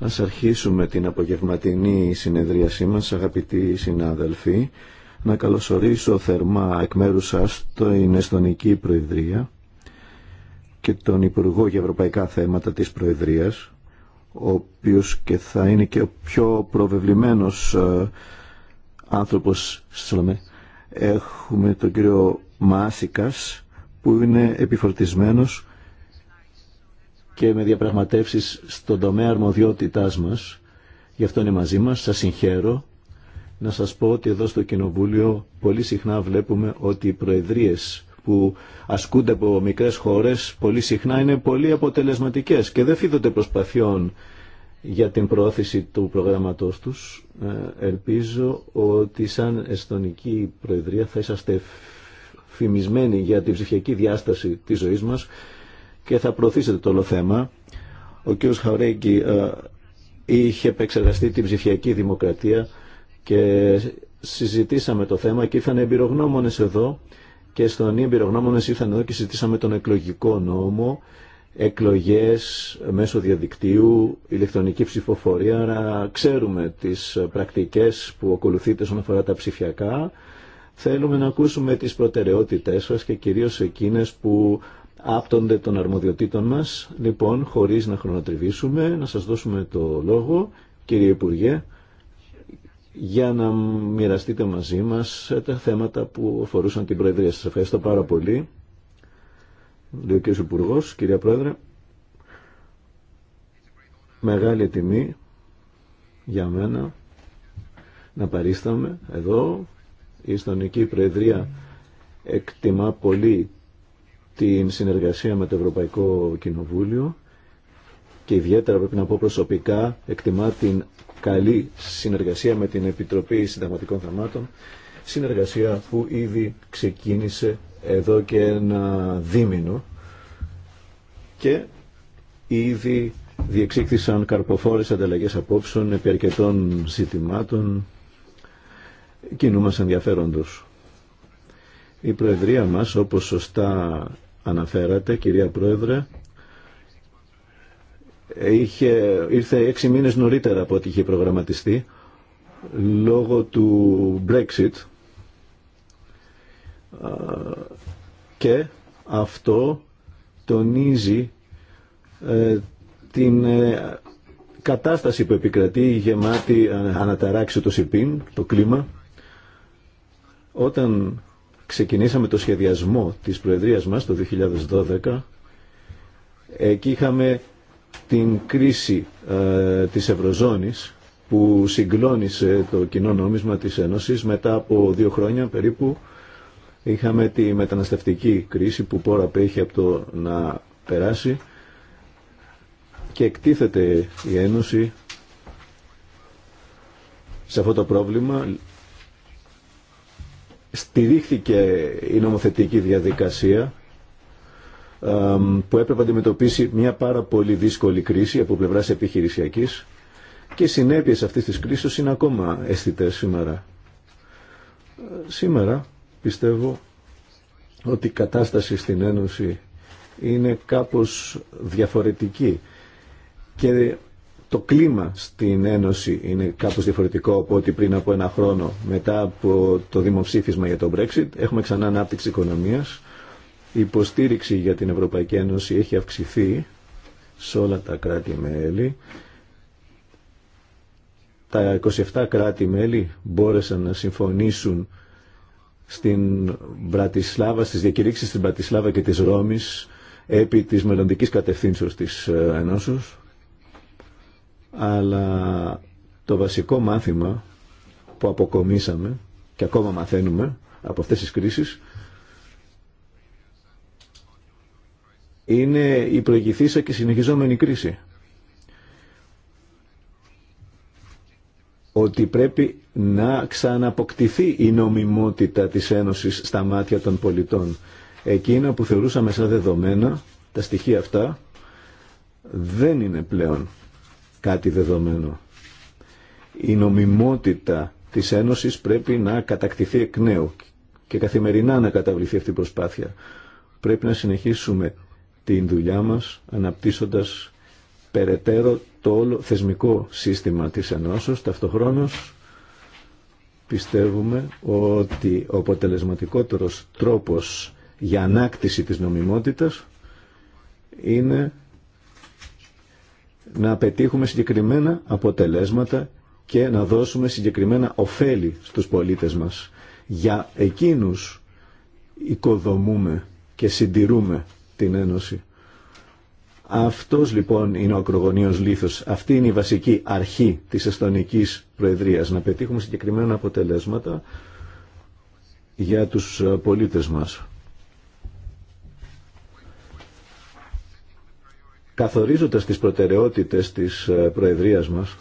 Ας αρχίσουμε την απογευματινή συνεδρίασή μας, αγαπητοί συνάδελφοι. Να καλωσορίσω θερμά εκ μέρου σας την Εσθονική Προεδρία και τον Υπουργό για Ευρωπαϊκά Θέματα της Προεδρίας, ο οποίος και θα είναι και ο πιο προβεβλημένος ε, άνθρωπος. Έχουμε τον κύριο Μάσικας, που είναι επιφορτισμένος και με διαπραγματεύσεις στον τομέα αρμοδιότητάς μας. Γι' αυτό είναι μαζί μας. Σας συγχαίρω. Να σας πω ότι εδώ στο Κοινοβούλιο πολύ συχνά βλέπουμε ότι οι προεδρίες που ασκούνται από μικρές χώρες πολύ συχνά είναι πολύ αποτελεσματικές και δεν φίδονται προσπαθειών για την προώθηση του προγράμματός τους. Ε, ελπίζω ότι σαν Εστονική Προεδρία θα είσαστε φημισμένοι για την ψηφιακή διάσταση της ζωής μας και θα προωθήσετε το όλο θέμα. Ο κ. Χαουρέγκη ε, είχε επεξεργαστεί την ψηφιακή δημοκρατία και συζητήσαμε το θέμα και ήρθαν εμπειρογνώμονε εδώ και στον εμπειρογνώμονε ήρθαν εδώ και συζητήσαμε τον εκλογικό νόμο, εκλογές μέσω διαδικτύου, ηλεκτρονική ψηφοφορία. Άρα ξέρουμε τις πρακτικές που ακολουθείτε όσον αφορά τα ψηφιακά. Θέλουμε να ακούσουμε τις προτεραιότητές σας και κυρίως εκείνες που άπτονται των αρμοδιοτήτων μας. Λοιπόν, χωρίς να χρονοτριβήσουμε, να σας δώσουμε το λόγο, κύριε Υπουργέ, για να μοιραστείτε μαζί μας τα θέματα που αφορούσαν την Προεδρία. Σας ευχαριστώ πάρα πολύ. Λέει ο κύριος Υπουργός, κυρία Πρόεδρε, μεγάλη τιμή για μένα να παρίσταμε εδώ η Ιστονική Προεδρία εκτιμά πολύ την συνεργασία με το Ευρωπαϊκό Κοινοβούλιο και ιδιαίτερα πρέπει να πω προσωπικά εκτιμά την καλή συνεργασία με την Επιτροπή Συνταγματικών Θεμάτων συνεργασία που ήδη ξεκίνησε εδώ και ένα δίμηνο και ήδη διεξήχθησαν καρποφόρες ανταλλαγές απόψεων επί αρκετών ζητημάτων κοινού μας ενδιαφέροντος. Η Προεδρία μας, όπως σωστά αναφέρατε, κυρία Πρόεδρε, είχε, ήρθε έξι μήνες νωρίτερα από ό,τι είχε προγραμματιστεί, λόγω του Brexit και αυτό τονίζει ε, την ε, κατάσταση που επικρατεί γεμάτη ε, αναταράξει το ΣΥΠΗΝ, το κλίμα όταν ξεκινήσαμε το σχεδιασμό της Προεδρίας μας το 2012, εκεί είχαμε την κρίση ε, της Ευρωζώνης που συγκλώνησε το κοινό νόμισμα της Ένωσης μετά από δύο χρόνια περίπου είχαμε τη μεταναστευτική κρίση που πόρα απέχει από το να περάσει και εκτίθεται η Ένωση σε αυτό το πρόβλημα στηρίχθηκε η νομοθετική διαδικασία που έπρεπε να αντιμετωπίσει μια πάρα πολύ δύσκολη κρίση από πλευρά επιχειρησιακή και οι συνέπειε αυτή τη κρίση είναι ακόμα αισθητέ σήμερα. Σήμερα πιστεύω ότι η κατάσταση στην Ένωση είναι κάπως διαφορετική και το κλίμα στην Ένωση είναι κάπως διαφορετικό από ό,τι πριν από ένα χρόνο μετά από το δημοψήφισμα για το Brexit. Έχουμε ξανά ανάπτυξη οικονομίας. Η υποστήριξη για την Ευρωπαϊκή Ένωση έχει αυξηθεί σε όλα τα κράτη-μέλη. Τα 27 κράτη-μέλη μπόρεσαν να συμφωνήσουν στην Βρατισλάβα, στις διακηρύξεις στην Πρατισλάβα και της Ρώμης επί της μελλοντικής κατευθύνσεως της ε, Ενώσης αλλά το βασικό μάθημα που αποκομίσαμε και ακόμα μαθαίνουμε από αυτές τις κρίσεις είναι η προηγηθήσα και συνεχιζόμενη κρίση. Ότι πρέπει να ξαναποκτηθεί η νομιμότητα της Ένωσης στα μάτια των πολιτών. Εκείνα που θεωρούσαμε σαν δεδομένα, τα στοιχεία αυτά, δεν είναι πλέον κάτι δεδομένο. Η νομιμότητα της Ένωσης πρέπει να κατακτηθεί εκ νέου και καθημερινά να καταβληθεί αυτή η προσπάθεια. Πρέπει να συνεχίσουμε την δουλειά μας αναπτύσσοντας περαιτέρω το όλο θεσμικό σύστημα της Ενώσεως. Ταυτοχρόνως πιστεύουμε ότι ο αποτελεσματικότερος τρόπος για ανάκτηση της νομιμότητας είναι να πετύχουμε συγκεκριμένα αποτελέσματα και να δώσουμε συγκεκριμένα ωφέλη στους πολίτες μας. Για εκείνους οικοδομούμε και συντηρούμε την Ένωση. Αυτός λοιπόν είναι ο ακρογωνίος λήθος. Αυτή είναι η βασική αρχή της Εστονικής Προεδρίας. Να πετύχουμε συγκεκριμένα αποτελέσματα για τους πολίτες μας. καθορίζοντας τις προτεραιότητες της ε, Προεδρίας μας,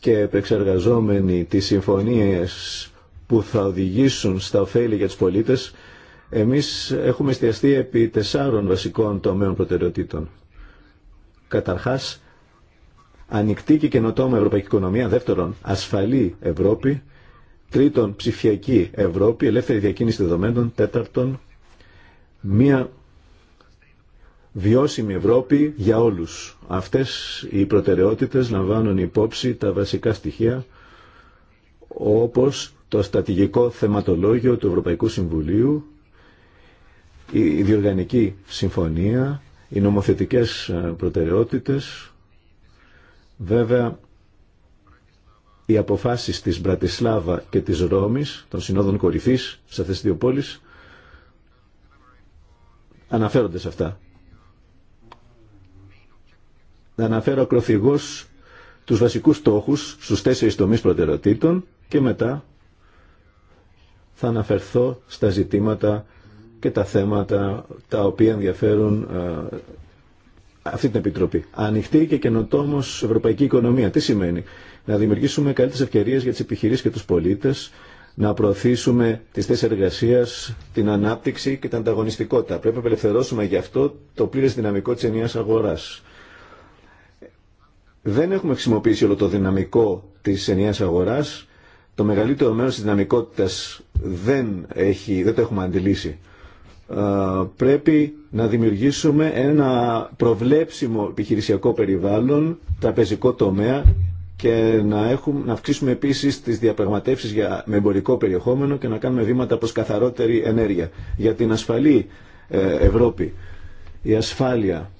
και επεξεργαζόμενοι τις συμφωνίες που θα οδηγήσουν στα ωφέλη για τους πολίτες, εμείς έχουμε εστιαστεί επί τεσσάρων βασικών τομέων προτεραιοτήτων. Καταρχάς, ανοιχτή και καινοτόμα ευρωπαϊκή οικονομία. Δεύτερον, ασφαλή Ευρώπη. Τρίτον, ψηφιακή Ευρώπη, ελεύθερη διακίνηση δεδομένων. Τέταρτον, μία βιώσιμη Ευρώπη για όλους. Αυτές οι προτεραιότητες λαμβάνουν υπόψη τα βασικά στοιχεία όπως το στατηγικό θεματολόγιο του Ευρωπαϊκού Συμβουλίου, η διοργανική συμφωνία, οι νομοθετικές ε, προτεραιότητες. Βέβαια, οι αποφάσεις της Μπρατισλάβα και της Ρώμης, των συνόδων κορυφής σε αυτές τις δύο πόλεις, αναφέρονται σε αυτά. Να αναφέρω ακροθυγώς τους βασικούς στόχους στους τέσσερις τομείς προτεραιοτήτων και μετά θα αναφερθώ στα ζητήματα και τα θέματα τα οποία ενδιαφέρουν ε, αυτή την επιτροπή. Ανοιχτή και καινοτόμω ευρωπαϊκή οικονομία. Τι σημαίνει, Να δημιουργήσουμε καλύτερε ευκαιρίε για τι επιχειρήσει και του πολίτε, να προωθήσουμε τι θέσει εργασία, την ανάπτυξη και την ανταγωνιστικότητα. Πρέπει να απελευθερώσουμε γι' αυτό το πλήρε δυναμικό τη ενιαία αγορά. Δεν έχουμε χρησιμοποιήσει όλο το δυναμικό τη ενιαία αγορά. Το μεγαλύτερο μέρο τη δυναμικότητα δεν, δεν το έχουμε αντιλήσει πρέπει να δημιουργήσουμε ένα προβλέψιμο επιχειρησιακό περιβάλλον, τραπεζικό τομέα και να, έχουμε, να αυξήσουμε επίσης τις διαπραγματεύσεις για, με εμπορικό περιεχόμενο και να κάνουμε βήματα προς καθαρότερη ενέργεια. Για την ασφαλή ε, Ευρώπη, η ασφάλεια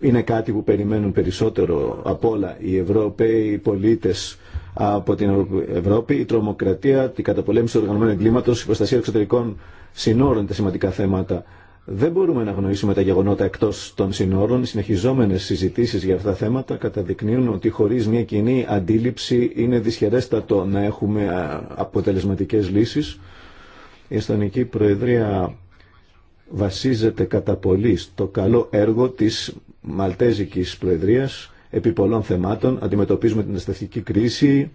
είναι κάτι που περιμένουν περισσότερο από όλα οι Ευρωπαίοι πολίτες από την Ευρώπη, η τρομοκρατία, την καταπολέμηση του οργανωμένου εγκλήματο, η προστασία εξωτερικών συνόρων, τα σημαντικά θέματα. Δεν μπορούμε να γνωρίσουμε τα γεγονότα εκτό των συνόρων. Οι συνεχιζόμενε συζητήσει για αυτά τα θέματα καταδεικνύουν ότι χωρί μια κοινή αντίληψη είναι δυσχερέστατο να έχουμε αποτελεσματικέ λύσει. Η Εστονική Προεδρία βασίζεται κατά πολύ στο καλό έργο της Μαλτέζικης Προεδρίας επί πολλών θεμάτων. Αντιμετωπίζουμε την αστευτική κρίση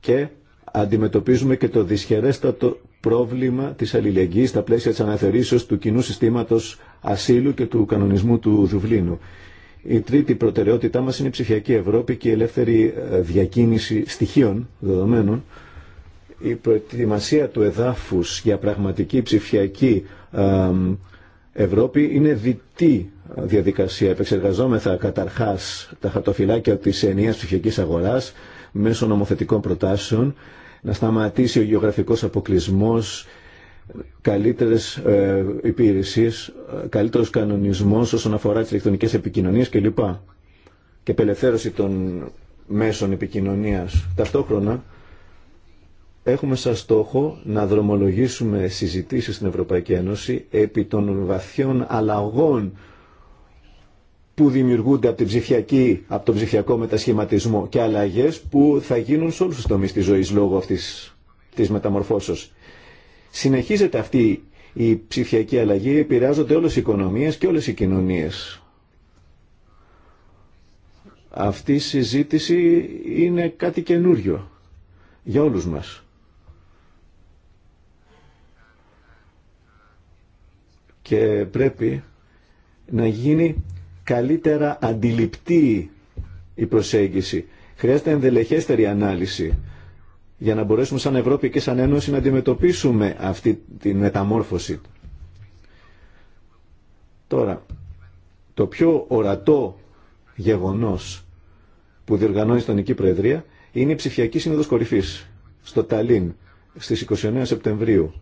και αντιμετωπίζουμε και το δυσχερέστατο πρόβλημα της αλληλεγγύης στα πλαίσια της αναθερήσεως του κοινού συστήματος ασύλου και του κανονισμού του Δουβλίνου. Η τρίτη προτεραιότητά μας είναι η ψηφιακή Ευρώπη και η ελεύθερη ε, διακίνηση στοιχείων, δεδομένων. Η προετοιμασία του εδάφους για πραγματική ψηφιακή ε, Ευρώπη είναι διτή διαδικασία. Επεξεργαζόμεθα καταρχάς τα χαρτοφυλάκια τη ενιαία ψυχική αγοράς μέσω νομοθετικών προτάσεων, να σταματήσει ο γεωγραφικό αποκλεισμό καλύτερες ε, υπηρεσίε, καλύτερο κανονισμό όσον αφορά τι ηλεκτρονικέ επικοινωνίε κλπ. Και απελευθέρωση των μέσων επικοινωνία Ταυτόχρονα έχουμε σαν στόχο να δρομολογήσουμε συζητήσεις στην Ευρωπαϊκή Ένωση επί των βαθιών αλλαγών που δημιουργούνται από, το ψηφιακή, από τον ψηφιακό μετασχηματισμό και αλλαγές που θα γίνουν σε όλους του τομεί τη ζωής λόγω αυτής της μεταμορφώσεως. Συνεχίζεται αυτή η ψηφιακή αλλαγή, επηρεάζονται όλες οι οικονομίες και όλες οι κοινωνίες. Αυτή η συζήτηση είναι κάτι καινούριο για όλους μας. Και πρέπει να γίνει καλύτερα αντιληπτή η προσέγγιση. Χρειάζεται ενδελεχέστερη ανάλυση για να μπορέσουμε σαν Ευρώπη και σαν Ένωση να αντιμετωπίσουμε αυτή τη μεταμόρφωση. Τώρα, το πιο ορατό γεγονός που διοργανώνει στον Στονική Προεδρία είναι η ψηφιακή σύνοδος κορυφής στο Ταλίν στις 29 Σεπτεμβρίου.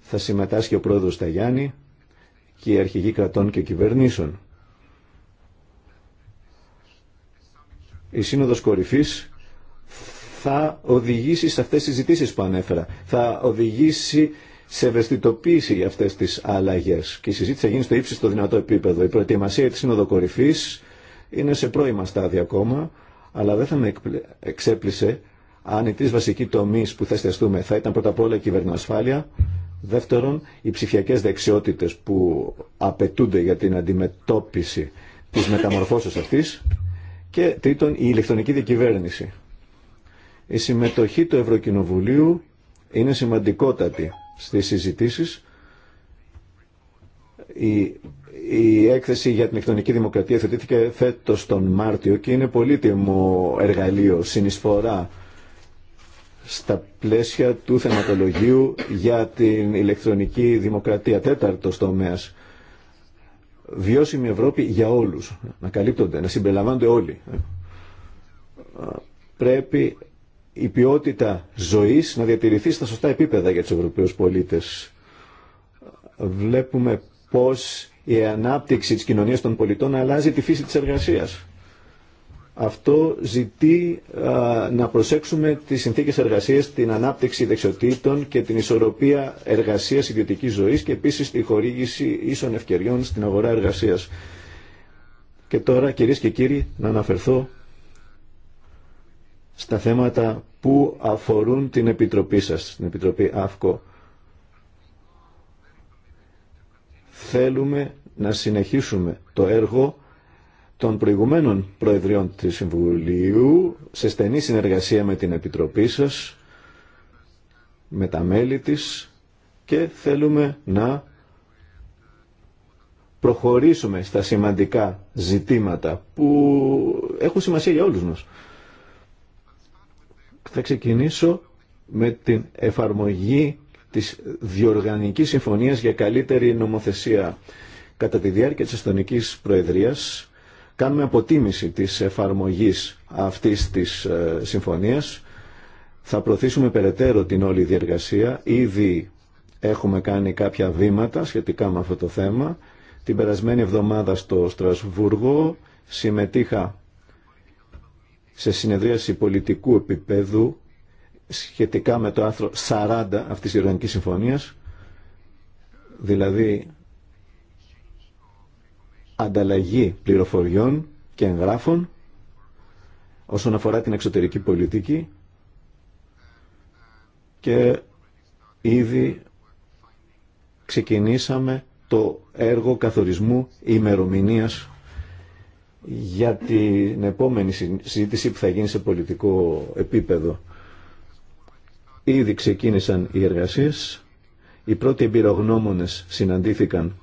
Θα συμμετάσχει ο πρόεδρος Ταγιάννη και οι αρχηγοί κρατών και κυβερνήσεων. η Σύνοδος Κορυφής θα οδηγήσει σε αυτές τις ζητήσεις που ανέφερα. Θα οδηγήσει σε ευαισθητοποίηση για αυτές τις αλλαγές. Και η συζήτηση θα γίνει στο ύψιστο δυνατό επίπεδο. Η προετοιμασία της Σύνοδο Κορυφής είναι σε πρώιμα στάδια ακόμα, αλλά δεν θα με εξέπλησε αν οι τρεις βασικοί τομείς που θα εστιαστούμε θα ήταν πρώτα απ' όλα η κυβερνοασφάλεια, δεύτερον οι ψηφιακές δεξιότητες που απαιτούνται για την αντιμετώπιση της μεταμορφώσεως αυτής και τρίτον, η ηλεκτρονική διακυβέρνηση. Η συμμετοχή του Ευρωκοινοβουλίου είναι σημαντικότατη στις συζητήσεις. Η, η έκθεση για την ηλεκτρονική δημοκρατία θετήθηκε φέτος τον Μάρτιο και είναι πολύτιμο εργαλείο συνεισφορά στα πλαίσια του θεματολογίου για την ηλεκτρονική δημοκρατία. Τέταρτος τομέας βιώσιμη Ευρώπη για όλους, να καλύπτονται, να συμπεριλαμβάνονται όλοι. Πρέπει η ποιότητα ζωής να διατηρηθεί στα σωστά επίπεδα για τους Ευρωπαίους πολίτες. Βλέπουμε πώς η ανάπτυξη της κοινωνίας των πολιτών αλλάζει τη φύση της εργασίας. Αυτό ζητεί να προσέξουμε τις συνθήκες εργασίας, την ανάπτυξη δεξιοτήτων και την ισορροπία εργασίας ιδιωτικής ζωής και επίσης τη χορήγηση ίσων ευκαιριών στην αγορά εργασίας. Και τώρα κυρίες και κύριοι να αναφερθώ στα θέματα που αφορούν την Επιτροπή σας, την Επιτροπή ΑΦΚΟ. Θέλουμε να συνεχίσουμε το έργο των προηγουμένων Προεδριών της Συμβουλίου σε στενή συνεργασία με την Επιτροπή σας, με τα μέλη της και θέλουμε να προχωρήσουμε στα σημαντικά ζητήματα που έχουν σημασία για όλους μας. Θα ξεκινήσω με την εφαρμογή της Διοργανικής Συμφωνίας για καλύτερη νομοθεσία. Κατά τη διάρκεια της Εστονικής Προεδρίας κάνουμε αποτίμηση της εφαρμογής αυτής της ε, συμφωνίας. Θα προωθήσουμε περαιτέρω την όλη διεργασία. Ήδη έχουμε κάνει κάποια βήματα σχετικά με αυτό το θέμα. Την περασμένη εβδομάδα στο Στρασβούργο συμμετείχα σε συνεδρίαση πολιτικού επίπεδου σχετικά με το άρθρο 40 αυτής της Ιρωνικής Συμφωνίας, δηλαδή ανταλλαγή πληροφοριών και εγγράφων όσον αφορά την εξωτερική πολιτική και ήδη ξεκινήσαμε το έργο καθορισμού ημερομηνίας για την επόμενη συζήτηση που θα γίνει σε πολιτικό επίπεδο. Ήδη ξεκίνησαν οι εργασίες. Οι πρώτοι εμπειρογνώμονες συναντήθηκαν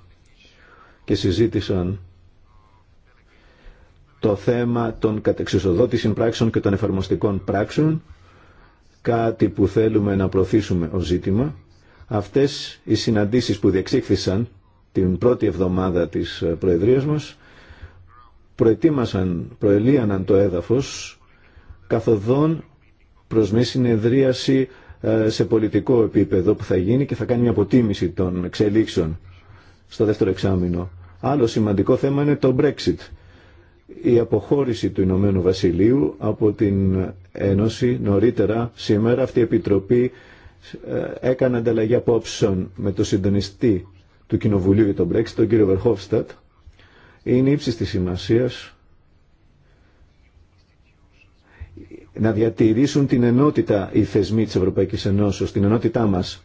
και συζήτησαν το θέμα των κατεξουσοδότησης πράξεων και των εφαρμοστικών πράξεων, κάτι που θέλουμε να προωθήσουμε ως ζήτημα. Αυτές οι συναντήσεις που διεξήχθησαν την πρώτη εβδομάδα της Προεδρίας μας, προετοίμασαν, προελίαναν το έδαφος καθοδόν προς μια συνεδρίαση ε, σε πολιτικό επίπεδο που θα γίνει και θα κάνει μια αποτίμηση των εξελίξεων στο δεύτερο εξάμεινο. Άλλο σημαντικό θέμα είναι το Brexit. Η αποχώρηση του Ηνωμένου Βασιλείου από την Ένωση νωρίτερα σήμερα αυτή η Επιτροπή ε, έκανε ανταλλαγή απόψεων με τον συντονιστή του Κοινοβουλίου για τον Brexit, τον κύριο Βερχόφστατ. Είναι ύψη της σημασία να διατηρήσουν την ενότητα οι θεσμοί της Ευρωπαϊκής Ενώσεως, την ενότητά μας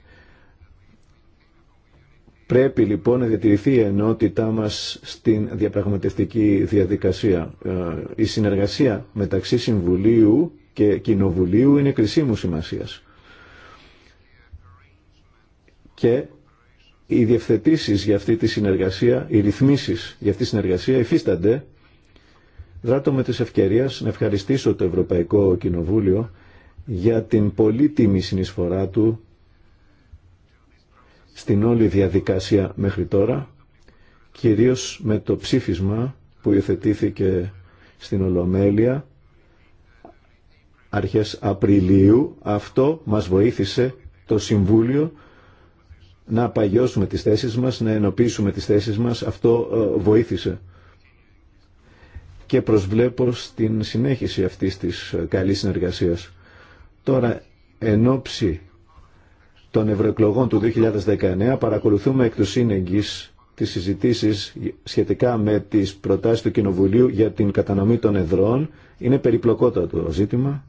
Πρέπει λοιπόν να διατηρηθεί η ενότητά μας στην διαπραγματευτική διαδικασία. Ε, η συνεργασία μεταξύ Συμβουλίου και Κοινοβουλίου είναι κρισίμου σημασίας. Και οι διευθετήσεις για αυτή τη συνεργασία, οι ρυθμίσεις για αυτή τη συνεργασία υφίστανται. Δράτω με τις ευκαιρίες να ευχαριστήσω το Ευρωπαϊκό Κοινοβούλιο για την πολύτιμη συνεισφορά του στην όλη διαδικασία μέχρι τώρα, κυρίως με το ψήφισμα που υιοθετήθηκε στην Ολομέλεια αρχές Απριλίου. Αυτό μας βοήθησε το Συμβούλιο να παγιώσουμε τις θέσεις μας, να ενοποιήσουμε τις θέσεις μας. Αυτό ε, βοήθησε. Και προσβλέπω στην συνέχιση αυτής της ε, καλής συνεργασίας. Τώρα, εν των ευρωεκλογών του 2019 παρακολουθούμε εκ του σύνεγγυς τις συζητήσεις σχετικά με τις προτάσεις του Κοινοβουλίου για την κατανομή των εδρών. Είναι περιπλοκότατο το ζήτημα.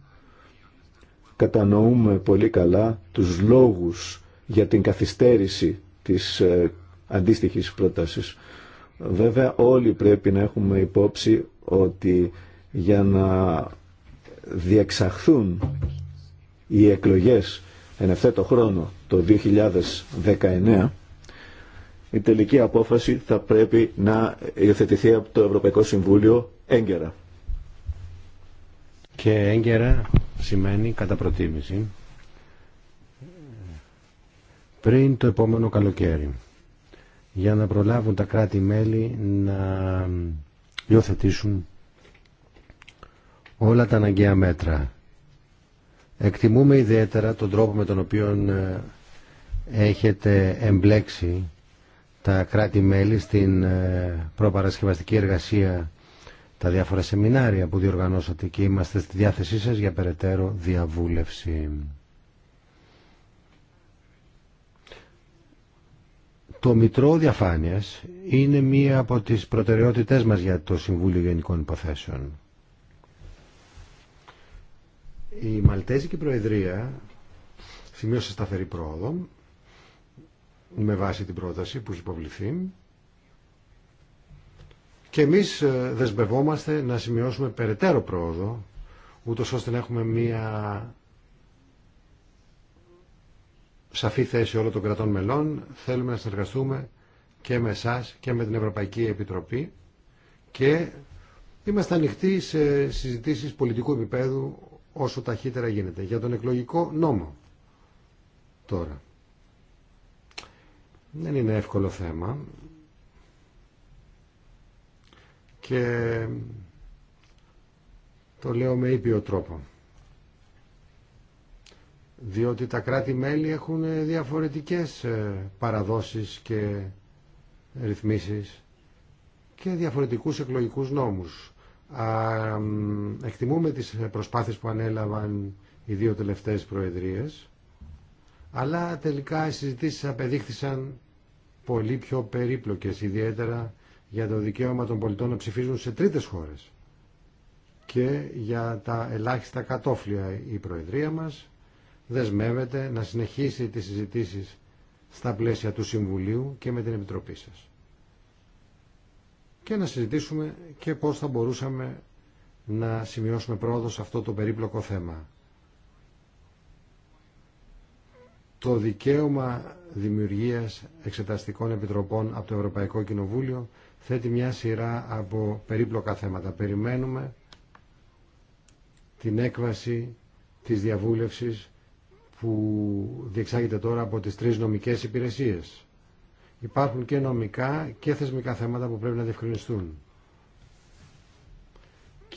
Κατανοούμε πολύ καλά τους λόγους για την καθυστέρηση της ε, αντίστοιχης πρότασης. Βέβαια όλοι πρέπει να έχουμε υπόψη ότι για να διεξαχθούν οι εκλογές Εν ευθέτω χρόνο, το 2019, η τελική απόφαση θα πρέπει να υιοθετηθεί από το Ευρωπαϊκό Συμβούλιο έγκαιρα. Και έγκαιρα σημαίνει κατά προτίμηση πριν το επόμενο καλοκαίρι για να προλάβουν τα κράτη-μέλη να υιοθετήσουν όλα τα αναγκαία μέτρα Εκτιμούμε ιδιαίτερα τον τρόπο με τον οποίο ε, έχετε εμπλέξει τα κράτη-μέλη στην ε, προπαρασκευαστική εργασία τα διάφορα σεμινάρια που διοργανώσατε και είμαστε στη διάθεσή σας για περαιτέρω διαβούλευση. Το Μητρό Διαφάνειας είναι μία από τις προτεραιότητές μας για το Συμβούλιο Γενικών Υποθέσεων. Η Μαλτέζικη Προεδρία σημείωσε σταθερή πρόοδο με βάση την πρόταση που έχει υποβληθεί και εμείς ε, δεσμευόμαστε να σημειώσουμε περαιτέρω πρόοδο ούτως ώστε να έχουμε μία σαφή θέση όλων των κρατών μελών. Θέλουμε να συνεργαστούμε και με εσά και με την Ευρωπαϊκή Επιτροπή και είμαστε ανοιχτοί σε συζητήσεις πολιτικού επίπεδου όσο ταχύτερα γίνεται. Για τον εκλογικό νόμο τώρα. Δεν είναι εύκολο θέμα και το λέω με ήπιο τρόπο. Διότι τα κράτη-μέλη έχουν διαφορετικές ε, παραδόσεις και ρυθμίσεις και διαφορετικούς εκλογικούς νόμους εκτιμούμε τις προσπάθειες που ανέλαβαν οι δύο τελευταίες προεδρίες, αλλά τελικά οι συζητήσεις απεδείχθησαν πολύ πιο περίπλοκες, ιδιαίτερα για το δικαίωμα των πολιτών να ψηφίζουν σε τρίτες χώρες και για τα ελάχιστα κατόφλια η Προεδρία μας δεσμεύεται να συνεχίσει τις συζητήσεις στα πλαίσια του Συμβουλίου και με την Επιτροπή σας. Και να συζητήσουμε και πώς θα μπορούσαμε να σημειώσουμε πρόοδο σε αυτό το περίπλοκο θέμα. Το δικαίωμα δημιουργίας εξεταστικών επιτροπών από το Ευρωπαϊκό Κοινοβούλιο θέτει μια σειρά από περίπλοκα θέματα. Περιμένουμε την έκβαση της διαβούλευσης που διεξάγεται τώρα από τις τρεις νομικές υπηρεσίες. Υπάρχουν και νομικά και θεσμικά θέματα που πρέπει να διευκρινιστούν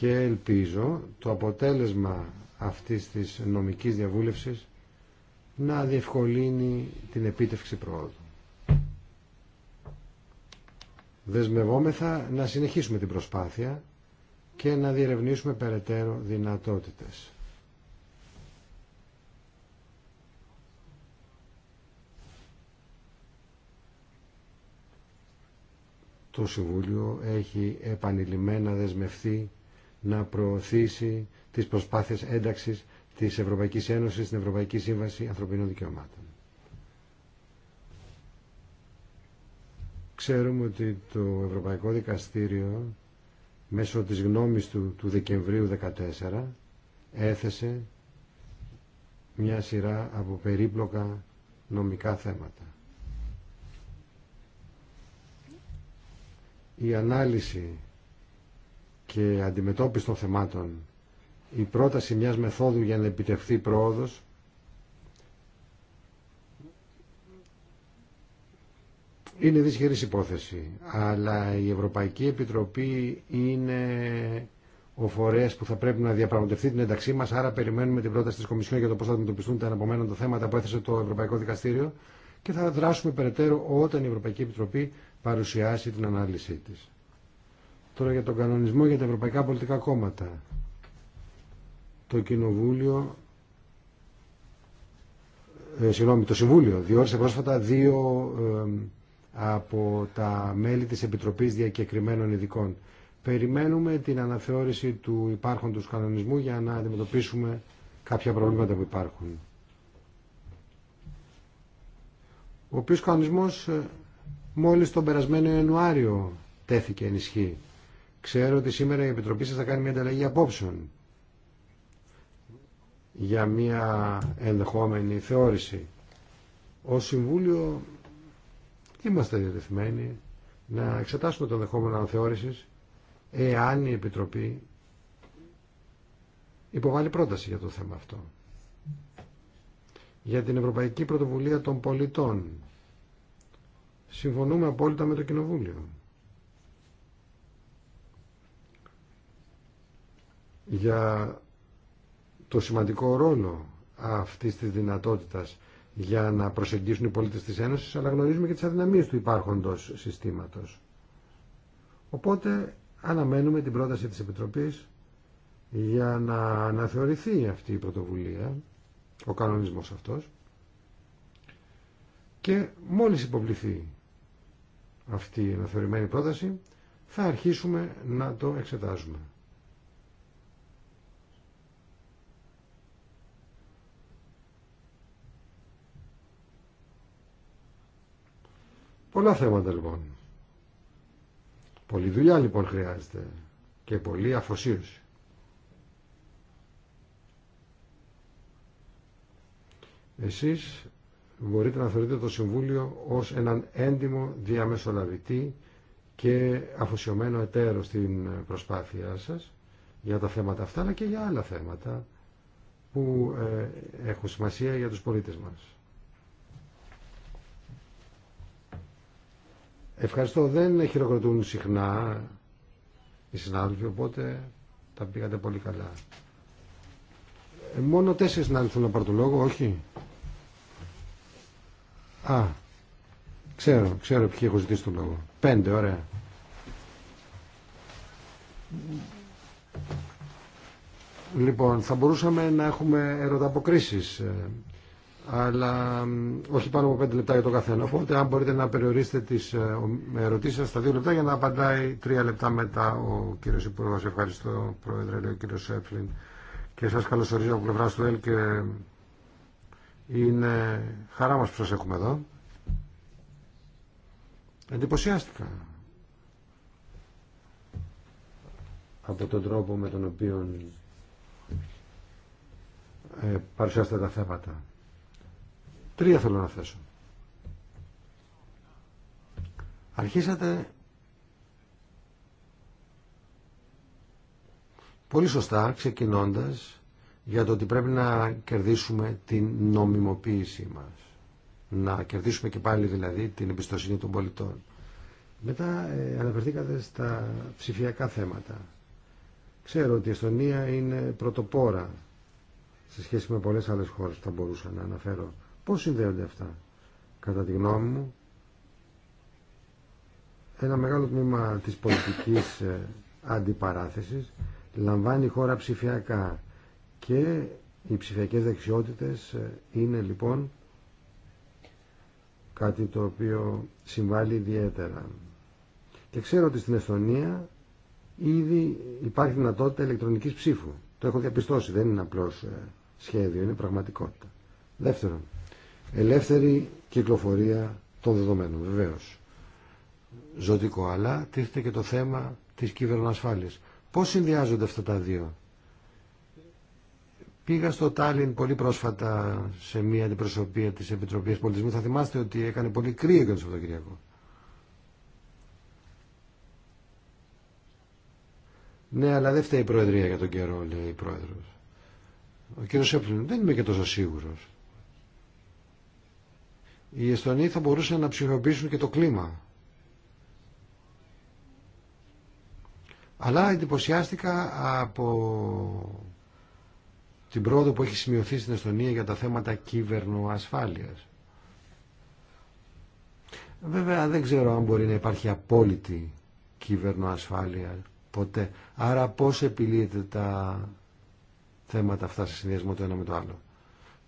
και ελπίζω το αποτέλεσμα αυτής της νομικής διαβούλευσης να διευκολύνει την επίτευξη πρόοδου. Δεσμευόμεθα να συνεχίσουμε την προσπάθεια και να διερευνήσουμε περαιτέρω δυνατότητες. Το Συμβούλιο έχει επανειλημμένα δεσμευθεί να προωθήσει τις προσπάθειες ένταξης της Ευρωπαϊκής Ένωσης στην Ευρωπαϊκή Σύμβαση Ανθρωπίνων Δικαιωμάτων. Ξέρουμε ότι το Ευρωπαϊκό Δικαστήριο μέσω της γνώμης του, του Δεκεμβρίου 2014 έθεσε μια σειρά από περίπλοκα νομικά θέματα. Η ανάλυση και αντιμετώπιση των θεμάτων η πρόταση μιας μεθόδου για να επιτευχθεί πρόοδος είναι δύσχερης υπόθεση αλλά η Ευρωπαϊκή Επιτροπή είναι ο φορέας που θα πρέπει να διαπραγματευτεί την ένταξή μας άρα περιμένουμε την πρόταση της Κομισιόν για το πώς θα αντιμετωπιστούν τα αναπομένοντα θέματα που έθεσε το Ευρωπαϊκό Δικαστήριο και θα δράσουμε περαιτέρω όταν η Ευρωπαϊκή Επιτροπή παρουσιάσει την ανάλυση της. Τώρα για τον κανονισμό για τα ευρωπαϊκά πολιτικά κόμματα. Το Κοινοβούλιο, ε, το Συμβούλιο διόρισε πρόσφατα δύο ε, από τα μέλη της Επιτροπής Διακεκριμένων Ειδικών. Περιμένουμε την αναθεώρηση του υπάρχοντος κανονισμού για να αντιμετωπίσουμε κάποια προβλήματα που υπάρχουν. Ο οποίος κανονισμός ε, μόλις τον περασμένο Ιανουάριο τέθηκε ενισχύει. Ξέρω ότι σήμερα η Επιτροπή σας θα κάνει μια ανταλλαγή απόψεων για μια ενδεχόμενη θεώρηση. Ω Συμβούλιο είμαστε διατεθειμένοι να εξετάσουμε το ενδεχόμενο θεώρηση εάν η Επιτροπή υποβάλει πρόταση για το θέμα αυτό. Για την Ευρωπαϊκή Πρωτοβουλία των Πολιτών. Συμφωνούμε απόλυτα με το Κοινοβούλιο. για το σημαντικό ρόλο αυτής της δυνατότητας για να προσεγγίσουν οι πολίτες της Ένωσης, αλλά γνωρίζουμε και τις αδυναμίες του υπάρχοντος συστήματος. Οπότε αναμένουμε την πρόταση της Επιτροπής για να αναθεωρηθεί αυτή η πρωτοβουλία, ο κανονισμός αυτός, και μόλις υποβληθεί αυτή η αναθεωρημένη πρόταση, θα αρχίσουμε να το εξετάζουμε. Πολλά θέματα λοιπόν. Πολύ δουλειά λοιπόν χρειάζεται και πολλή αφοσίωση. Εσείς μπορείτε να θεωρείτε το Συμβούλιο ως έναν έντιμο διαμεσολαβητή και αφοσιωμένο εταίρο στην προσπάθειά σας για τα θέματα αυτά αλλά και για άλλα θέματα που ε, έχουν σημασία για τους πολίτες μας. Ευχαριστώ. Δεν χειροκροτούν συχνά οι συνάδελφοι, οπότε τα πήγατε πολύ καλά. Ε, μόνο τέσσερις συνάδελφοι να πάρουν το λόγο, όχι. Α, ξέρω, ξέρω ποιοι έχω ζητήσει το λόγο. Πέντε, ωραία. Λοιπόν, θα μπορούσαμε να έχουμε ερωταποκρίσεις ε, αλλά όχι πάνω από 5 λεπτά για τον καθένα. Οπότε, αν μπορείτε να περιορίσετε τι ε, ερωτήσει σα στα 2 λεπτά για να απαντάει 3 λεπτά μετά ο κύριο Υπουργό. Ευχαριστώ, Πρόεδρε, λέει ο κύριο Σέφλιν. Και σα καλωσορίζω από πλευρά του ΕΛ και είναι χαρά μα που σα έχουμε εδώ. Εντυπωσιάστηκα από τον τρόπο με τον οποίο ε, παρουσιάσετε τα θέματα. Τρία θέλω να θέσω. Αρχίσατε πολύ σωστά ξεκινώντας για το ότι πρέπει να κερδίσουμε την νομιμοποίησή μας. Να κερδίσουμε και πάλι δηλαδή την εμπιστοσύνη των πολιτών. Μετά ε, αναφερθήκατε στα ψηφιακά θέματα. Ξέρω ότι η Εστονία είναι πρωτοπόρα σε σχέση με πολλές άλλες χώρες που θα μπορούσα να αναφέρω Πώς συνδέονται αυτά. Κατά τη γνώμη μου, ένα μεγάλο τμήμα της πολιτικής ε, αντιπαράθεσης λαμβάνει χώρα ψηφιακά και οι ψηφιακές δεξιότητες ε, είναι λοιπόν κάτι το οποίο συμβάλλει ιδιαίτερα. Και ξέρω ότι στην Εστονία ήδη υπάρχει δυνατότητα ηλεκτρονικής ψήφου. Το έχω διαπιστώσει, δεν είναι απλώς ε, σχέδιο, είναι πραγματικότητα. Δεύτερον, ελεύθερη κυκλοφορία των δεδομένων βεβαίως. Ζωτικό αλλά τίθεται και το θέμα της κυβερνοασφάλειας. Πώς συνδυάζονται αυτά τα δύο. Πήγα στο Τάλιν πολύ πρόσφατα σε μια αντιπροσωπεία της Επιτροπής Πολιτισμού. Θα θυμάστε ότι έκανε πολύ κρύο και το Σαββατοκυριακό. Ναι, αλλά δεν φταίει η Προεδρία για τον καιρό, λέει η Πρόεδρος. Ο κύριο Σέπλιν, δεν είμαι και τόσο σίγουρος οι Εστονοί θα μπορούσαν να ψηφιοποιήσουν και το κλίμα. Αλλά εντυπωσιάστηκα από την πρόοδο που έχει σημειωθεί στην Εστονία για τα θέματα κυβερνοασφάλειας. Βέβαια δεν ξέρω αν μπορεί να υπάρχει απόλυτη κυβερνοασφάλεια ποτέ. Άρα πώς επιλύεται τα θέματα αυτά σε συνδυασμό το ένα με το άλλο.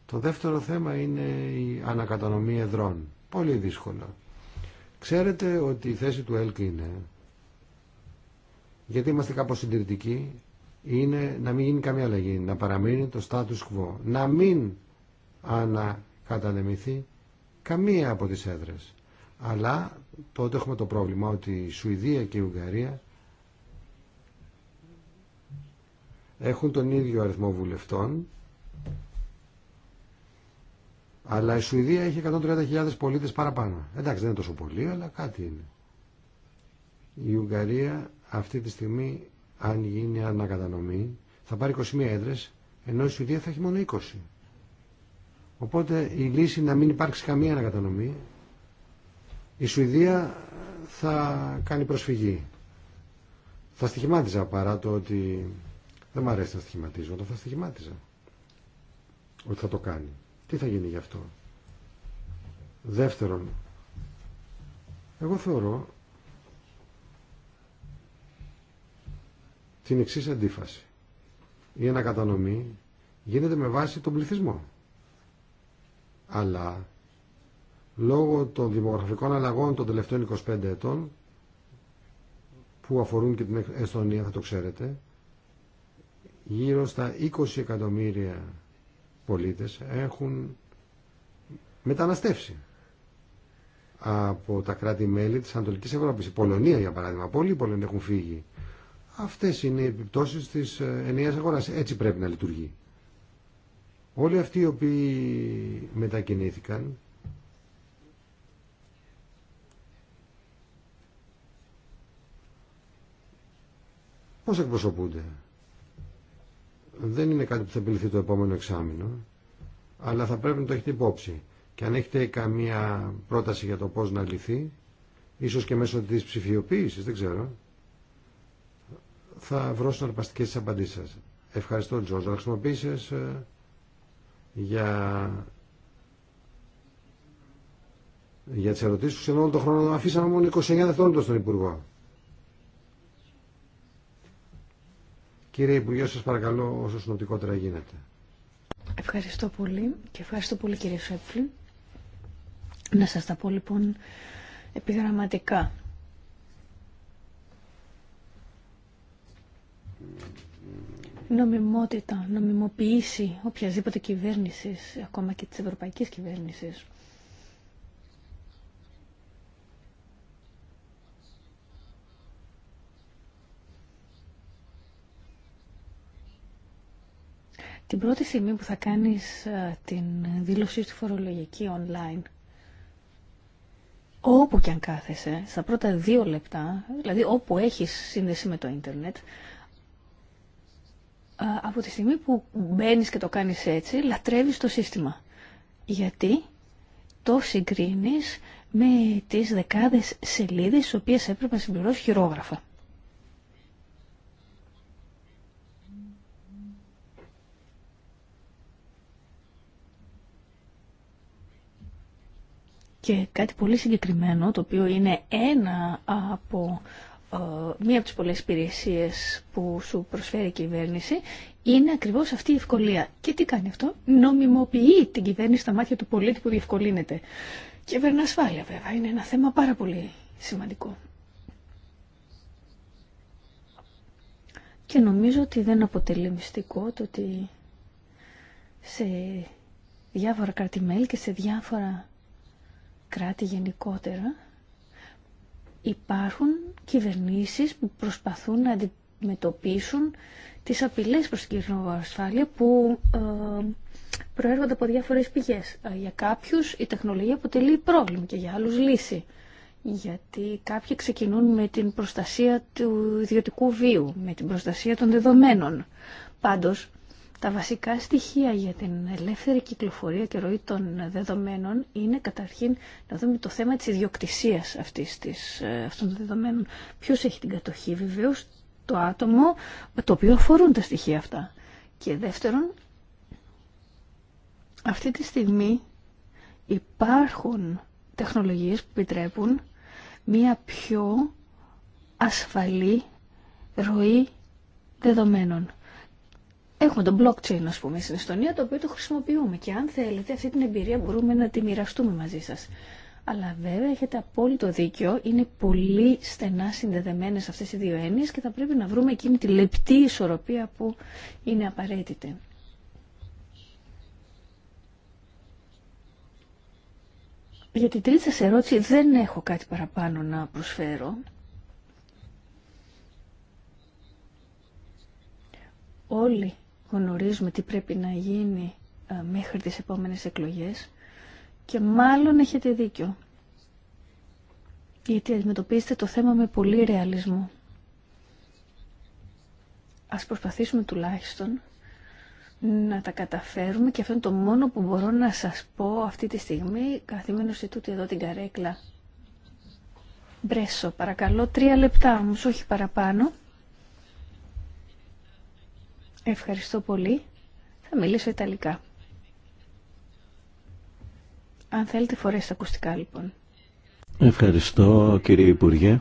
Το δεύτερο θέμα είναι η ανακατανομή εδρών. Πολύ δύσκολο. Ξέρετε ότι η θέση του ΕΛΚ είναι, γιατί είμαστε κάπως συντηρητικοί, είναι να μην γίνει καμία αλλαγή, να παραμείνει το status quo, να μην ανακατανεμηθεί καμία από τις έδρες. Αλλά τότε έχουμε το πρόβλημα ότι η Σουηδία και η Ουγγαρία έχουν τον ίδιο αριθμό βουλευτών αλλά η Σουηδία έχει 130.000 πολίτες παραπάνω. Εντάξει δεν είναι τόσο πολύ αλλά κάτι είναι. Η Ουγγαρία αυτή τη στιγμή αν γίνει ανακατανομή θα πάρει 21 έδρες ενώ η Σουηδία θα έχει μόνο 20. Οπότε η λύση να μην υπάρξει καμία ανακατανομή η Σουηδία θα κάνει προσφυγή. Θα στοιχημάτιζα παρά το ότι δεν μου αρέσει να στοιχηματίζω, θα στοιχημάτιζα ότι θα το κάνει. Τι θα γίνει γι' αυτό. Δεύτερον, εγώ θεωρώ την εξή αντίφαση. Η ανακατανομή γίνεται με βάση τον πληθυσμό. Αλλά λόγω των δημογραφικών αλλαγών των τελευταίων 25 ετών που αφορούν και την Εστονία θα το ξέρετε γύρω στα 20 εκατομμύρια πολίτες έχουν μεταναστεύσει από τα κράτη-μέλη της Ανατολικής Ευρώπης. Η Πολωνία, για παράδειγμα. Πολλοί Πολωνοί έχουν φύγει. Αυτές είναι οι επιπτώσεις της ε, ενιαίας αγοράς. Έτσι πρέπει να λειτουργεί. Όλοι αυτοί οι οποίοι μετακινήθηκαν πώς εκπροσωπούνται δεν είναι κάτι που θα επιληθεί το επόμενο εξάμεινο, αλλά θα πρέπει να το έχετε υπόψη. Και αν έχετε καμία πρόταση για το πώς να λυθεί, ίσως και μέσω της ψηφιοποίησης, δεν ξέρω, θα βρω αρπαστικές τις απαντήσεις σας. Ευχαριστώ, Τζόζο, Θα χρησιμοποιήσεις ε, για... για τις ερωτήσεις σου, ενώ όλο τον χρόνο αφήσαμε μόνο 29 δευτερόλεπτα στον Υπουργό. Κύριε Υπουργέ, σας παρακαλώ όσο συνοπτικότερα γίνεται. Ευχαριστώ πολύ και ευχαριστώ πολύ κύριε Σέπφλη. Να σας τα πω λοιπόν επιγραμματικά. Νομιμότητα, νομιμοποίηση οποιασδήποτε κυβέρνηση ακόμα και της ευρωπαϊκής κυβέρνησης, Την πρώτη στιγμή που θα κάνεις ε, την δήλωσή στη φορολογική online, όπου και αν κάθεσαι, στα πρώτα δύο λεπτά, δηλαδή όπου έχεις σύνδεση με το ίντερνετ, ε, από τη στιγμή που μπαίνεις και το κάνεις έτσι, λατρεύεις το σύστημα. Γιατί το συγκρίνεις με τις δεκάδες σελίδες, τις οποίες έπρεπε να συμπληρώσει χειρόγραφα. Και κάτι πολύ συγκεκριμένο, το οποίο είναι ένα από ε, μία από τις πολλές υπηρεσίε που σου προσφέρει η κυβέρνηση είναι ακριβώς αυτή η ευκολία. Και τι κάνει αυτό, νομιμοποιεί την κυβέρνηση στα μάτια του πολίτη που διευκολύνεται. Και ασφάλεια βέβαια, είναι ένα θέμα πάρα πολύ σημαντικό. Και νομίζω ότι δεν αποτελεί μυστικό το ότι σε διάφορα κρατημέλη και σε διάφορα κράτη γενικότερα υπάρχουν κυβερνήσεις που προσπαθούν να αντιμετωπίσουν τις απειλές προς την κοινωνική ασφάλεια που ε, προέρχονται από διάφορες πηγές. Ε, για κάποιους η τεχνολογία αποτελεί πρόβλημα και για άλλους λύση. Γιατί κάποιοι ξεκινούν με την προστασία του ιδιωτικού βίου, με την προστασία των δεδομένων. Πάντως, τα βασικά στοιχεία για την ελεύθερη κυκλοφορία και ροή των δεδομένων είναι καταρχήν να δούμε το θέμα της ιδιοκτησίας αυτής της, ε, αυτών των δεδομένων. Ποιος έχει την κατοχή βεβαίω το άτομο το οποίο αφορούν τα στοιχεία αυτά. Και δεύτερον, αυτή τη στιγμή υπάρχουν τεχνολογίες που επιτρέπουν μία πιο ασφαλή ροή δεδομένων. Έχουμε το blockchain, ας πούμε, στην Εστονία, το οποίο το χρησιμοποιούμε και αν θέλετε αυτή την εμπειρία μπορούμε να τη μοιραστούμε μαζί σας. Αλλά βέβαια έχετε απόλυτο δίκιο, είναι πολύ στενά συνδεδεμένες αυτές οι δύο έννοιες και θα πρέπει να βρούμε εκείνη τη λεπτή ισορροπία που είναι απαραίτητη. Για την τρίτη σας ερώτηση δεν έχω κάτι παραπάνω να προσφέρω. Όλοι γνωρίζουμε τι πρέπει να γίνει ε, μέχρι τις επόμενες εκλογές και μάλλον έχετε δίκιο. Γιατί αντιμετωπίζετε το θέμα με πολύ ρεαλισμό. Ας προσπαθήσουμε τουλάχιστον να τα καταφέρουμε και αυτό είναι το μόνο που μπορώ να σας πω αυτή τη στιγμή καθήμενος σε τούτη εδώ την καρέκλα. Μπρέσο, παρακαλώ, τρία λεπτά όμως, όχι παραπάνω. Ευχαριστώ πολύ. Θα μιλήσω Ιταλικά. Αν θέλετε φορέστε ακουστικά λοιπόν. Ευχαριστώ κύριε Υπουργέ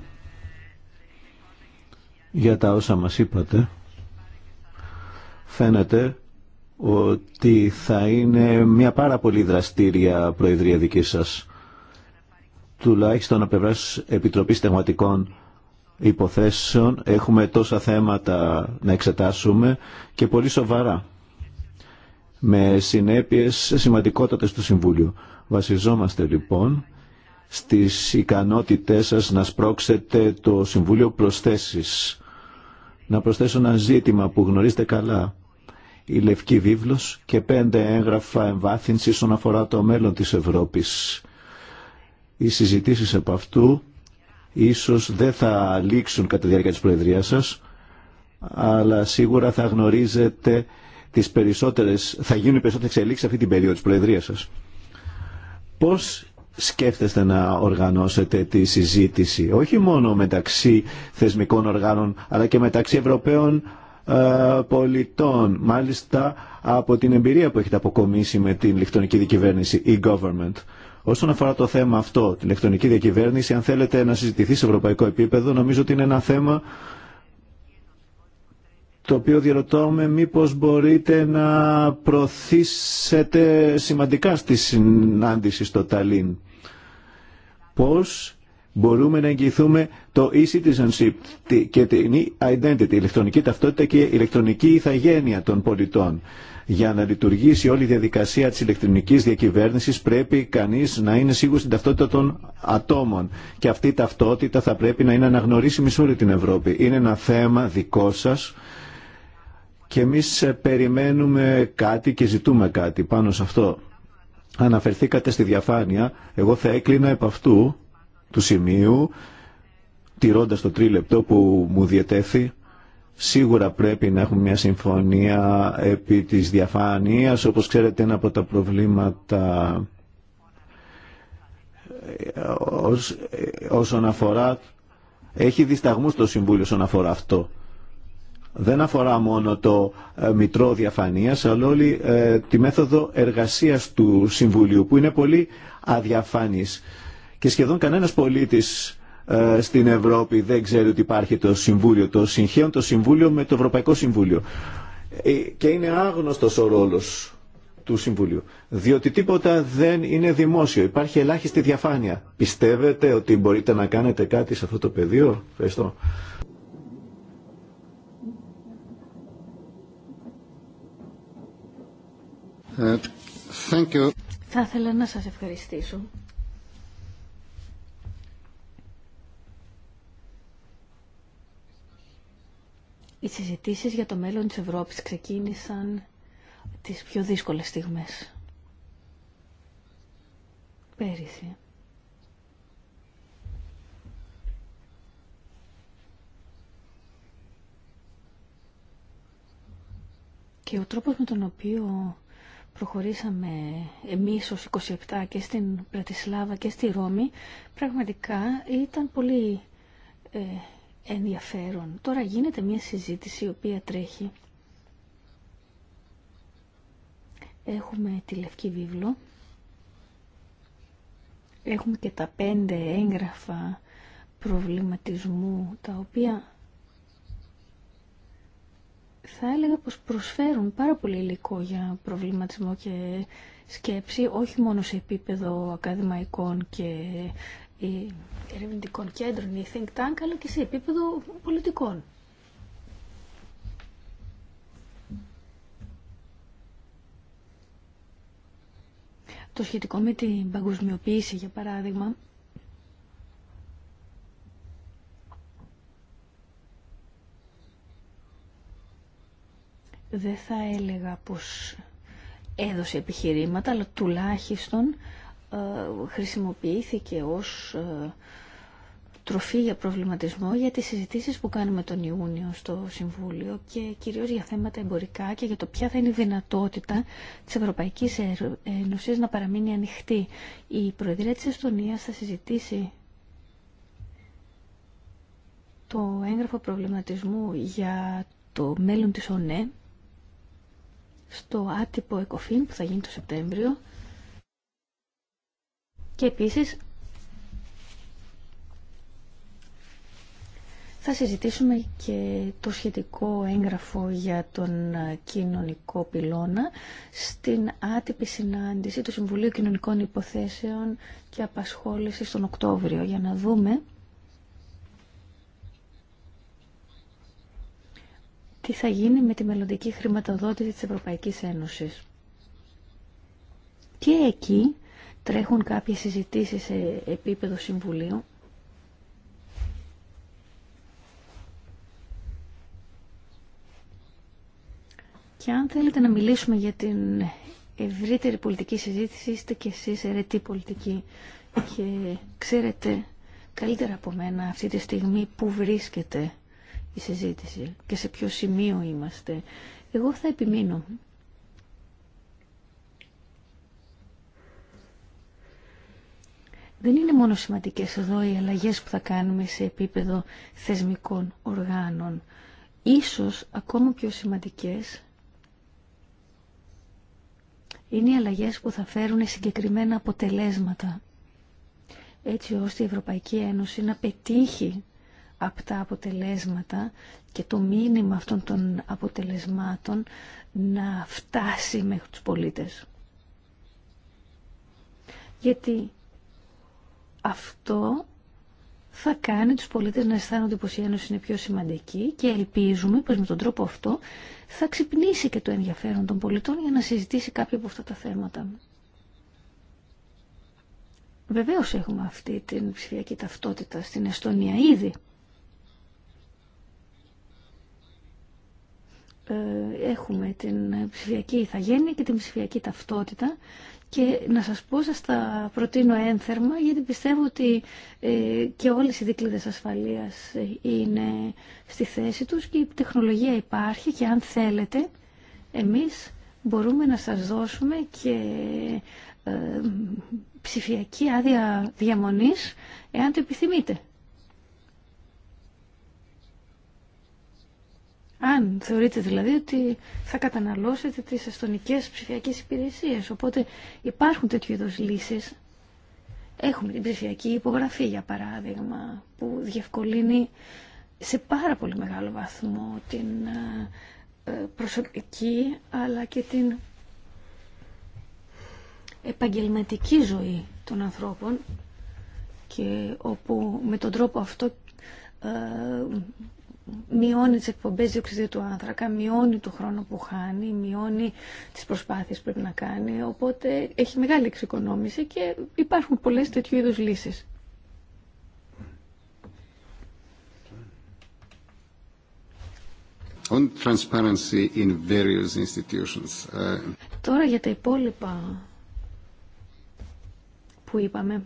για τα όσα μας είπατε. Φαίνεται ότι θα είναι μια πάρα πολύ δραστήρια προεδρία δική σας τουλάχιστον από πλευράς Επιτροπής Στεγματικών υποθέσεων έχουμε τόσα θέματα να εξετάσουμε και πολύ σοβαρά με συνέπειες σημαντικότατες του Συμβούλιο. Βασιζόμαστε λοιπόν στις ικανότητές σας να σπρώξετε το Συμβούλιο προσθέσεις. Να προσθέσω ένα ζήτημα που γνωρίζετε καλά. Η Λευκή Βίβλος και πέντε έγγραφα εμβάθυνσης όσον αφορά το μέλλον της Ευρώπης. Οι συζητήσεις από αυτού ίσως δεν θα λήξουν κατά τη διάρκεια της Προεδρίας σας, αλλά σίγουρα θα γνωρίζετε τις περισσότερες, θα γίνουν οι περισσότερες εξελίξεις αυτή την περίοδο της Προεδρίας σας. Πώς σκέφτεστε να οργανώσετε τη συζήτηση, όχι μόνο μεταξύ θεσμικών οργάνων, αλλά και μεταξύ Ευρωπαίων ε, πολιτών, μάλιστα από την εμπειρία που έχετε αποκομίσει με την ηλεκτρονική δικυβέρνηση, e-government. Όσον αφορά το θέμα αυτό, την ηλεκτρονική διακυβέρνηση, αν θέλετε να συζητηθεί σε ευρωπαϊκό επίπεδο, νομίζω ότι είναι ένα θέμα το οποίο διερωτώμε μήπως μπορείτε να προωθήσετε σημαντικά στη συνάντηση στο Ταλίν. Πώς μπορούμε να εγγυηθούμε το e-citizenship και την e-identity, ηλεκτρονική ταυτότητα και ηλεκτρονική ηθαγένεια των πολιτών. Για να λειτουργήσει όλη η διαδικασία της ηλεκτρονικής διακυβέρνησης πρέπει κανείς να είναι σίγουρος στην ταυτότητα των ατόμων. Και αυτή η ταυτότητα θα πρέπει να είναι αναγνωρίσιμη σε όλη την Ευρώπη. Είναι ένα θέμα δικό σας και εμείς περιμένουμε κάτι και ζητούμε κάτι πάνω σε αυτό. Αναφερθήκατε στη διαφάνεια. Εγώ θα έκλεινα επ' αυτού του σημείου τηρώντας το τρίλεπτο που μου διετέθη Σίγουρα πρέπει να έχουμε μια συμφωνία επί της διαφάνειας. Όπως ξέρετε ένα από τα προβλήματα ε, ε, όσον αφορά έχει δισταγμού το Συμβούλιο όσον αφορά αυτό. Δεν αφορά μόνο το ε, μητρό διαφανείας, αλλά όλη τη μέθοδο εργασίας του Συμβουλίου, που είναι πολύ αδιαφάνης. Και σχεδόν κανένας πολίτης ε, στην Ευρώπη δεν ξέρει ότι υπάρχει το Συμβούλιο. Το Συγχέων, το Συμβούλιο με το Ευρωπαϊκό Συμβούλιο. Ε, και είναι άγνωστος ο ρόλος του Συμβουλίου. Διότι τίποτα δεν είναι δημόσιο. Υπάρχει ελάχιστη διαφάνεια. Πιστεύετε ότι μπορείτε να κάνετε κάτι σε αυτό το πεδίο. Ευχαριστώ. Ε, thank you. Θα ήθελα να σας ευχαριστήσω Οι συζητήσει για το μέλλον της Ευρώπης ξεκίνησαν τις πιο δύσκολες στιγμές. Πέρυσι. Και ο τρόπος με τον οποίο προχωρήσαμε εμείς ως 27 και στην Πρατισλάβα και στη Ρώμη πραγματικά ήταν πολύ ε, ενδιαφέρον. Τώρα γίνεται μια συζήτηση η οποία τρέχει. Έχουμε τη Λευκή Βίβλο. Έχουμε και τα πέντε έγγραφα προβληματισμού, τα οποία θα έλεγα πως προσφέρουν πάρα πολύ υλικό για προβληματισμό και σκέψη, όχι μόνο σε επίπεδο ακαδημαϊκών και ερευνητικών κέντρων, η think tank, αλλά και σε επίπεδο πολιτικών. Το σχετικό με την παγκοσμιοποίηση, για παράδειγμα, δεν θα έλεγα πως έδωσε επιχειρήματα, αλλά τουλάχιστον ε, χρησιμοποιήθηκε ως ε, τροφή για προβληματισμό για τις συζητήσεις που κάνουμε τον Ιούνιο στο Συμβούλιο και κυρίως για θέματα εμπορικά και για το ποια θα είναι η δυνατότητα της Ευρωπαϊκής Ένωσης να παραμείνει ανοιχτή. Η Προεδρία της Εστονίας θα συζητήσει το έγγραφο προβληματισμού για το μέλλον της ΟΝΕ στο άτυπο ΕΚΟΦΗΝ που θα γίνει το Σεπτέμβριο και επίσης θα συζητήσουμε και το σχετικό έγγραφο για τον κοινωνικό πυλώνα στην άτυπη συνάντηση του Συμβουλίου Κοινωνικών Υποθέσεων και Απασχόλησης τον Οκτώβριο για να δούμε τι θα γίνει με τη μελλοντική χρηματοδότηση της Ευρωπαϊκής Ένωσης. Και εκεί τρέχουν κάποιες συζητήσεις σε επίπεδο συμβουλίου και αν θέλετε να μιλήσουμε για την ευρύτερη πολιτική συζήτηση είστε και εσείς ερετή πολιτική. και ξέρετε καλύτερα από μένα αυτή τη στιγμή που βρίσκεται η συζήτηση και σε ποιο σημείο είμαστε. Εγώ θα επιμείνω δεν είναι μόνο σημαντικές εδώ οι αλλαγές που θα κάνουμε σε επίπεδο θεσμικών οργάνων. Ίσως ακόμα πιο σημαντικές είναι οι αλλαγές που θα φέρουν συγκεκριμένα αποτελέσματα έτσι ώστε η Ευρωπαϊκή Ένωση να πετύχει αυτά τα αποτελέσματα και το μήνυμα αυτών των αποτελεσμάτων να φτάσει μέχρι τους πολίτες. Γιατί αυτό θα κάνει τους πολίτες να αισθάνονται πως η Ένωση είναι πιο σημαντική και ελπίζουμε πως με τον τρόπο αυτό θα ξυπνήσει και το ενδιαφέρον των πολιτών για να συζητήσει κάποια από αυτά τα θέματα. Βεβαίως έχουμε αυτή την ψηφιακή ταυτότητα στην Εστονία ήδη. Ε, έχουμε την ψηφιακή ηθαγένεια και την ψηφιακή ταυτότητα και να σας πω, σας τα προτείνω ένθερμα, γιατί πιστεύω ότι ε, και όλες οι δικλείδες ασφαλείας ε, είναι στη θέση τους και η τεχνολογία υπάρχει και αν θέλετε, εμείς μπορούμε να σας δώσουμε και ε, ψηφιακή άδεια διαμονής, εάν το επιθυμείτε. Αν θεωρείτε δηλαδή ότι θα καταναλώσετε τι αστωνικές ψηφιακέ υπηρεσίε, οπότε υπάρχουν τέτοιου είδου λύσει. Έχουμε την ψηφιακή υπογραφή για παράδειγμα που διευκολύνει σε πάρα πολύ μεγάλο βαθμό την ε, ε, προσωπική αλλά και την επαγγελματική ζωή των ανθρώπων και όπου με τον τρόπο αυτό ε, μειώνει τις εκπομπές διοξιδίου του άνθρακα, μειώνει το χρόνο που χάνει, μειώνει τις προσπάθειες που πρέπει να κάνει, οπότε έχει μεγάλη εξοικονόμηση και υπάρχουν πολλές τέτοιου είδους λύσεις. transparency in various institutions. Uh, Τώρα για τα υπόλοιπα που είπαμε.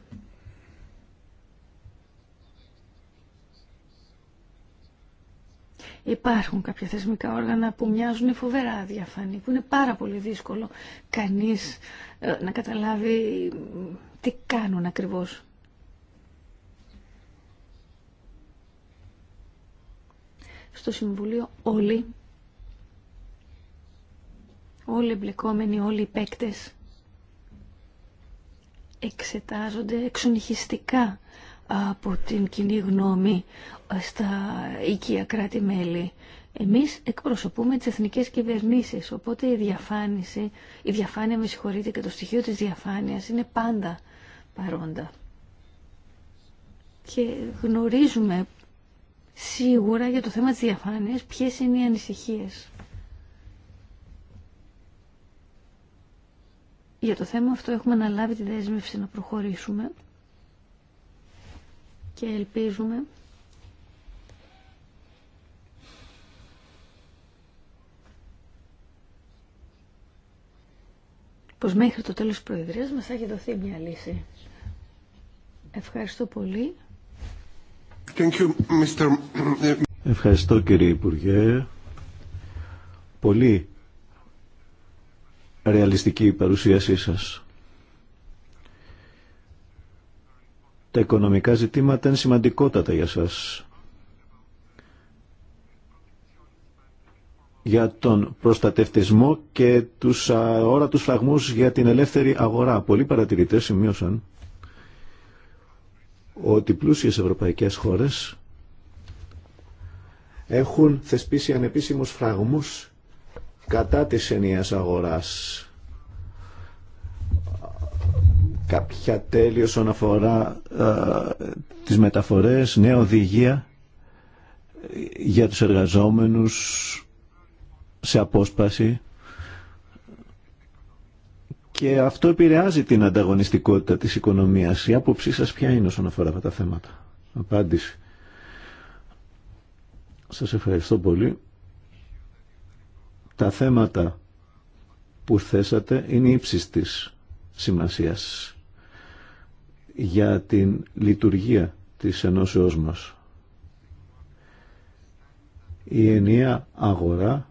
Υπάρχουν κάποια θεσμικά όργανα που μοιάζουν φοβερά διαφανή, που είναι πάρα πολύ δύσκολο κανείς ε, να καταλάβει τι κάνουν ακριβώς. Στο Συμβουλίο όλοι, όλοι εμπλεκόμενοι, όλοι οι παίκτες εξετάζονται εξονυχιστικά από την κοινή γνώμη στα οικία κράτη-μέλη. Εμείς εκπροσωπούμε τις εθνικές κυβερνήσεις, οπότε η, διαφάνιση, η διαφάνεια, με συγχωρείτε, και το στοιχείο της διαφάνειας είναι πάντα παρόντα. Και γνωρίζουμε σίγουρα για το θέμα της διαφάνειας ποιες είναι οι ανησυχίες. Για το θέμα αυτό έχουμε αναλάβει τη δέσμευση να προχωρήσουμε και ελπίζουμε πως μέχρι το τέλος της Προεδρίας μας θα έχει δοθεί μια λύση. Ευχαριστώ πολύ. Ευχαριστώ κύριε Υπουργέ. Πολύ ρεαλιστική η παρουσίασή σας. Τα οικονομικά ζητήματα είναι σημαντικότατα για σας. για τον προστατευτισμό και τους αόρατους φραγμούς για την ελεύθερη αγορά. Πολλοί παρατηρητές σημείωσαν ότι πλούσιες ευρωπαϊκές χώρες έχουν θεσπίσει ανεπίσημους φραγμούς κατά της ενιαίας αγοράς κάποια τέλη όσον αφορά ε, τις μεταφορές, νέα οδηγία για τους εργαζόμενους σε απόσπαση και αυτό επηρεάζει την ανταγωνιστικότητα της οικονομίας. Η άποψή σας ποια είναι όσον αφορά αυτά τα θέματα. Απάντηση. Σας ευχαριστώ πολύ. Τα θέματα που θέσατε είναι ύψης της σημασίας για την λειτουργία της ενώσεώς μας. Η ενία αγορά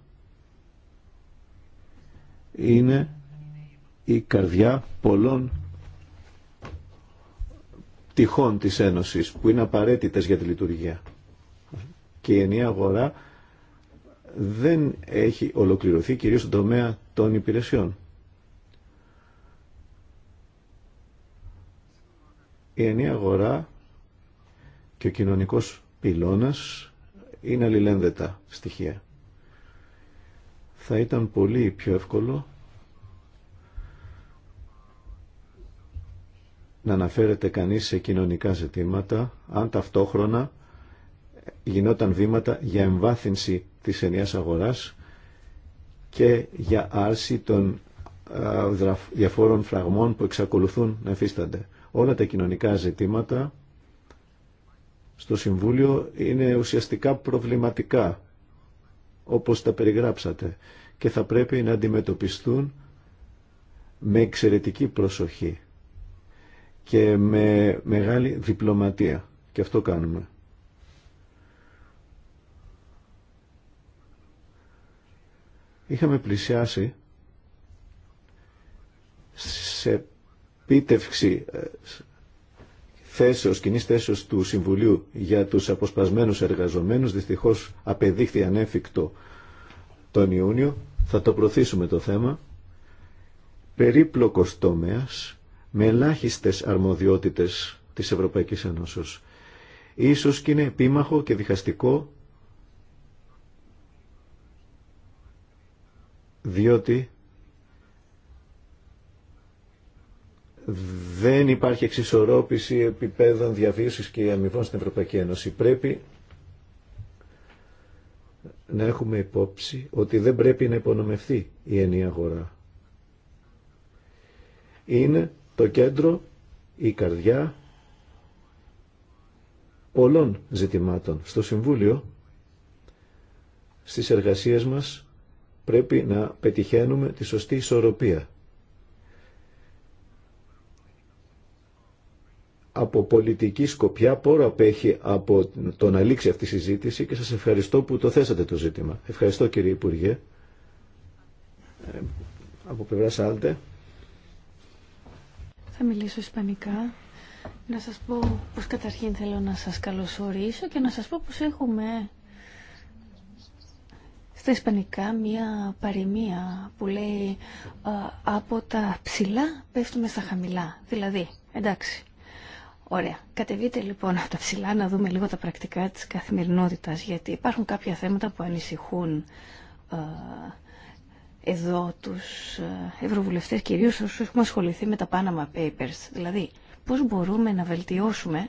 είναι η καρδιά πολλών τυχών της Ένωσης που είναι απαραίτητες για τη λειτουργία. Και η ενία αγορά δεν έχει ολοκληρωθεί κυρίως στον τομέα των υπηρεσιών. Η ενιαία αγορά και ο κοινωνικός πυλώνας είναι αλληλένδετα στοιχεία. Θα ήταν πολύ πιο εύκολο να αναφέρεται κανείς σε κοινωνικά ζητήματα αν ταυτόχρονα γινόταν βήματα για εμβάθυνση της ενιαίας αγοράς και για άρση των διαφόρων φραγμών που εξακολουθούν να εφίστανται όλα τα κοινωνικά ζητήματα στο Συμβούλιο είναι ουσιαστικά προβληματικά, όπως τα περιγράψατε, και θα πρέπει να αντιμετωπιστούν με εξαιρετική προσοχή και με μεγάλη διπλωματία. Και αυτό κάνουμε. Είχαμε πλησιάσει σε επίτευξη ε, θέσεως, κοινής θέσεως του Συμβουλίου για τους αποσπασμένους εργαζομένους δυστυχώς απεδείχθη ανέφικτο τον Ιούνιο. Θα το προωθήσουμε το θέμα. Περίπλοκος τομέας με ελάχιστε αρμοδιότητες της Ευρωπαϊκής Ένωσης. Ίσως και είναι επίμαχο και διχαστικό διότι δεν υπάρχει εξισορρόπηση επιπέδων διαβίωσης και αμοιβών στην Ευρωπαϊκή Ένωση. Πρέπει να έχουμε υπόψη ότι δεν πρέπει να υπονομευθεί η ενιαία αγορά. Είναι το κέντρο, η καρδιά πολλών ζητημάτων. Στο Συμβούλιο, στις εργασίες μας, πρέπει να πετυχαίνουμε τη σωστή ισορροπία από πολιτική σκοπιά πόρο απέχει από το να λήξει αυτή η συζήτηση και σας ευχαριστώ που το θέσατε το ζήτημα. Ευχαριστώ κύριε Υπουργέ. Ε, από πλευρά Σάλτε. Θα μιλήσω ισπανικά. Να σας πω πως καταρχήν θέλω να σας καλωσορίσω και να σας πω πως έχουμε στα ισπανικά μία παροιμία που λέει «Από τα ψηλά πέφτουμε στα χαμηλά». Δηλαδή, εντάξει, Ωραία. Κατεβείτε λοιπόν από τα ψηλά να δούμε λίγο τα πρακτικά της καθημερινότητας, γιατί υπάρχουν κάποια θέματα που ανησυχούν ε, εδώ τους ε, ευρωβουλευτές, κυρίως όσους έχουμε ασχοληθεί με τα Panama Papers. Δηλαδή, πώς μπορούμε να βελτιώσουμε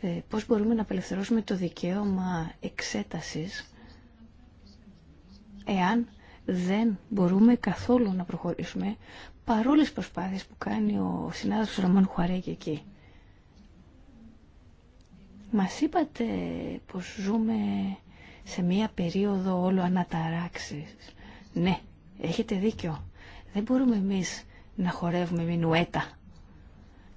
ε, πώς μπορούμε να απελευθερώσουμε το δικαίωμα εξέτασης εάν δεν μπορούμε καθόλου να προχωρήσουμε παρόλες προσπάθειες που κάνει ο συνάδελφος Ραμάν Χουαρέκη εκεί. Μας είπατε πως ζούμε σε μία περίοδο όλο αναταράξεις. Ναι, έχετε δίκιο. Δεν μπορούμε εμείς να χορεύουμε μινουέτα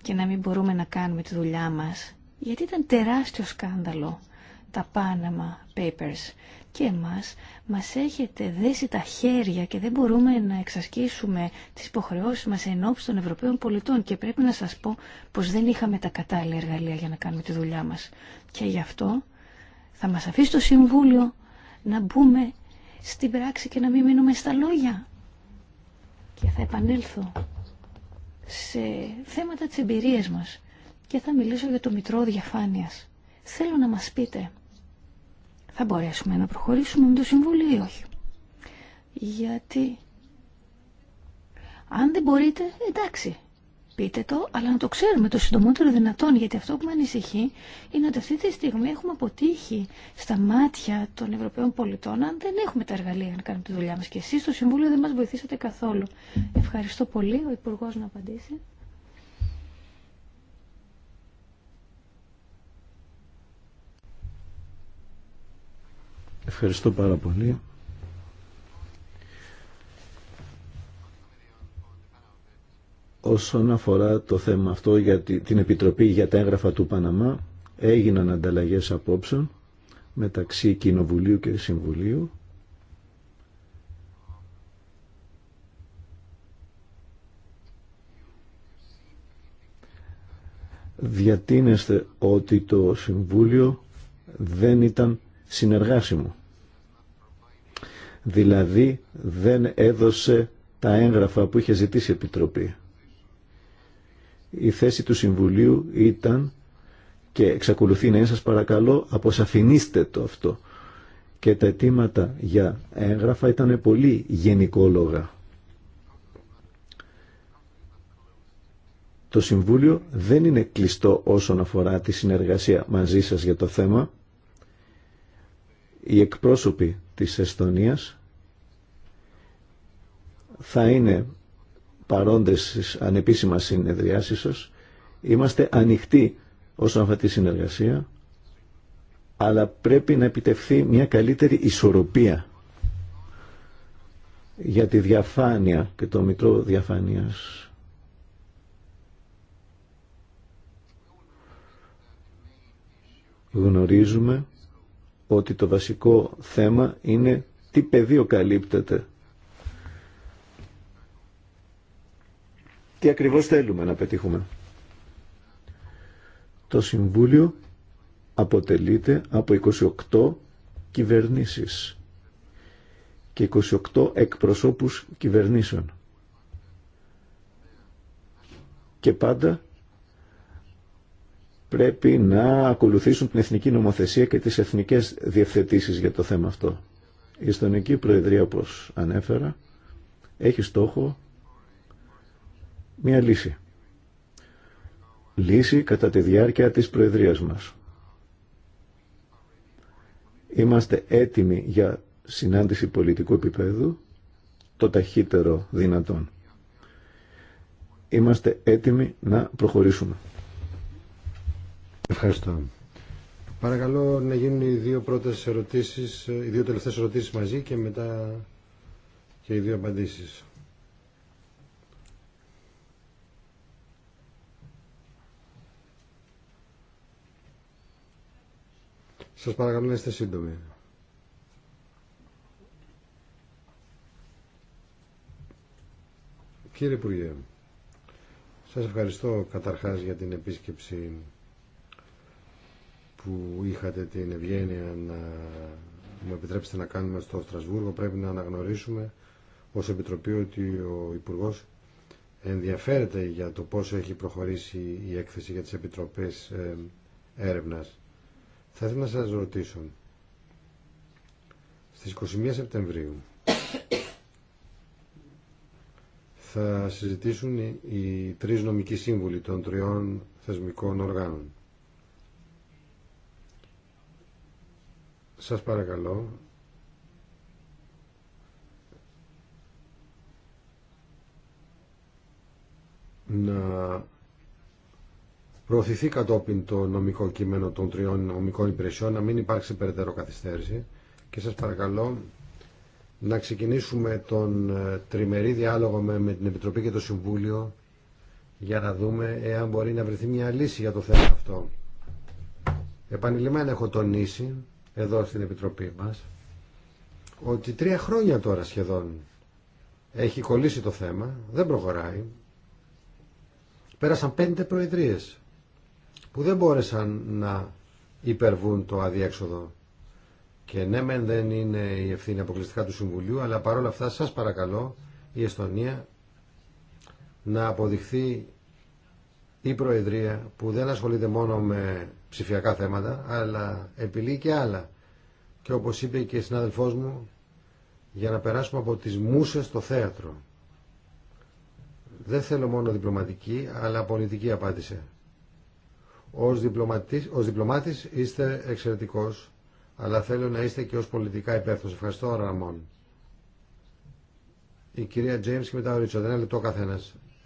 και να μην μπορούμε να κάνουμε τη δουλειά μας. Γιατί ήταν τεράστιο σκάνδαλο τα Panama Papers και εμάς μας έχετε δέσει τα χέρια και δεν μπορούμε να εξασκήσουμε τις υποχρεώσεις μας εν ώψη των Ευρωπαίων πολιτών και πρέπει να σας πω πως δεν είχαμε τα κατάλληλα εργαλεία για να κάνουμε τη δουλειά μας. Και γι' αυτό θα μας αφήσει το Συμβούλιο να μπούμε στην πράξη και να μην μείνουμε στα λόγια. Και θα επανέλθω σε θέματα της εμπειρίας μας και θα μιλήσω για το Μητρό Διαφάνειας. Θέλω να μας πείτε θα μπορέσουμε να προχωρήσουμε με το Συμβούλιο ή όχι. Γιατί αν δεν μπορείτε, εντάξει, πείτε το, αλλά να το ξέρουμε το συντομότερο δυνατόν, γιατί αυτό που με ανησυχεί είναι ότι αυτή τη στιγμή έχουμε αποτύχει στα μάτια των Ευρωπαίων πολιτών, αν δεν έχουμε τα εργαλεία να κάνουμε τη δουλειά μας. Και εσείς στο Συμβούλιο δεν μας βοηθήσατε καθόλου. Ευχαριστώ πολύ, ο Υπουργός να απαντήσει. Ευχαριστώ πάρα πολύ. Όσον αφορά το θέμα αυτό για την Επιτροπή για τα έγγραφα του Παναμά, έγιναν ανταλλαγές απόψεων μεταξύ Κοινοβουλίου και Συμβουλίου. Διατείνεστε ότι το Συμβούλιο δεν ήταν συνεργάσιμο. Δηλαδή δεν έδωσε τα έγγραφα που είχε ζητήσει η Επιτροπή. Η θέση του Συμβουλίου ήταν και εξακολουθεί να είναι σας παρακαλώ αποσαφηνίστε το αυτό. Και τα αιτήματα για έγγραφα ήταν πολύ γενικόλογα. Το Συμβούλιο δεν είναι κλειστό όσον αφορά τη συνεργασία μαζί σας για το θέμα οι εκπρόσωποι της Εστονίας θα είναι παρόντες στις ανεπίσημα συνεδριάσεις σας. Είμαστε ανοιχτοί όσον αφορά τη συνεργασία, αλλά πρέπει να επιτευχθεί μια καλύτερη ισορροπία για τη διαφάνεια και το μητρό διαφάνειας. Γνωρίζουμε ότι το βασικό θέμα είναι τι πεδίο καλύπτεται. Τι ακριβώς θέλουμε να πετύχουμε. Το Συμβούλιο αποτελείται από 28 κυβερνήσεις και 28 εκπροσώπους κυβερνήσεων. Και πάντα πρέπει να ακολουθήσουν την εθνική νομοθεσία και τις εθνικές διευθετήσεις για το θέμα αυτό. Η Ιστονική Προεδρία, όπως ανέφερα, έχει στόχο μία λύση. Λύση κατά τη διάρκεια της Προεδρίας μας. Είμαστε έτοιμοι για συνάντηση πολιτικού επίπεδου το ταχύτερο δυνατόν. Είμαστε έτοιμοι να προχωρήσουμε. Ευχαριστώ. Παρακαλώ να γίνουν οι δύο πρώτες ερωτήσεις, οι δύο τελευταίες ερωτήσεις μαζί και μετά και οι δύο απαντήσεις. Σας παρακαλώ να είστε σύντομοι. Κύριε Υπουργέ, σας ευχαριστώ καταρχάς για την επίσκεψη που είχατε την ευγένεια να μου επιτρέψετε να κάνουμε στο Στρασβούργο. Πρέπει να αναγνωρίσουμε ως Επιτροπή ότι ο Υπουργός ενδιαφέρεται για το πόσο έχει προχωρήσει η έκθεση για τις Επιτροπές ε, Έρευνας. Θα ήθελα να σας ρωτήσω. Στις 21 Σεπτεμβρίου θα συζητήσουν οι τρεις νομικοί σύμβουλοι των τριών θεσμικών οργάνων. Σας παρακαλώ. να προωθηθεί κατόπιν το νομικό κείμενο των τριών νομικών υπηρεσιών, να μην υπάρξει περαιτέρω καθυστέρηση και σας παρακαλώ να ξεκινήσουμε τον ε, τριμερή διάλογο με, με την Επιτροπή και το Συμβούλιο για να δούμε εάν μπορεί να βρεθεί μια λύση για το θέμα αυτό. Επανειλημμένα έχω τονίσει εδώ στην Επιτροπή μας ότι τρία χρόνια τώρα σχεδόν έχει κολλήσει το θέμα, δεν προχωράει. Πέρασαν πέντε προεδρίες που δεν μπόρεσαν να υπερβούν το αδιέξοδο. Και ναι, δεν είναι η ευθύνη αποκλειστικά του Συμβουλίου, αλλά παρόλα αυτά σας παρακαλώ η Εστονία να αποδειχθεί η Προεδρία που δεν ασχολείται μόνο με ψηφιακά θέματα αλλά επιλύει και άλλα. Και όπως είπε και η συνάδελφός μου για να περάσουμε από τις μουσες στο θέατρο. Δεν θέλω μόνο διπλωματική αλλά πολιτική απάντηση. Ως διπλωμάτης, ως διπλωμάτης είστε εξαιρετικός αλλά θέλω να είστε και ως πολιτικά υπεύθυνος. Ευχαριστώ Ραμόν. Η κυρία Τζέιμς και μετά ο Ρίτσο. Δεν λεπτό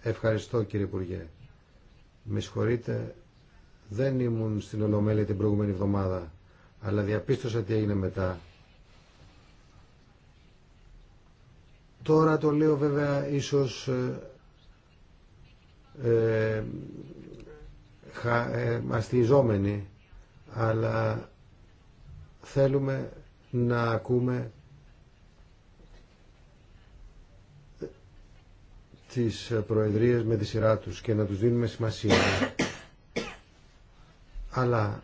Ευχαριστώ κύριε Υπουργέ. Με συγχωρείτε, δεν ήμουν στην Ολομέλεια την προηγούμενη εβδομάδα, αλλά διαπίστωσα τι έγινε μετά. Τώρα το λέω βέβαια ίσως ε, ε, ε αλλά θέλουμε να ακούμε τις προεδρίες με τη σειρά τους και να τους δίνουμε σημασία. Αλλά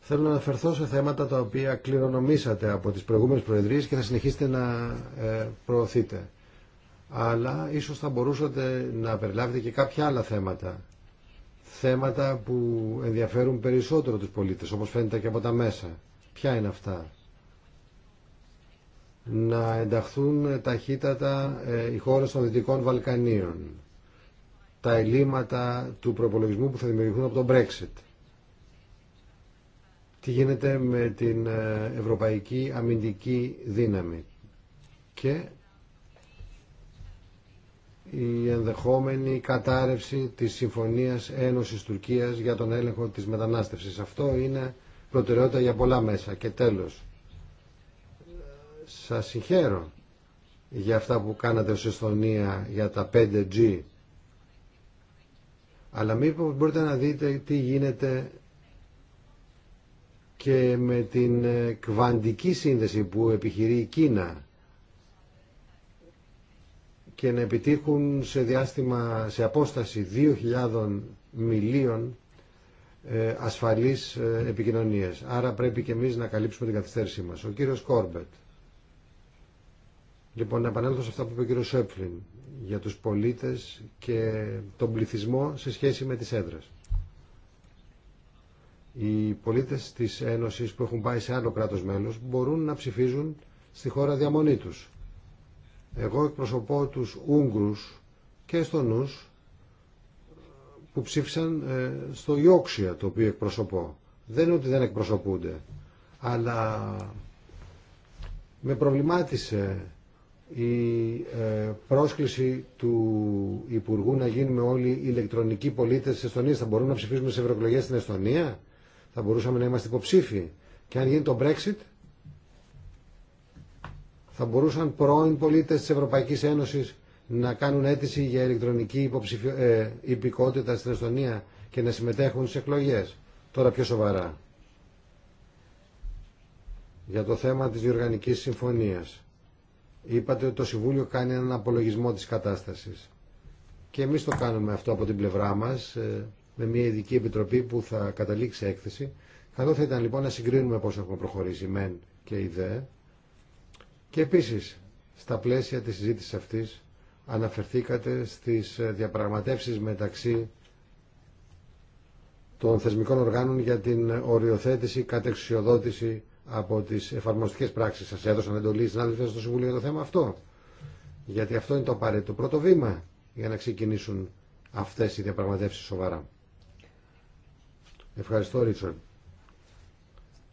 θέλω να αναφερθώ σε θέματα τα οποία κληρονομήσατε από τις προηγούμενες προεδρίες και θα συνεχίσετε να ε, προωθείτε. Αλλά ίσως θα μπορούσατε να περιλάβετε και κάποια άλλα θέματα. Θέματα που ενδιαφέρουν περισσότερο τους πολίτες, όπως φαίνεται και από τα μέσα. Ποια είναι αυτά να ενταχθούν ταχύτατα ε, οι χώρες των Δυτικών Βαλκανίων. Τα ελλείμματα του προπολογισμού που θα δημιουργηθούν από τον Brexit. Τι γίνεται με την ε, Ευρωπαϊκή Αμυντική Δύναμη. Και η ενδεχόμενη κατάρρευση της Συμφωνίας Ένωσης Τουρκίας για τον έλεγχο της μετανάστευσης. Αυτό είναι προτεραιότητα για πολλά μέσα. Και τέλος, σας συγχαίρω για αυτά που κάνατε ως εσθονία για τα 5G. Αλλά μήπως μπορείτε να δείτε τι γίνεται και με την ε, κβαντική σύνδεση που επιχειρεί η Κίνα και να επιτύχουν σε διάστημα, σε απόσταση 2.000 μιλίων ε, ασφαλείς ε, επικοινωνίες. Άρα πρέπει και εμείς να καλύψουμε την καθυστέρησή μας. Ο κύριος Κόρμπετ. Λοιπόν, να επανέλθω σε αυτά που είπε ο κύριο Σέπφλιν για τους πολίτες και τον πληθυσμό σε σχέση με τις έδρες. Οι πολίτες της Ένωσης που έχουν πάει σε άλλο κράτος μέλος μπορούν να ψηφίζουν στη χώρα διαμονή τους. Εγώ εκπροσωπώ τους Ούγγρους και Ους που ψήφισαν ε, στο Ιόξια το οποίο εκπροσωπώ. Δεν είναι ότι δεν εκπροσωπούνται, αλλά με προβλημάτισε η ε, πρόσκληση του Υπουργού να γίνουμε όλοι ηλεκτρονικοί πολίτες της Εστονίας. Θα μπορούμε να ψηφίσουμε σε ευρωεκλογές στην Εστονία. Θα μπορούσαμε να είμαστε υποψήφοι. Και αν γίνει το Brexit, θα μπορούσαν πρώην πολίτες της Ευρωπαϊκής Ένωσης να κάνουν αίτηση για ηλεκτρονική υποψηφιο... Ε, υπηκότητα στην Εστονία και να συμμετέχουν στις εκλογές. Τώρα πιο σοβαρά. Για το θέμα της διοργανικής συμφωνίας. Είπατε ότι το Συμβούλιο κάνει έναν απολογισμό της κατάστασης. Και εμείς το κάνουμε αυτό από την πλευρά μας, ε, με μια ειδική επιτροπή που θα καταλήξει έκθεση. Καλό θα ήταν λοιπόν να συγκρίνουμε πώς έχουμε προχωρήσει, μεν και η Και επίσης, στα πλαίσια της συζήτησης αυτής, αναφερθήκατε στις ε, διαπραγματεύσεις μεταξύ των θεσμικών οργάνων για την ε, οριοθέτηση, κατεξουσιοδότηση από τις εφαρμοστικές πράξει σα. έδωσαν εντολή συνάδελφοι στο Συμβούλιο για το θέμα αυτό. Γιατί αυτό είναι το απαραίτητο πρώτο βήμα για να ξεκινήσουν αυτές οι διαπραγματεύσει σοβαρά. Ευχαριστώ Ρίτσον.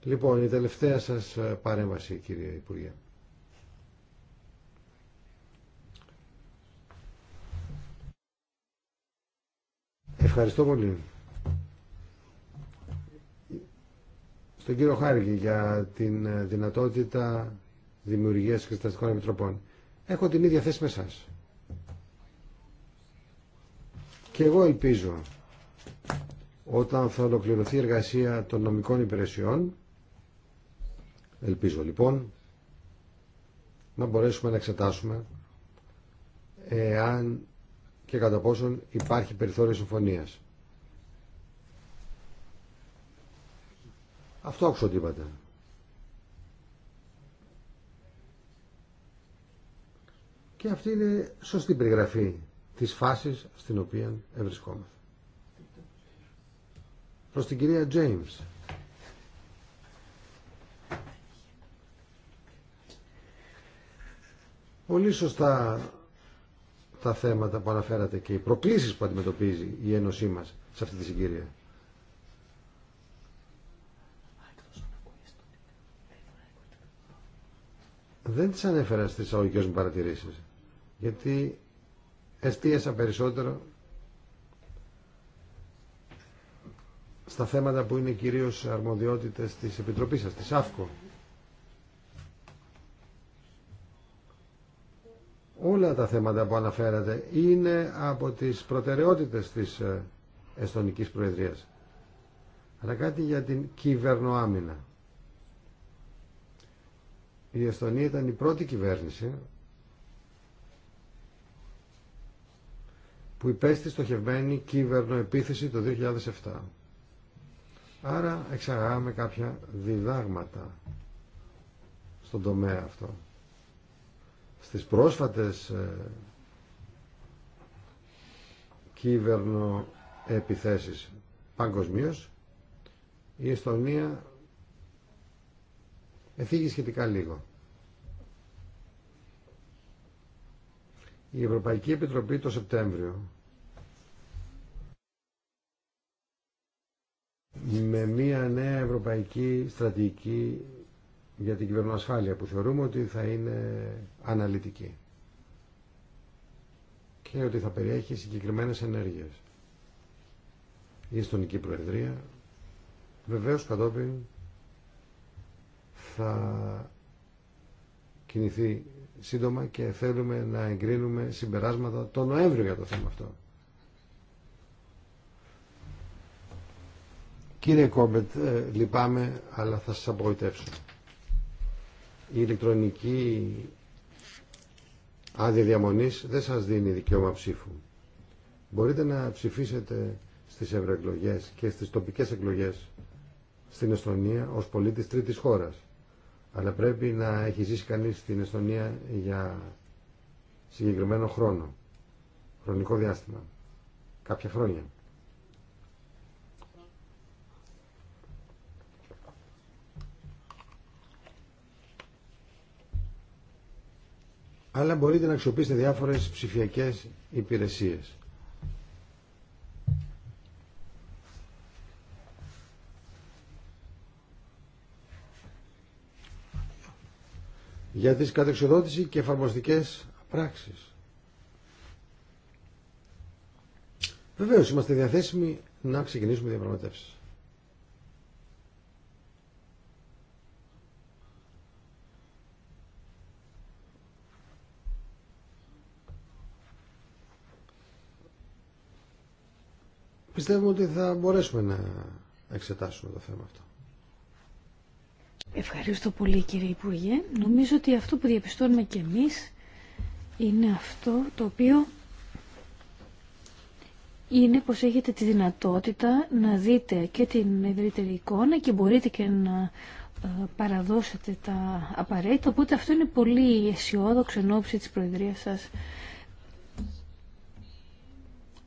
Λοιπόν, η τελευταία σας παρέμβαση κύριε Υπουργέ. Ευχαριστώ πολύ. στον κύριο Χάρη, για την ε, δυνατότητα δημιουργίας εξεταστικών επιτροπών. Έχω την ίδια θέση με εσά. Και εγώ ελπίζω όταν θα ολοκληρωθεί η εργασία των νομικών υπηρεσιών, ελπίζω λοιπόν, να μπορέσουμε να εξετάσουμε εάν και κατά πόσον υπάρχει περιθώριο συμφωνίας. Αυτό άκουσα ότι είπατε. Και αυτή είναι σωστή περιγραφή της φάσης στην οποία ευρισκόμαστε. Προς την κυρία Τζέιμς. Πολύ σωστά τα θέματα που αναφέρατε και οι προκλήσεις που αντιμετωπίζει η Ένωσή μας σε αυτή τη συγκυρία. δεν τις ανέφερα στις αγωγικές μου παρατηρήσεις γιατί εστίασα περισσότερο στα θέματα που είναι κυρίως αρμοδιότητες της Επιτροπής σας, της ΑΦΚΟ. Όλα τα θέματα που αναφέρατε είναι από τις προτεραιότητες της ε, Εστονικής Προεδρίας. Αλλά κάτι για την κυβερνοάμυνα η Εστονία ήταν η πρώτη κυβέρνηση που υπέστη στοχευμένη επίθεση το 2007. Άρα εξαγάμε κάποια διδάγματα στον τομέα αυτό. Στις πρόσφατες ε, κύβερνο επιθέσεις παγκοσμίως η Εστονία Εφήγη σχετικά λίγο. Η Ευρωπαϊκή Επιτροπή το Σεπτέμβριο με μια νέα ευρωπαϊκή στρατηγική για την κυβερνοασφάλεια που θεωρούμε ότι θα είναι αναλυτική και ότι θα περιέχει συγκεκριμένες ενέργειες. Η Εστονική Προεδρία βεβαίως κατόπιν θα κινηθεί σύντομα και θέλουμε να εγκρίνουμε συμπεράσματα το Νοέμβριο για το θέμα αυτό. Κύριε Κόμπετ, ε, λυπάμαι, αλλά θα σας απογοητεύσω. Η ηλεκτρονική άδεια διαμονής δεν σας δίνει δικαίωμα ψήφου. Μπορείτε να ψηφίσετε στις ευρωεκλογές και στις τοπικές εκλογές στην Εστονία ως πολίτης τρίτης χώρας αλλά πρέπει να έχει ζήσει κανείς στην Εστονία για συγκεκριμένο χρόνο, χρονικό διάστημα, κάποια χρόνια. αλλά μπορείτε να αξιοποιήσετε διάφορες ψηφιακές υπηρεσίες. για τις κατεξοδότηση και εφαρμοστικές πράξεις. Βεβαίως είμαστε διαθέσιμοι να ξεκινήσουμε διαπραγματεύσεις. Πιστεύουμε ότι θα μπορέσουμε να εξετάσουμε το θέμα αυτό. Ευχαριστώ πολύ κύριε Υπουργέ. Νομίζω ότι αυτό που διαπιστώνουμε και εμείς είναι αυτό το οποίο είναι πως έχετε τη δυνατότητα να δείτε και την ευρύτερη εικόνα και μπορείτε και να ε, παραδώσετε τα απαραίτητα, οπότε αυτό είναι πολύ αισιόδοξο εν ώψη της Προεδρίας σας.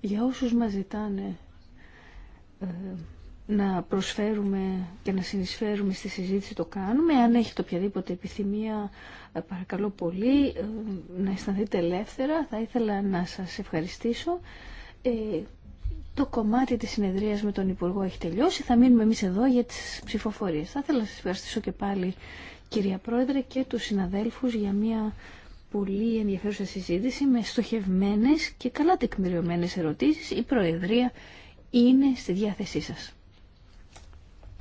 Για όσους μας ζητάνε ε, να προσφέρουμε και να συνεισφέρουμε στη συζήτηση το κάνουμε. Αν έχετε οποιαδήποτε επιθυμία, ε, παρακαλώ πολύ ε, να αισθανθείτε ελεύθερα. Θα ήθελα να σας ευχαριστήσω. Ε, το κομμάτι της συνεδρίας με τον Υπουργό έχει τελειώσει. Θα μείνουμε εμείς εδώ για τις ψηφοφορίες. Θα ήθελα να σας ευχαριστήσω και πάλι κυρία Πρόεδρε και τους συναδέλφους για μια πολύ ενδιαφέρουσα συζήτηση με στοχευμένες και καλά τεκμηριωμένες ερωτήσεις. Η Προεδρία είναι στη διάθεσή σας.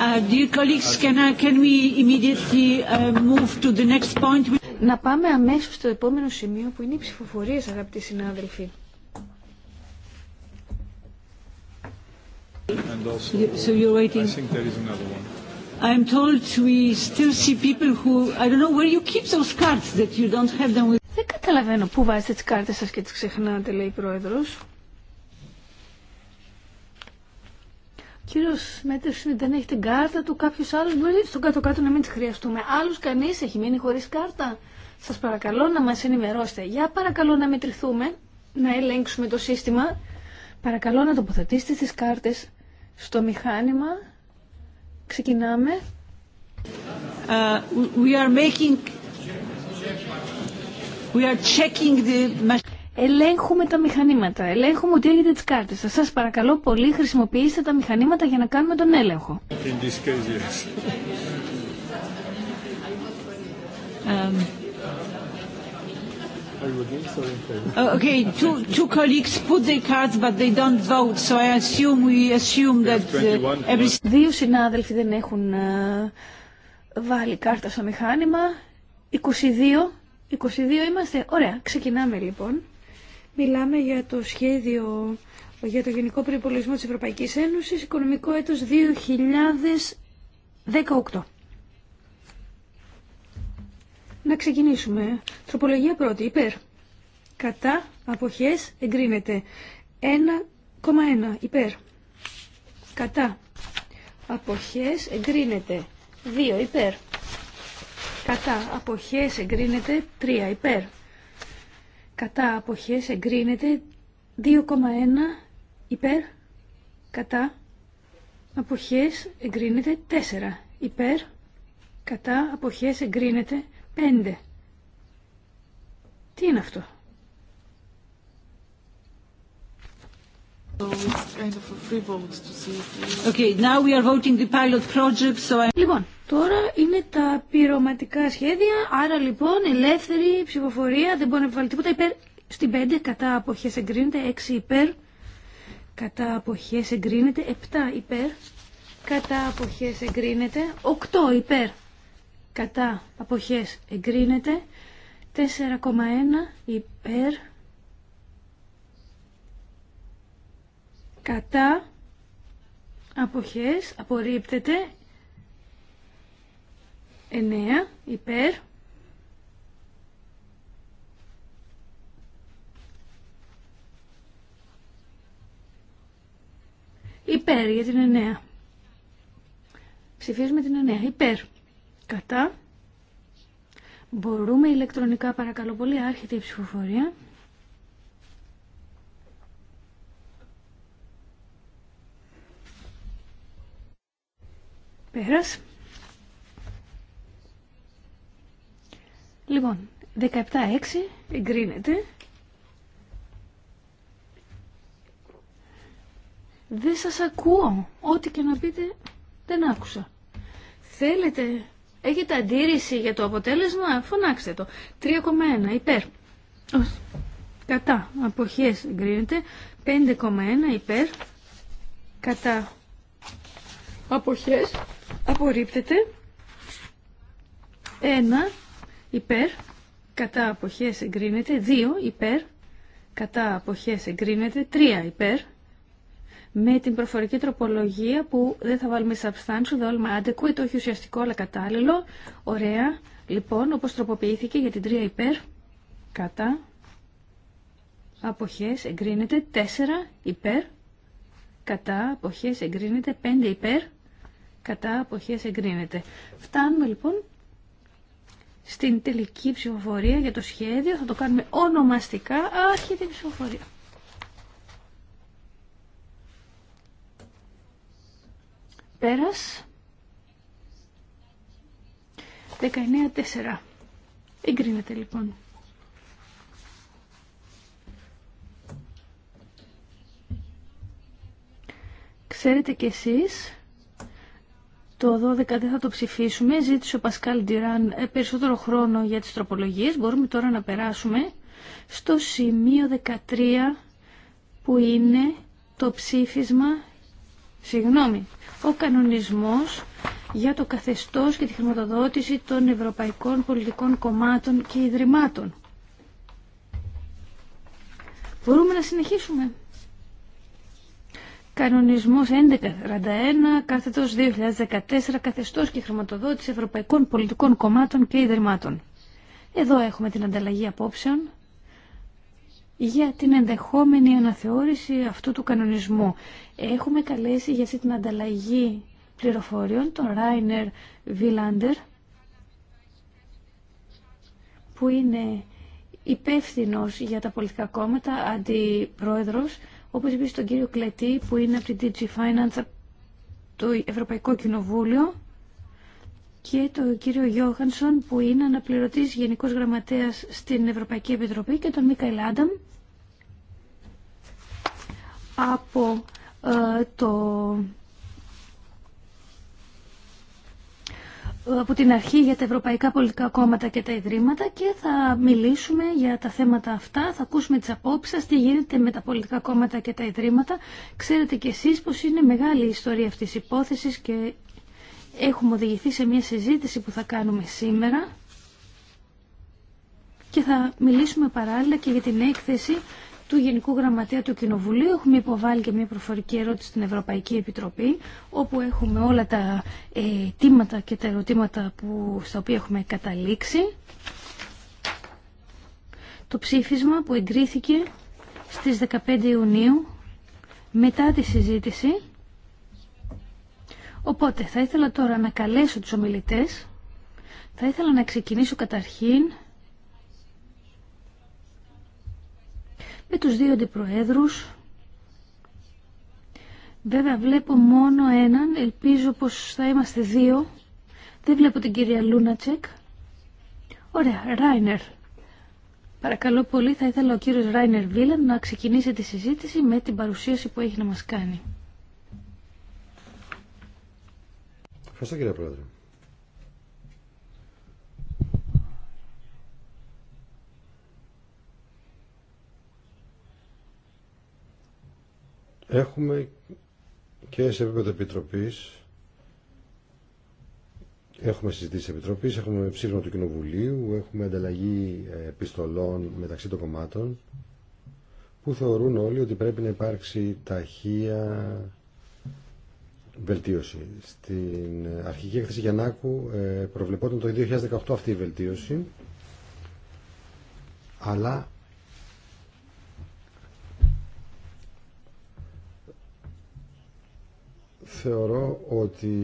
Dear colleagues, can, I, can we immediately move to the next point? Να πάμε αμέσως στο επόμενο σημείο που είναι οι ψηφοφορίες, αγαπητοί συνάδελφοι. And also, so you're waiting. I think there is another one. I'm told we still see people who I don't know where you keep those cards that you don't have them with. Δεν καταλαβαίνω πού βάζετε τις κάρτες σας και τις ξεχνάτε, λέει η πρόεδρος. κύριο Μέτρη, δεν έχει την κάρτα του, κάποιο άλλο μπορεί στον κάτω-κάτω να μην τη χρειαστούμε. Άλλο κανεί έχει μείνει χωρί κάρτα. Σα παρακαλώ να μα ενημερώσετε. Για παρακαλώ να μετρηθούμε, να ελέγξουμε το σύστημα. Παρακαλώ να τοποθετήσετε τι κάρτε στο μηχάνημα. Ξεκινάμε. Uh, we are making... We are checking the ελέγχουμε τα μηχανήματα, ελέγχουμε ότι έχετε τις κάρτες Σα Σας παρακαλώ πολύ χρησιμοποιήστε τα μηχανήματα για να κάνουμε τον έλεγχο. In this um, oh, Okay, two, two colleagues put their cards but they don't vote, so I assume we assume that uh, every... Δύο συνάδελφοι δεν έχουν ε, βάλει κάρτα στο μηχάνημα. 22, 22 είμαστε. Ωραία, ξεκινάμε λοιπόν. Μιλάμε για το σχέδιο για το Γενικό Προϋπολογισμό της Ευρωπαϊκής Ένωσης, οικονομικό έτος 2018. Να ξεκινήσουμε. Τροπολογία πρώτη, υπέρ. Κατά, αποχές, εγκρίνεται. 1,1, υπέρ. Κατά, αποχές, εγκρίνεται. 2, υπέρ. Κατά, αποχές, εγκρίνεται. 3, υπέρ κατά αποχές εγκρίνεται 2,1 υπέρ κατά αποχές εγκρίνεται 4 υπέρ κατά αποχές εγκρίνεται 5 τι είναι αυτό Λοιπόν, τώρα είναι τα πειρωματικά σχέδια, άρα λοιπόν ελεύθερη ψηφοφορία, δεν μπορεί να επιβάλλει τίποτα υπέρ. Στην 5 κατά αποχές εγκρίνεται, 6 υπέρ, κατά αποχές εγκρίνεται, 7 υπέρ, κατά αποχές εγκρίνεται, 8 υπέρ, κατά αποχές εγκρίνεται, 4,1 υπέρ, κατά αποχές απορρίπτεται 9 υπέρ Υπέρ για την 9. Ψηφίζουμε την 9. Υπέρ. Κατά. Μπορούμε ηλεκτρονικά παρακαλώ πολύ. Άρχεται η ψηφοφορία. Πέρας. Λοιπόν, 17-6 εγκρίνεται. Δεν σας ακούω. Ό,τι και να πείτε δεν άκουσα. Θέλετε, έχετε αντίρρηση για το αποτέλεσμα, φωνάξτε το. 3,1 υπέρ. Κατά αποχές εγκρίνεται. 5,1 υπέρ. Κατά αποχές απορρίπτεται 1 υπέρ κατά αποχές εγκρίνεται 2 υπέρ κατά αποχές εγκρίνεται 3 υπέρ με την προφορική τροπολογία που δεν θα βάλουμε substantial, θα βάλουμε το όχι ουσιαστικό αλλά κατάλληλο. Ωραία. Λοιπόν, όπως τροποποιήθηκε για την 3 υπέρ, κατά, αποχές εγκρίνεται, 4 υπέρ, κατά, αποχές εγκρίνεται, 5 υπέρ, κατά αποχές εγκρίνεται. Φτάνουμε λοιπόν στην τελική ψηφοφορία για το σχέδιο. Θα το κάνουμε ονομαστικά. Άρχεται ψηφοφορία. Πέρας. 19-4. Εγκρίνεται λοιπόν. Ξέρετε κι εσείς το 12 δεν θα το ψηφίσουμε. Ζήτησε ο Πασκάλ Ντιράν ε, περισσότερο χρόνο για τις τροπολογίες. Μπορούμε τώρα να περάσουμε στο σημείο 13 που είναι το ψήφισμα, συγγνώμη, ο κανονισμός για το καθεστώς και τη χρηματοδότηση των ευρωπαϊκών πολιτικών κομμάτων και ιδρυμάτων. Μπορούμε να συνεχίσουμε. Κανονισμό 1141, κάθετος 2014, καθεστώ και χρηματοδότηση ευρωπαϊκών πολιτικών κομμάτων και ιδρυμάτων. Εδώ έχουμε την ανταλλαγή απόψεων για την ενδεχόμενη αναθεώρηση αυτού του κανονισμού. Έχουμε καλέσει για αυτή την ανταλλαγή πληροφοριών τον Ράινερ Βιλάντερ, που είναι υπεύθυνο για τα πολιτικά κόμματα, αντιπρόεδρος όπως επίσης τον κύριο Κλετή που είναι από την DG Finance από το Ευρωπαϊκό Κοινοβούλιο και τον κύριο Γιώχανσον που είναι αναπληρωτής Γενικός Γραμματέας στην Ευρωπαϊκή Επιτροπή και τον Μίκαελ Άνταμ από ε, το από την αρχή για τα ευρωπαϊκά πολιτικά κόμματα και τα ιδρύματα και θα μιλήσουμε για τα θέματα αυτά, θα ακούσουμε τις απόψεις σας, τι γίνεται με τα πολιτικά κόμματα και τα ιδρύματα. Ξέρετε και εσείς πως είναι μεγάλη η ιστορία αυτής της υπόθεσης και έχουμε οδηγηθεί σε μια συζήτηση που θα κάνουμε σήμερα και θα μιλήσουμε παράλληλα και για την έκθεση του Γενικού Γραμματέα του Κοινοβουλίου. Έχουμε υποβάλει και μια προφορική ερώτηση στην Ευρωπαϊκή Επιτροπή, όπου έχουμε όλα τα αιτήματα ε, και τα ερωτήματα που, στα οποία έχουμε καταλήξει. Το ψήφισμα που εγκρίθηκε στις 15 Ιουνίου μετά τη συζήτηση. Οπότε θα ήθελα τώρα να καλέσω τους ομιλητές. Θα ήθελα να ξεκινήσω καταρχήν με τους δύο αντιπροέδρους. Βέβαια βλέπω μόνο έναν, ελπίζω πως θα είμαστε δύο. Δεν βλέπω την κυρία Λούνατσεκ. Ωραία, Ράινερ. Παρακαλώ πολύ, θα ήθελα ο κύριος Ράινερ Βίλαν να ξεκινήσει τη συζήτηση με την παρουσίαση που έχει να μας κάνει. Ευχαριστώ κύριε Πρόεδρε. Έχουμε και σε επίπεδο επιτροπή Έχουμε συζητήσει επιτροπή, έχουμε ψήφισμα του Κοινοβουλίου, έχουμε ανταλλαγή ε, επιστολών μεταξύ των κομμάτων που θεωρούν όλοι ότι πρέπει να υπάρξει ταχεία βελτίωση. Στην αρχική έκθεση Γιαννάκου ε, προβλεπόταν το 2018 αυτή η βελτίωση αλλά θεωρώ ότι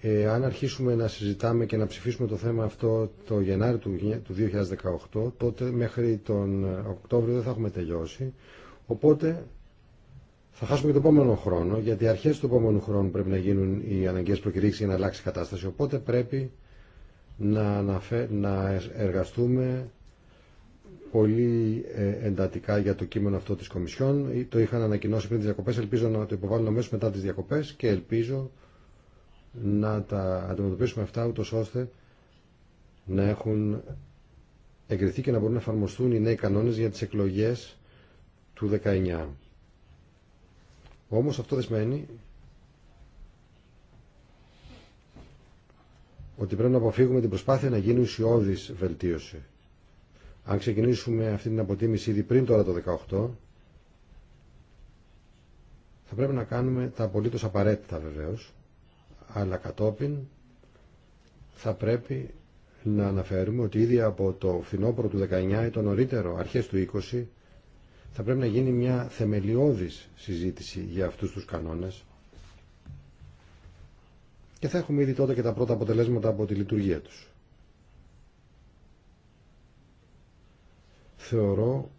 ε, αν αρχίσουμε να συζητάμε και να ψηφίσουμε το θέμα αυτό το Γενάρη του 2018, τότε μέχρι τον ε, Οκτώβριο δεν θα έχουμε τελειώσει. Οπότε θα χάσουμε και τον επόμενο χρόνο, γιατί αρχές του επόμενου χρόνου πρέπει να γίνουν οι αναγκαίες προκηρύξεις για να αλλάξει η κατάσταση. Οπότε πρέπει να, να εργαστούμε πολύ ε, εντατικά για το κείμενο αυτό της Κομισιόν. Ε, το είχαν ανακοινώσει πριν τις διακοπές, ελπίζω να το υποβάλουν αμέσως μετά τις διακοπές και ελπίζω να τα αντιμετωπίσουμε αυτά ούτως ώστε να έχουν εγκριθεί και να μπορούν να εφαρμοστούν οι νέοι κανόνες για τις εκλογές του 19. Όμως αυτό δεν σημαίνει ότι πρέπει να αποφύγουμε την προσπάθεια να γίνει ουσιώδης βελτίωση. Αν ξεκινήσουμε αυτή την αποτίμηση ήδη πριν τώρα το 18, θα πρέπει να κάνουμε τα απολύτως απαραίτητα βεβαίως, αλλά κατόπιν θα πρέπει να αναφέρουμε ότι ήδη από το φθινόπωρο του 19 ή το νωρίτερο, αρχές του 20, θα πρέπει να γίνει μια θεμελιώδης συζήτηση για αυτούς τους κανόνες και θα έχουμε ήδη τότε και τα πρώτα αποτελέσματα από τη λειτουργία τους. Θεωρώ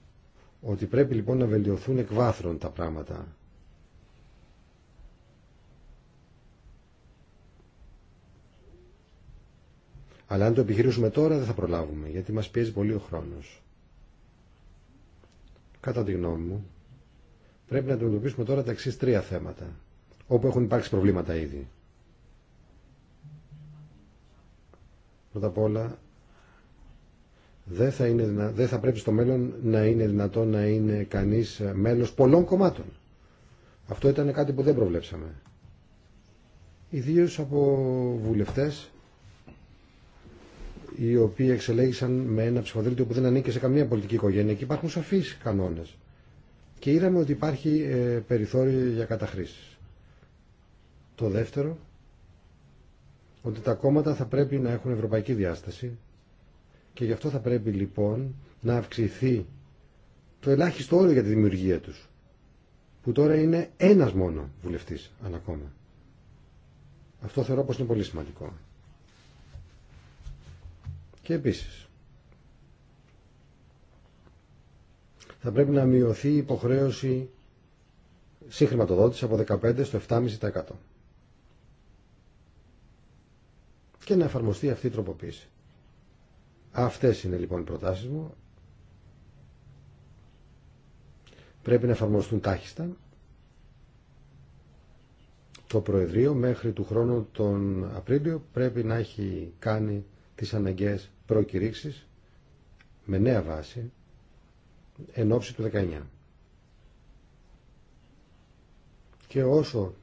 ότι πρέπει λοιπόν να βελτιωθούν εκ βάθρων τα πράγματα. Αλλά αν το επιχειρήσουμε τώρα δεν θα προλάβουμε, γιατί μας πιέζει πολύ ο χρόνος. Κατά τη γνώμη μου, πρέπει να αντιμετωπίσουμε τώρα τα εξής τρία θέματα, όπου έχουν υπάρξει προβλήματα ήδη. Πρώτα απ' όλα, δεν θα, είναι, δεν θα πρέπει στο μέλλον να είναι δυνατό να είναι κανείς μέλος πολλών κομμάτων. Αυτό ήταν κάτι που δεν προβλέψαμε. Ιδίως από βουλευτές οι οποίοι εξελέγησαν με ένα ψηφοδέλτιο που δεν ανήκε σε καμία πολιτική οικογένεια και υπάρχουν σαφείς κανόνες. Και είδαμε ότι υπάρχει ε, περιθώριο για καταχρήσεις. Το δεύτερο, ότι τα κόμματα θα πρέπει να έχουν ευρωπαϊκή διάσταση και γι' αυτό θα πρέπει λοιπόν να αυξηθεί το ελάχιστο όριο για τη δημιουργία τους, που τώρα είναι ένας μόνο βουλευτής ανακόμα. Αυτό θεωρώ πως είναι πολύ σημαντικό. Και επίσης, θα πρέπει να μειωθεί η υποχρέωση συγχρηματοδότηση από 15% στο 7,5%. Και να εφαρμοστεί αυτή η τροποποίηση. Αυτές είναι λοιπόν οι προτάσεις μου. Πρέπει να εφαρμοστούν τάχιστα το Προεδρείο μέχρι του χρόνου τον Απρίλιο πρέπει να έχει κάνει τις αναγκαίες προκηρύξεις με νέα βάση εν ώψη του 19. Και όσο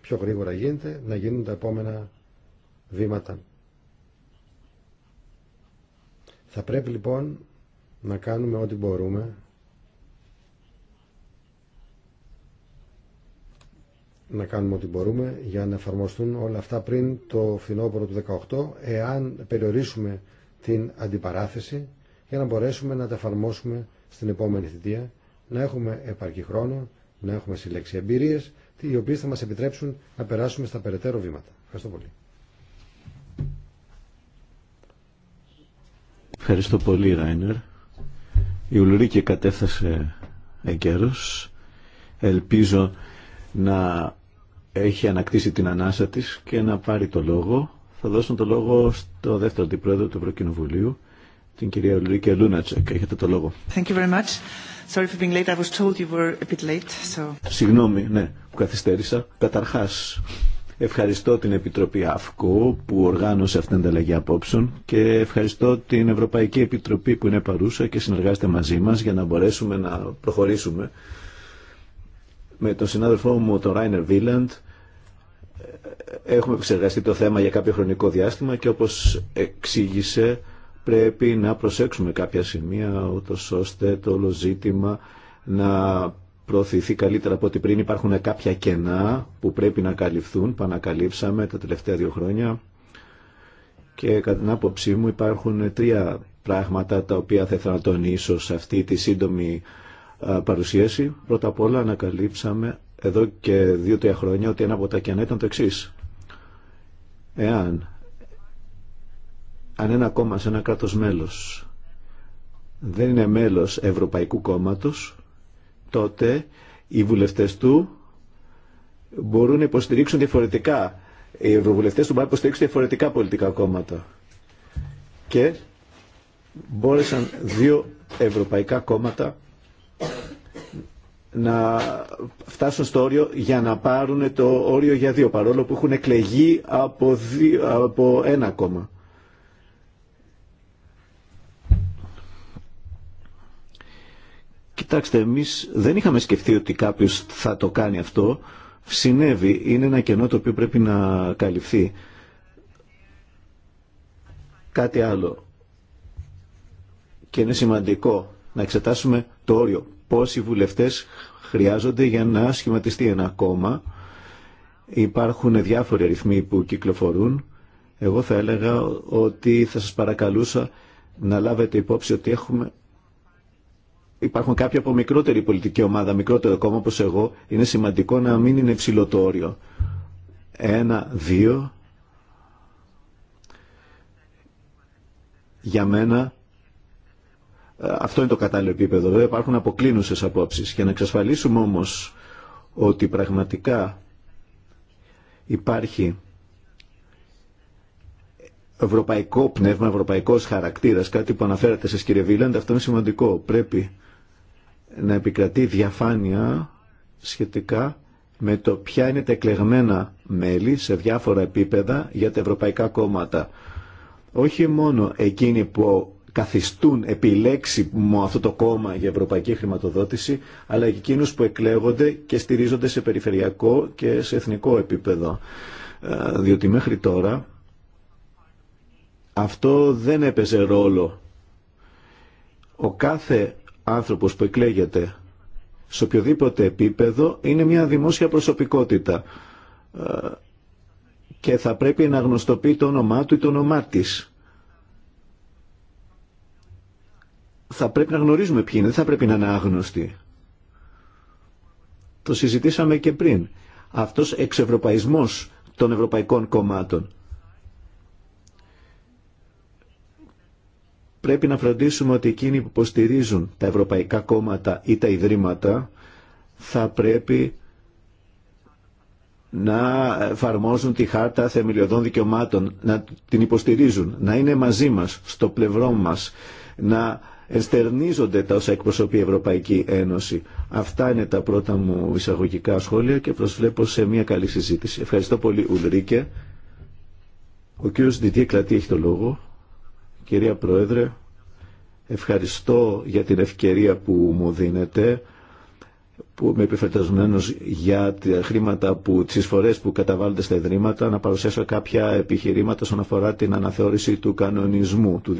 πιο γρήγορα γίνεται να γίνουν τα επόμενα βήματα θα πρέπει λοιπόν να κάνουμε ό,τι μπορούμε να κάνουμε ό,τι μπορούμε για να εφαρμοστούν όλα αυτά πριν το φθινόπωρο του 18 εάν περιορίσουμε την αντιπαράθεση για να μπορέσουμε να τα εφαρμόσουμε στην επόμενη θητεία να έχουμε επαρκή χρόνο, να έχουμε συλλέξει εμπειρίες οι οποίες θα μας επιτρέψουν να περάσουμε στα περαιτέρω βήματα. Ευχαριστώ πολύ. Ευχαριστώ πολύ, Ράινερ. Η Ουλρίκη κατέφθασε εγκαίρως. Ελπίζω να έχει ανακτήσει την ανάσα της και να πάρει το λόγο. Θα δώσω το λόγο στο δεύτερο αντιπρόεδρο του Ευρωκοινοβουλίου, την κυρία Ουλρίκη Λούνατσεκ. Έχετε το λόγο. Συγγνώμη, ναι, που καθυστέρησα. Καταρχάς, Ευχαριστώ την Επιτροπή ΑΦΚΟ που οργάνωσε αυτήν την ανταλλαγή απόψεων και ευχαριστώ την Ευρωπαϊκή Επιτροπή που είναι παρούσα και συνεργάζεται μαζί μας για να μπορέσουμε να προχωρήσουμε. Με τον συνάδελφό μου, τον Ράινερ Βίλαντ, έχουμε εξεργαστεί το θέμα για κάποιο χρονικό διάστημα και όπως εξήγησε πρέπει να προσέξουμε κάποια σημεία ώστε το όλο ζήτημα να προωθηθεί καλύτερα από ό,τι πριν. Υπάρχουν κάποια κενά που πρέπει να καλυφθούν, που ανακαλύψαμε τα τελευταία δύο χρόνια. Και κατά την άποψή μου υπάρχουν τρία πράγματα τα οποία θα ήθελα να τονίσω σε αυτή τη σύντομη παρουσίαση. Πρώτα απ' όλα ανακαλύψαμε εδώ και δύο-τρία χρόνια ότι ένα από τα κενά ήταν το εξή. Εάν ένα κόμμα σε ένα κράτος μέλος δεν είναι μέλος Ευρωπαϊκού Κόμματος τότε οι βουλευτές του μπορούν να υποστηρίξουν διαφορετικά. Οι ευρωβουλευτές του μπορούν να υποστηρίξουν διαφορετικά πολιτικά κόμματα. Και μπόρεσαν δύο ευρωπαϊκά κόμματα να φτάσουν στο όριο για να πάρουν το όριο για δύο, παρόλο που έχουν εκλεγεί από, από ένα κόμμα. Κοιτάξτε, εμεί δεν είχαμε σκεφτεί ότι κάποιο θα το κάνει αυτό. Συνέβη. Είναι ένα κενό το οποίο πρέπει να καλυφθεί. Κάτι άλλο. Και είναι σημαντικό να εξετάσουμε το όριο. Πόσοι βουλευτές χρειάζονται για να σχηματιστεί ένα κόμμα. Υπάρχουν διάφοροι αριθμοί που κυκλοφορούν. Εγώ θα έλεγα ότι θα σας παρακαλούσα να λάβετε υπόψη ότι έχουμε υπάρχουν κάποιοι από μικρότερη πολιτική ομάδα, μικρότερο κόμμα όπως εγώ, είναι σημαντικό να μην είναι υψηλό Ένα, δύο. Για μένα ε, αυτό είναι το κατάλληλο επίπεδο. Βέβαια υπάρχουν αποκλίνουσες απόψεις. Για να εξασφαλίσουμε όμως ότι πραγματικά υπάρχει ευρωπαϊκό πνεύμα, ευρωπαϊκός χαρακτήρας, κάτι που αναφέρατε σε κύριε Βίλαντ, αυτό είναι σημαντικό. Πρέπει να επικρατεί διαφάνεια σχετικά με το ποια είναι τα εκλεγμένα μέλη σε διάφορα επίπεδα για τα ευρωπαϊκά κόμματα. Όχι μόνο εκείνοι που καθιστούν επιλέξιμο αυτό το κόμμα για ευρωπαϊκή χρηματοδότηση, αλλά και εκείνους που εκλέγονται και στηρίζονται σε περιφερειακό και σε εθνικό επίπεδο. Ε, διότι μέχρι τώρα αυτό δεν έπαιζε ρόλο. Ο κάθε άνθρωπος που εκλέγεται σε οποιοδήποτε επίπεδο είναι μια δημόσια προσωπικότητα ε, και θα πρέπει να γνωστοποιεί το όνομά του ή το όνομά της. Θα πρέπει να γνωρίζουμε ποιοι είναι, δεν θα πρέπει να είναι άγνωστοι. Το συζητήσαμε και πριν. Αυτός εξευρωπαϊσμός των ευρωπαϊκών κομμάτων πρέπει να φροντίσουμε ότι εκείνοι που υποστηρίζουν τα ευρωπαϊκά κόμματα ή τα ιδρύματα θα πρέπει να εφαρμόζουν τη χάρτα θεμελιωδών δικαιωμάτων, να την υποστηρίζουν, να είναι μαζί μας, στο πλευρό μας, να εστερνίζονται τα όσα εκπροσωπεί η Ευρωπαϊκή Ένωση. Αυτά είναι τα πρώτα μου εισαγωγικά σχόλια και προσβλέπω σε μια καλή συζήτηση. Ευχαριστώ πολύ Ουλρίκε. Ο κύριος έχει το λόγο. Κυρία Πρόεδρε, ευχαριστώ για την ευκαιρία που μου δίνετε που είμαι επιφερτασμένος για τα χρήματα που, τις φορές που καταβάλλονται στα ιδρύματα να παρουσιάσω κάποια επιχειρήματα όσον αφορά την αναθεώρηση του κανονισμού του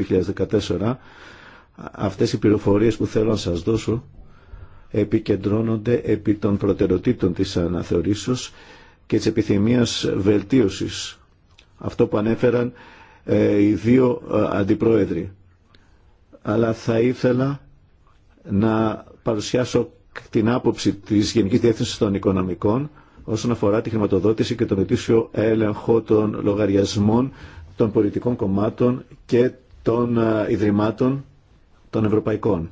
2014. Αυτές οι πληροφορίες που θέλω να σας δώσω επικεντρώνονται επί των προτεραιοτήτων της αναθεωρήσεως και της επιθυμίας βελτίωσης. Αυτό που ανέφεραν ε, οι δύο ε, αντιπρόεδροι. Αλλά θα ήθελα να παρουσιάσω την άποψη της Γενικής Διεύθυνσης των Οικονομικών όσον αφορά τη χρηματοδότηση και τον ετήσιο έλεγχο των λογαριασμών των πολιτικών κομμάτων και των ε, ιδρυμάτων των ευρωπαϊκών.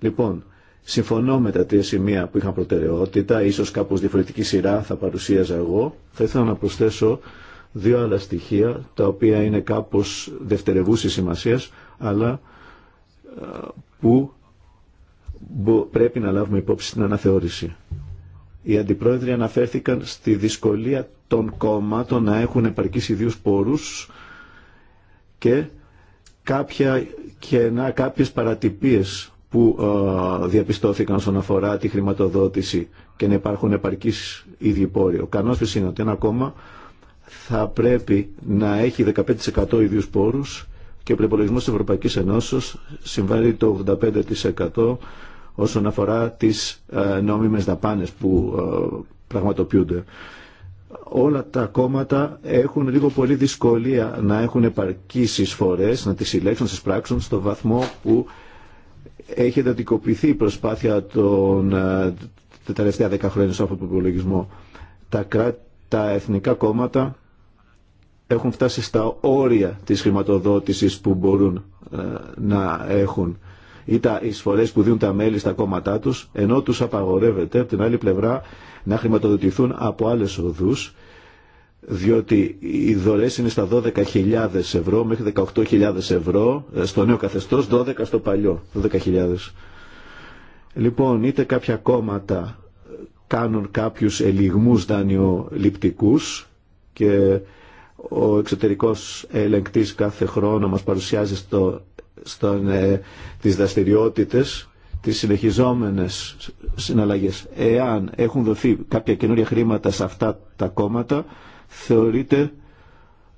Λοιπόν, συμφωνώ με τα τρία σημεία που είχαν προτεραιότητα, ίσως κάπως διαφορετική σειρά θα παρουσίαζα εγώ. Θα ήθελα να προσθέσω δύο άλλα στοιχεία τα οποία είναι κάπως δευτερευούς σημασίας αλλά που πρέπει να λάβουμε υπόψη στην αναθεώρηση. Οι αντιπρόεδροι αναφέρθηκαν στη δυσκολία των κόμματων να έχουν επαρκείς ιδίους πόρους και κάποια να κάποιες παρατυπίες που διαπιστώθηκαν στον αφορά τη χρηματοδότηση και να υπάρχουν επαρκείς ίδιοι πόροι. Ο είναι ότι ένα κόμμα θα πρέπει να έχει 15% ιδίους πόρους και ο προπολογισμό της Ευρωπαϊκής Ενώσεως συμβάλλει το 85% όσον αφορά τις ε, νόμιμες δαπάνες που ε, πραγματοποιούνται. Όλα τα κόμματα έχουν λίγο πολύ δυσκολία να έχουν επαρκείς εισφορές, να τις συλλέξουν, να τις πράξουν στο βαθμό που έχει εντατικοποιηθεί η προσπάθεια των, ε, τα τελευταία 10 χρόνια στον προπολογισμό. Τα, τα εθνικά κόμματα έχουν φτάσει στα όρια της χρηματοδότησης που μπορούν ε, να έχουν ή τα εισφορές που δίνουν τα μέλη στα κόμματά τους, ενώ τους απαγορεύεται από την άλλη πλευρά να χρηματοδοτηθούν από άλλες οδούς, διότι οι δωρές είναι στα 12.000 ευρώ μέχρι 18.000 ευρώ ε, στο νέο καθεστώς, 12 στο παλιό, 12.000. Λοιπόν, είτε κάποια κόμματα κάνουν κάποιους ελιγμούς δανειοληπτικούς και ο εξωτερικός ελεγκτής κάθε χρόνο μας παρουσιάζει στο, στον, ε, τις δραστηριότητες, τις συνεχιζόμενες συναλλαγές. Εάν έχουν δοθεί κάποια καινούρια χρήματα σε αυτά τα κόμματα, θεωρείται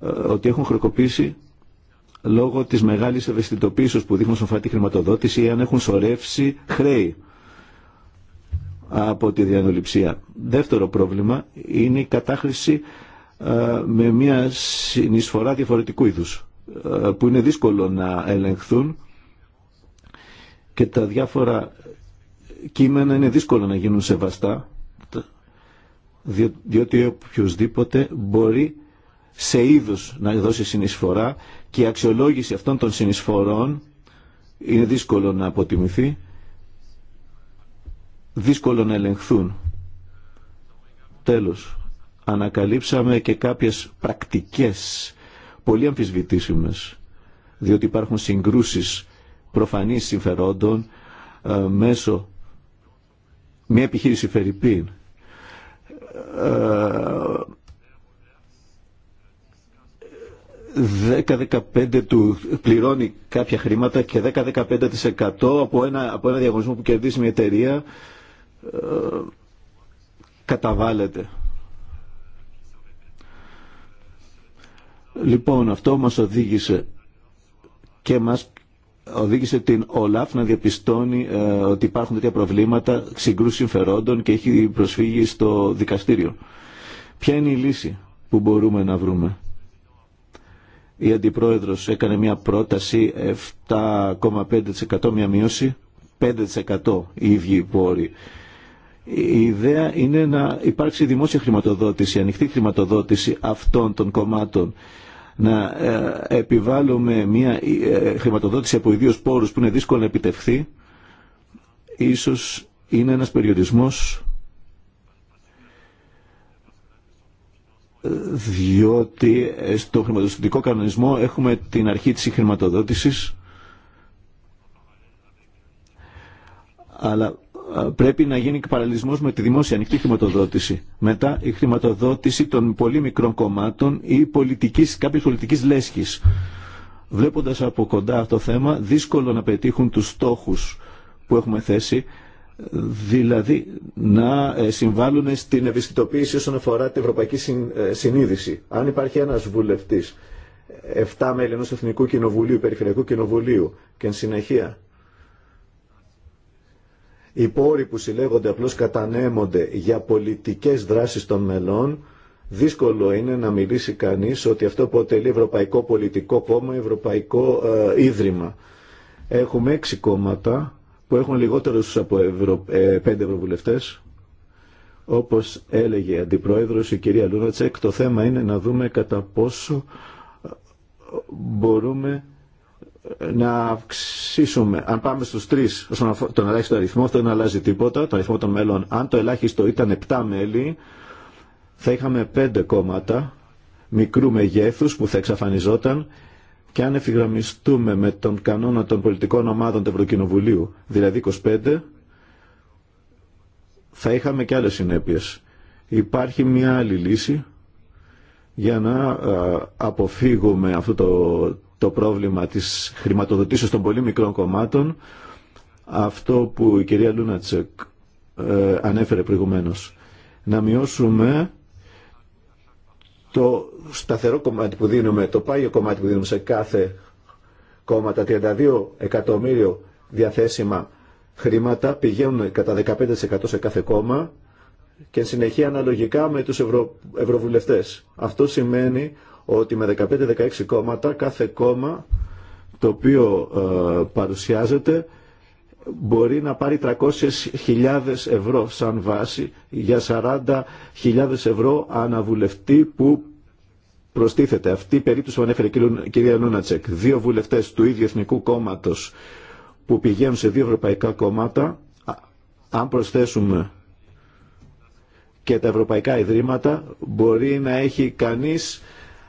ε, ότι έχουν χροκοπήσει λόγω της μεγάλης ευαισθητοποίησης που δείχνουν στον φάτη χρηματοδότηση ή αν έχουν σωρεύσει χρέη από τη διανοληψία. Δεύτερο πρόβλημα είναι η κατάχρηση ε, με μια συνεισφορά διαφορετικού είδους ε, που είναι δύσκολο να ελεγχθούν και τα διάφορα κείμενα είναι δύσκολο να γίνουν σεβαστά διότι οποιοδήποτε μπορεί σε είδους να δώσει συνεισφορά και η αξιολόγηση αυτών των συνεισφορών είναι δύσκολο να αποτιμηθεί, δύσκολο να ελεγχθούν. Τέλος ανακαλύψαμε και κάποιες πρακτικές πολύ αμφισβητήσιμες, διότι υπάρχουν συγκρούσεις προφανής συμφερόντων ε, μέσω μια επιχείρηση Φερρυπίν ε, 10-15 του πληρώνει κάποια χρήματα και 10-15% από ένα, από ένα διαγωνισμό που κερδίζει μια εταιρεία ε, καταβάλλεται. Λοιπόν, αυτό μας οδήγησε και μας οδήγησε την ΟΛΑΦ να διαπιστώνει ε, ότι υπάρχουν τέτοια προβλήματα συγκρού συμφερόντων και έχει προσφύγει στο δικαστήριο. Ποια είναι η λύση που μπορούμε να βρούμε. Η Αντιπρόεδρος έκανε μια πρόταση 7,5% μια μείωση, 5% οι ίδιοι πόροι. Η ιδέα είναι να υπάρξει δημόσια χρηματοδότηση, ανοιχτή χρηματοδότηση αυτών των κομμάτων να ε, επιβάλλουμε μια ε, χρηματοδότηση από ιδίως πόρους που είναι δύσκολο να επιτευχθεί, ίσως είναι ένας περιορισμός διότι στο χρηματοδοτικό κανονισμό έχουμε την αρχή της χρηματοδότησης αλλά πρέπει να γίνει παραλυσμός με τη δημόσια ανοιχτή χρηματοδότηση. Μετά η χρηματοδότηση των πολύ μικρών κομμάτων ή πολιτικής, κάποιες πολιτικής λέσχης. Βλέποντας από κοντά αυτό το θέμα, δύσκολο να πετύχουν τους στόχους που έχουμε θέσει, δηλαδή να ε, συμβάλλουν στην ευαισθητοποίηση όσον αφορά την ευρωπαϊκή ε, συνείδηση. Αν υπάρχει ένας βουλευτής, 7 μέλη ενός Εθνικού Κοινοβουλίου, Περιφερειακού Κοινοβουλίου και εν συνεχεία οι πόροι που συλλέγονται απλώς κατανέμονται για πολιτικές δράσεις των μελών. Δύσκολο είναι να μιλήσει κανείς ότι αυτό αποτελεί Ευρωπαϊκό Πολιτικό Κόμμα, Ευρωπαϊκό ε, Ίδρυμα. Έχουμε έξι κόμματα που έχουν λιγότερους από ευρω... Ε, πέντε ευρωβουλευτές. Όπως έλεγε η Αντιπρόεδρος η κυρία Λούνατσεκ, το θέμα είναι να δούμε κατά πόσο μπορούμε να αυξήσουμε, αν πάμε στους τρει όσον τον ελάχιστο αριθμό, αυτό δεν αλλάζει τίποτα, τον αριθμό των μέλων. Αν το ελάχιστο ήταν 7 μέλη, θα είχαμε 5 κόμματα μικρού μεγέθους που θα εξαφανιζόταν και αν εφηγραμμιστούμε με τον κανόνα των πολιτικών ομάδων του Ευρωκοινοβουλίου, δηλαδή 25, θα είχαμε και άλλες συνέπειες. Υπάρχει μια άλλη λύση για να αποφύγουμε αυτό το το πρόβλημα της χρηματοδοτήσεως των πολύ μικρών κομμάτων, αυτό που η κυρία Λούνατσεκ ε, ανέφερε προηγουμένως. Να μειώσουμε το σταθερό κομμάτι που δίνουμε, το πάγιο κομμάτι που δίνουμε σε κάθε κόμμα, 32 εκατομμύριο διαθέσιμα χρήματα πηγαίνουν κατά 15% σε κάθε κόμμα και συνεχεία αναλογικά με τους ευρω... ευρωβουλευτές. Αυτό σημαίνει ότι με 15-16 κόμματα κάθε κόμμα το οποίο ε, παρουσιάζεται μπορεί να πάρει 300.000 ευρώ σαν βάση για 40.000 ευρώ αναβουλευτή που προστίθεται. Αυτή η περίπτωση που ανέφερε η κυρία Λούνατσεκ. Δύο βουλευτές του ίδιου Εθνικού Κόμματος που πηγαίνουν σε δύο ευρωπαϊκά κόμματα, αν προσθέσουμε και τα ευρωπαϊκά ιδρύματα, μπορεί να έχει κανείς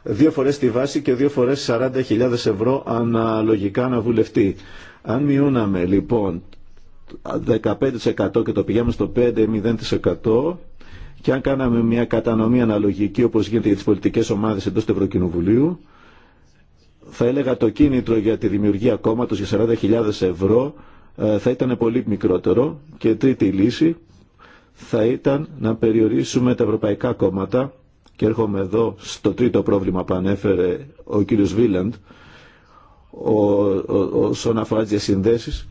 δύο φορές τη βάση και δύο φορές 40.000 ευρώ αναλογικά να βουλευτεί. Αν μειώναμε λοιπόν 15% και το πηγαίνουμε στο 5-0% και αν κάναμε μια κατανομή αναλογική όπως γίνεται για τις πολιτικές ομάδες εντός του Ευρωκοινοβουλίου θα έλεγα το κίνητρο για τη δημιουργία κόμματος για 40.000 ευρώ ε, θα ήταν πολύ μικρότερο και τρίτη λύση θα ήταν να περιορίσουμε τα ευρωπαϊκά κόμματα και έρχομαι εδώ στο τρίτο πρόβλημα που ανέφερε ο κύριος Βίλαντ, ο, όσον αφορά τις διασυνδέσεις,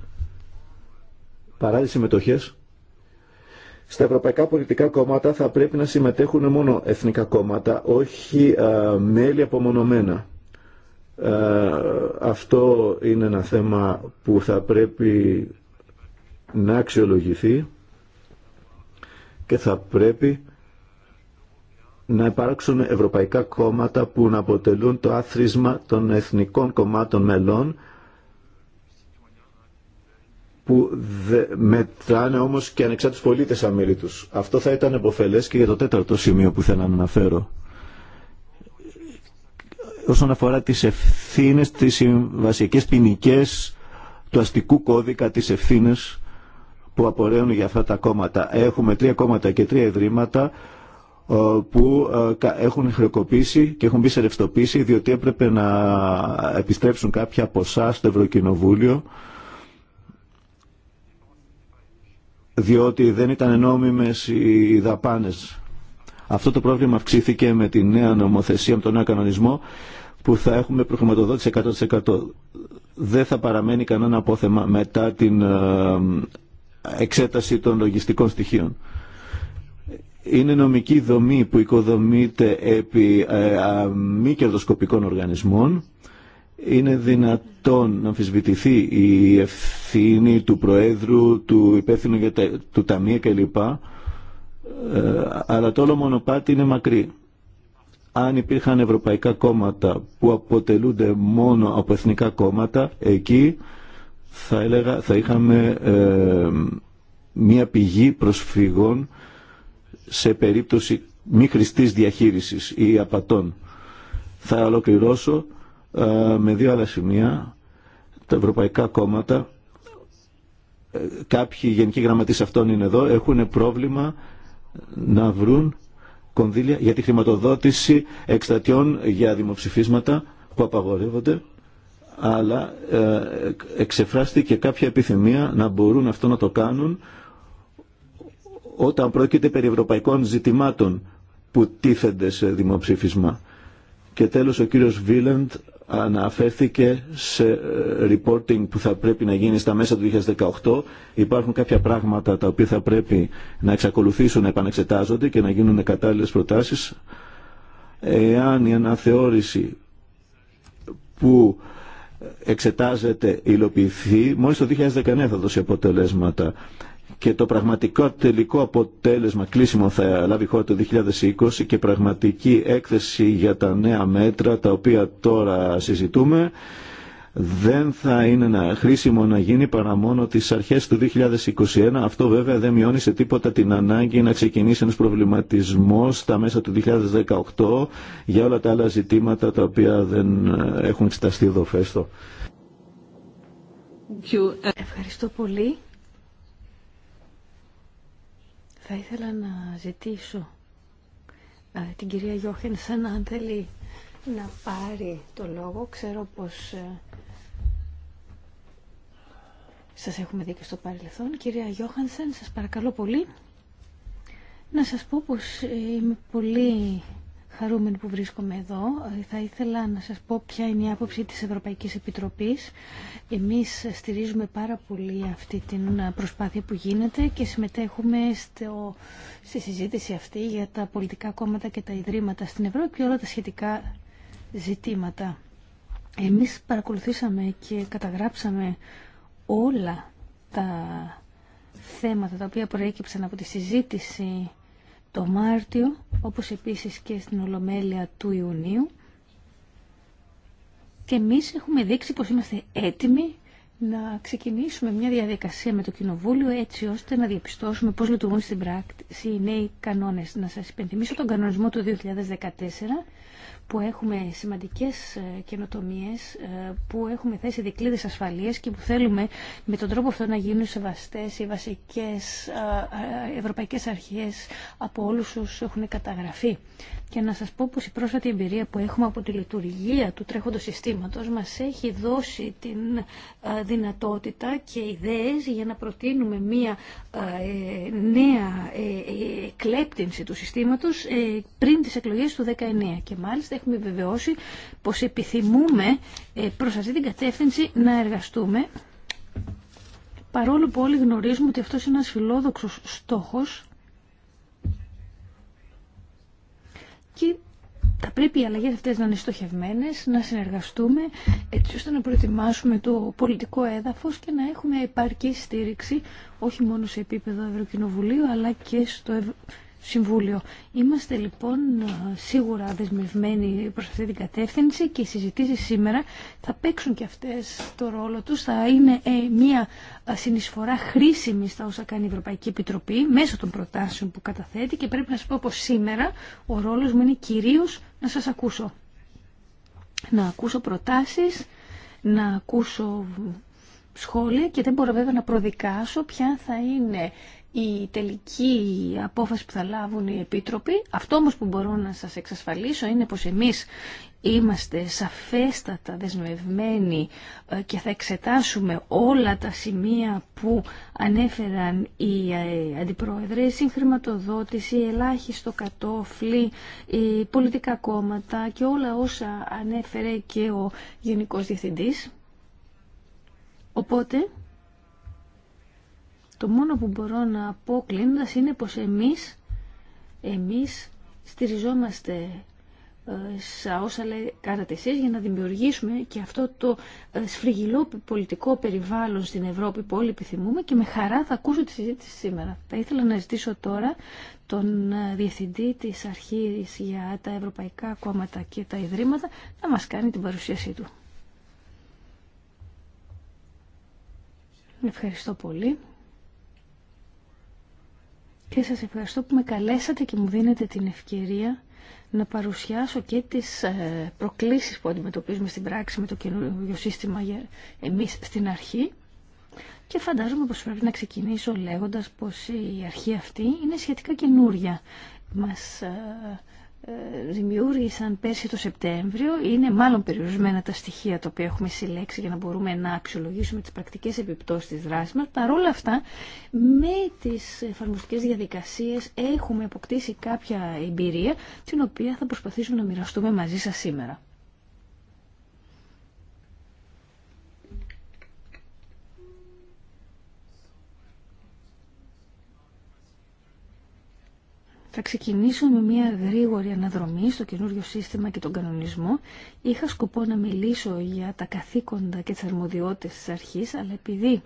παράλληλες συμμετοχές. Στα ευρωπαϊκά πολιτικά κόμματα θα πρέπει να συμμετέχουν μόνο εθνικά κόμματα, όχι μέλη απομονωμένα. Α, αυτό είναι ένα θέμα που θα πρέπει να αξιολογηθεί και θα πρέπει να υπάρξουν ευρωπαϊκά κόμματα που να αποτελούν το άθροισμα των εθνικών κομμάτων μελών που δε, μετράνε όμως και ανεξάρτητους πολίτες αμήλυτους. Αυτό θα ήταν εποφελές και για το τέταρτο σημείο που θέλω να αναφέρω. Όσον αφορά τις ευθύνες, τις βασικές ποινικέ του αστικού κώδικα, τις ευθύνες που απορρέουν για αυτά τα κόμματα. Έχουμε τρία κόμματα και τρία ιδρύματα ε, που ε, έχουν χρεοκοπήσει και έχουν μπει σε ρευστοποίηση διότι έπρεπε να επιστρέψουν κάποια ποσά στο Ευρωκοινοβούλιο διότι δεν ήταν νόμιμες οι δαπάνες. Αυτό το πρόβλημα αυξήθηκε με τη νέα νομοθεσία, με τον νέο κανονισμό που θα έχουμε προχρηματοδότηση 100%. Δεν θα παραμένει κανένα απόθεμα μετά την ε, εξέταση των λογιστικών στοιχείων είναι νομική δομή που οικοδομείται επί ε, μη κερδοσκοπικών οργανισμών. Είναι δυνατόν να αμφισβητηθεί η ευθύνη του Προέδρου, του υπεύθυνου για τα, του Ταμεία κλπ. Ε, αλλά το όλο μονοπάτι είναι μακρύ. Αν υπήρχαν ευρωπαϊκά κόμματα που αποτελούνται μόνο από εθνικά κόμματα, εκεί θα, έλεγα, θα είχαμε ε, μία πηγή προσφυγών σε περίπτωση μη χρηστής διαχείρισης ή απατών. Θα ολοκληρώσω ε, με δύο άλλα σημεία. Τα ευρωπαϊκά κόμματα, ε, κάποιοι γενικοί γραμματείς αυτών είναι εδώ, έχουν πρόβλημα να βρουν κονδύλια για τη χρηματοδότηση εκστατιών για δημοψηφίσματα που απαγορεύονται αλλά ε, εξεφράστηκε κάποια επιθυμία να μπορούν αυτό να το κάνουν όταν πρόκειται περί ευρωπαϊκών ζητημάτων που τίθενται σε δημοψήφισμα. Και τέλος ο κύριος Βίλεντ αναφέρθηκε σε ε, reporting που θα πρέπει να γίνει στα μέσα του 2018. Υπάρχουν κάποια πράγματα τα οποία θα πρέπει να εξακολουθήσουν να επανεξετάζονται και να γίνουν κατάλληλες προτάσεις. Εάν η αναθεώρηση που εξετάζεται υλοποιηθεί, μόλις το 2019 θα δώσει αποτελέσματα και το πραγματικό τελικό αποτέλεσμα κλείσιμο θα λάβει χώρα το 2020 και πραγματική έκθεση για τα νέα μέτρα τα οποία τώρα συζητούμε δεν θα είναι χρήσιμο να γίνει παρά μόνο τις αρχές του 2021. Αυτό βέβαια δεν μειώνει σε τίποτα την ανάγκη να ξεκινήσει ένας προβληματισμός στα μέσα του 2018 για όλα τα άλλα ζητήματα τα οποία δεν ε, έχουν εξεταστεί εδώ φέστο. Ευχαριστώ πολύ. Θα ήθελα να ζητήσω ε, την κυρία Γιώχενσεν αν θέλει να πάρει το λόγο. Ξέρω πως ε, σας έχουμε δει και στο παρελθόν. Κυρία Γιώχανσεν, σας παρακαλώ πολύ να σας πω πως είμαι πολύ χαρούμενη που βρίσκομαι εδώ. Ε, θα ήθελα να σας πω ποια είναι η άποψη της Ευρωπαϊκής Επιτροπής. Εμείς στηρίζουμε πάρα πολύ αυτή την προσπάθεια που γίνεται και συμμετέχουμε στο, στη συζήτηση αυτή για τα πολιτικά κόμματα και τα ιδρύματα στην Ευρώπη και όλα τα σχετικά ζητήματα. Εμείς παρακολουθήσαμε και καταγράψαμε όλα τα θέματα τα οποία προέκυψαν από τη συζήτηση το Μάρτιο, όπως επίσης και στην Ολομέλεια του Ιουνίου. Και εμείς έχουμε δείξει πως είμαστε έτοιμοι να ξεκινήσουμε μια διαδικασία με το Κοινοβούλιο έτσι ώστε να διαπιστώσουμε πώς λειτουργούν στην πράξη οι νέοι κανόνες. Να σας υπενθυμίσω τον κανονισμό του 2014 που έχουμε σημαντικές ε, καινοτομίες, ε, που έχουμε θέσει δικλείδες ασφαλείας και που θέλουμε με τον τρόπο αυτό να γίνουν σεβαστές οι βασικές ε, ευρωπαϊκές αρχές από όλους όσους έχουν καταγραφεί και να σας πω πως η πρόσφατη εμπειρία που έχουμε από τη λειτουργία του τρέχοντος συστήματος μας έχει δώσει την ε, δυνατότητα και ιδέες για να προτείνουμε μία ε, νέα ε, εκλέπτυνση του συστήματος πριν τις εκλογές του 19 και μάλιστα έχουμε βεβαιώσει πως επιθυμούμε προς αυτή την κατεύθυνση να εργαστούμε παρόλο που όλοι γνωρίζουμε ότι αυτός είναι ένας φιλόδοξος στόχος Και θα πρέπει οι αλλαγές αυτές να είναι στοχευμένες, να συνεργαστούμε έτσι ώστε να προετοιμάσουμε το πολιτικό έδαφος και να έχουμε επαρκή στήριξη όχι μόνο σε επίπεδο Ευρωκοινοβουλίου αλλά και στο Συμβούλιο. Είμαστε λοιπόν σίγουρα δεσμευμένοι προς αυτή την κατεύθυνση και οι συζητήσεις σήμερα θα παίξουν και αυτές το ρόλο τους. Θα είναι ε, μια ε, συνεισφορά χρήσιμη στα όσα κάνει η Ευρωπαϊκή Επιτροπή μέσω των προτάσεων που καταθέτει και πρέπει να σας πω πως σήμερα ο ρόλος μου είναι κυρίως να σας ακούσω. Να ακούσω προτάσεις, να ακούσω σχόλια και δεν μπορώ βέβαια να προδικάσω ποια θα είναι η τελική απόφαση που θα λάβουν οι επίτροποι. Αυτό όμως που μπορώ να σας εξασφαλίσω είναι πως εμείς είμαστε σαφέστατα δεσμευμένοι ε, και θα εξετάσουμε όλα τα σημεία που ανέφεραν οι ε, αντιπρόεδρε, η συγχρηματοδότηση, ελάχιστο κατόφλι, οι ε, πολιτικά κόμματα και όλα όσα ανέφερε και ο Γενικός Διευθυντής. Οπότε, το μόνο που μπορώ να πω κλείνοντας είναι πως εμείς, εμείς στηριζόμαστε σε όσα λέει, κάνατε εσείς για να δημιουργήσουμε και αυτό το ε, σφριγιλό πολιτικό περιβάλλον στην Ευρώπη που όλοι επιθυμούμε και με χαρά θα ακούσω τη συζήτηση σήμερα. Θα ήθελα να ζητήσω τώρα τον ε, Διευθυντή της Αρχής για τα Ευρωπαϊκά Κόμματα και τα Ιδρύματα να μας κάνει την παρουσίασή του. Ευχαριστώ πολύ και σας ευχαριστώ που με καλέσατε και μου δίνετε την ευκαιρία να παρουσιάσω και τις ε, προκλήσεις που αντιμετωπίζουμε στην πράξη με το καινούργιο σύστημα για εμείς στην αρχή και φαντάζομαι πως πρέπει να ξεκινήσω λέγοντας πως η αρχή αυτή είναι σχετικά καινούρια. Μας ε, ε, δημιούργησαν πέρσι το Σεπτέμβριο. Είναι μάλλον περιορισμένα τα στοιχεία τα οποία έχουμε συλλέξει για να μπορούμε να αξιολογήσουμε τις πρακτικές επιπτώσεις της δράσης μας. Παρ' όλα αυτά, με τις εφαρμοστικές διαδικασίες έχουμε αποκτήσει κάποια εμπειρία, την οποία θα προσπαθήσουμε να μοιραστούμε μαζί σας σήμερα. Θα ξεκινήσω με μια γρήγορη αναδρομή στο καινούριο σύστημα και τον κανονισμό. Είχα σκοπό να μιλήσω για τα καθήκοντα και τις αρμοδιότητες της αρχής, αλλά επειδή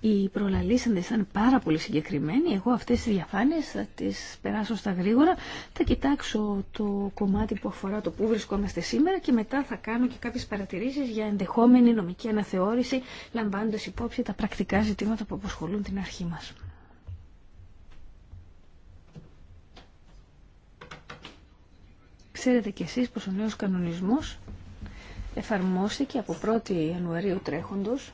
οι προλαλήσαντες ήταν πάρα πολύ συγκεκριμένοι, εγώ αυτές τις διαφάνειες θα τις περάσω στα γρήγορα, θα κοιτάξω το κομμάτι που αφορά το που βρισκόμαστε σήμερα και μετά θα κάνω και κάποιες παρατηρήσεις για ενδεχόμενη νομική αναθεώρηση, λαμβάνοντας υπόψη τα πρακτικά ζητήματα που αποσχολούν την αρχή μας. Ξέρετε κι εσείς πως ο νέος κανονισμός εφαρμόστηκε από 1η Ιανουαρίου τρέχοντος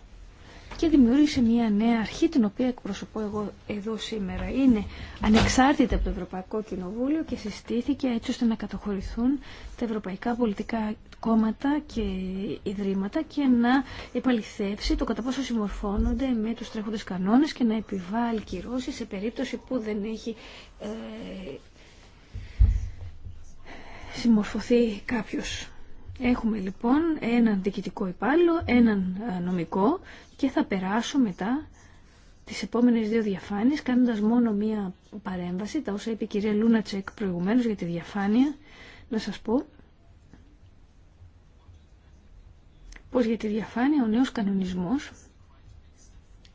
και δημιούργησε μια νέα αρχή την οποία εκπροσωπώ εγώ εδώ σήμερα. Είναι ανεξάρτητα από το Ευρωπαϊκό Κοινοβούλιο και συστήθηκε έτσι ώστε να κατοχωρηθούν τα ευρωπαϊκά πολιτικά κόμματα και ιδρύματα και να επαληθεύσει το κατά πόσο συμμορφώνονται με τους τρέχοντες κανόνες και να επιβάλλει κυρώσεις σε περίπτωση που δεν έχει ε, συμμορφωθεί κάποιος. Έχουμε λοιπόν έναν διοικητικό υπάλληλο, έναν νομικό και θα περάσω μετά τις επόμενες δύο διαφάνειες κάνοντας μόνο μία παρέμβαση, τα όσα είπε η κυρία Λούνατσεκ προηγουμένως για τη διαφάνεια, να σας πω πως για τη διαφάνεια ο νέος κανονισμός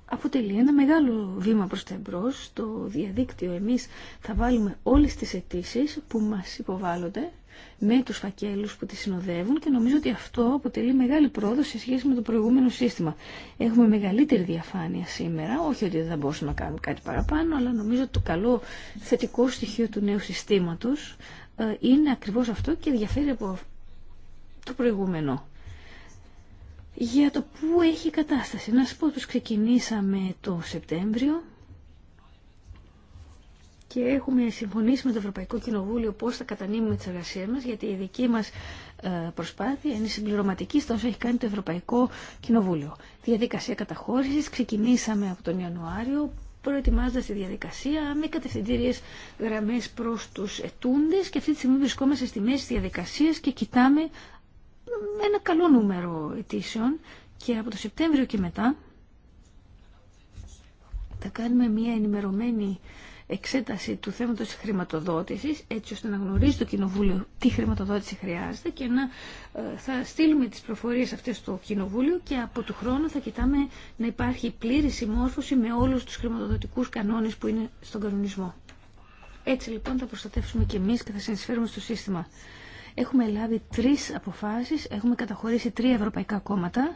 αποτελεί ένα μεγάλο βήμα προς τα εμπρός. Στο διαδίκτυο εμείς θα βάλουμε όλες τις αιτήσει που μας υποβάλλονται με τους φακέλους που τη συνοδεύουν και νομίζω ότι αυτό αποτελεί μεγάλη πρόοδο σε σχέση με το προηγούμενο σύστημα. Έχουμε μεγαλύτερη διαφάνεια σήμερα, όχι ότι δεν θα μπορούσαμε να κάνουμε κάτι παραπάνω, αλλά νομίζω ότι το καλό θετικό στοιχείο του νέου συστήματος ε, είναι ακριβώς αυτό και διαφέρει από το προηγούμενο. Για το πού έχει η κατάσταση. Να σας πω ότι ξεκινήσαμε το Σεπτέμβριο και έχουμε συμφωνήσει με το Ευρωπαϊκό Κοινοβούλιο πώ θα κατανείμουμε τι εργασίε μα γιατί η δική μα ε, προσπάθεια είναι συμπληρωματική στο όσο έχει κάνει το Ευρωπαϊκό Κοινοβούλιο. διαδικασία καταχώρηση ξεκινήσαμε από τον Ιανουάριο προετοιμάζοντα τη διαδικασία με κατευθυντήριε γραμμέ προ του ετούντε και αυτή τη στιγμή βρισκόμαστε στη μέση τη διαδικασία και κοιτάμε ένα καλό νούμερο αιτήσεων και από το Σεπτέμβριο και μετά θα κάνουμε μια ενημερωμένη εξέταση του θέματος της χρηματοδότησης, έτσι ώστε να γνωρίζει το Κοινοβούλιο τι χρηματοδότηση χρειάζεται και να ε, θα στείλουμε τις προφορίες αυτές στο Κοινοβούλιο και από του χρόνου θα κοιτάμε να υπάρχει πλήρη συμμόρφωση με όλους τους χρηματοδοτικούς κανόνες που είναι στον κανονισμό. Έτσι λοιπόν θα προστατεύσουμε και εμείς και θα συνεισφέρουμε στο σύστημα. Έχουμε λάβει τρεις αποφάσεις, έχουμε καταχωρήσει τρία ευρωπαϊκά κόμματα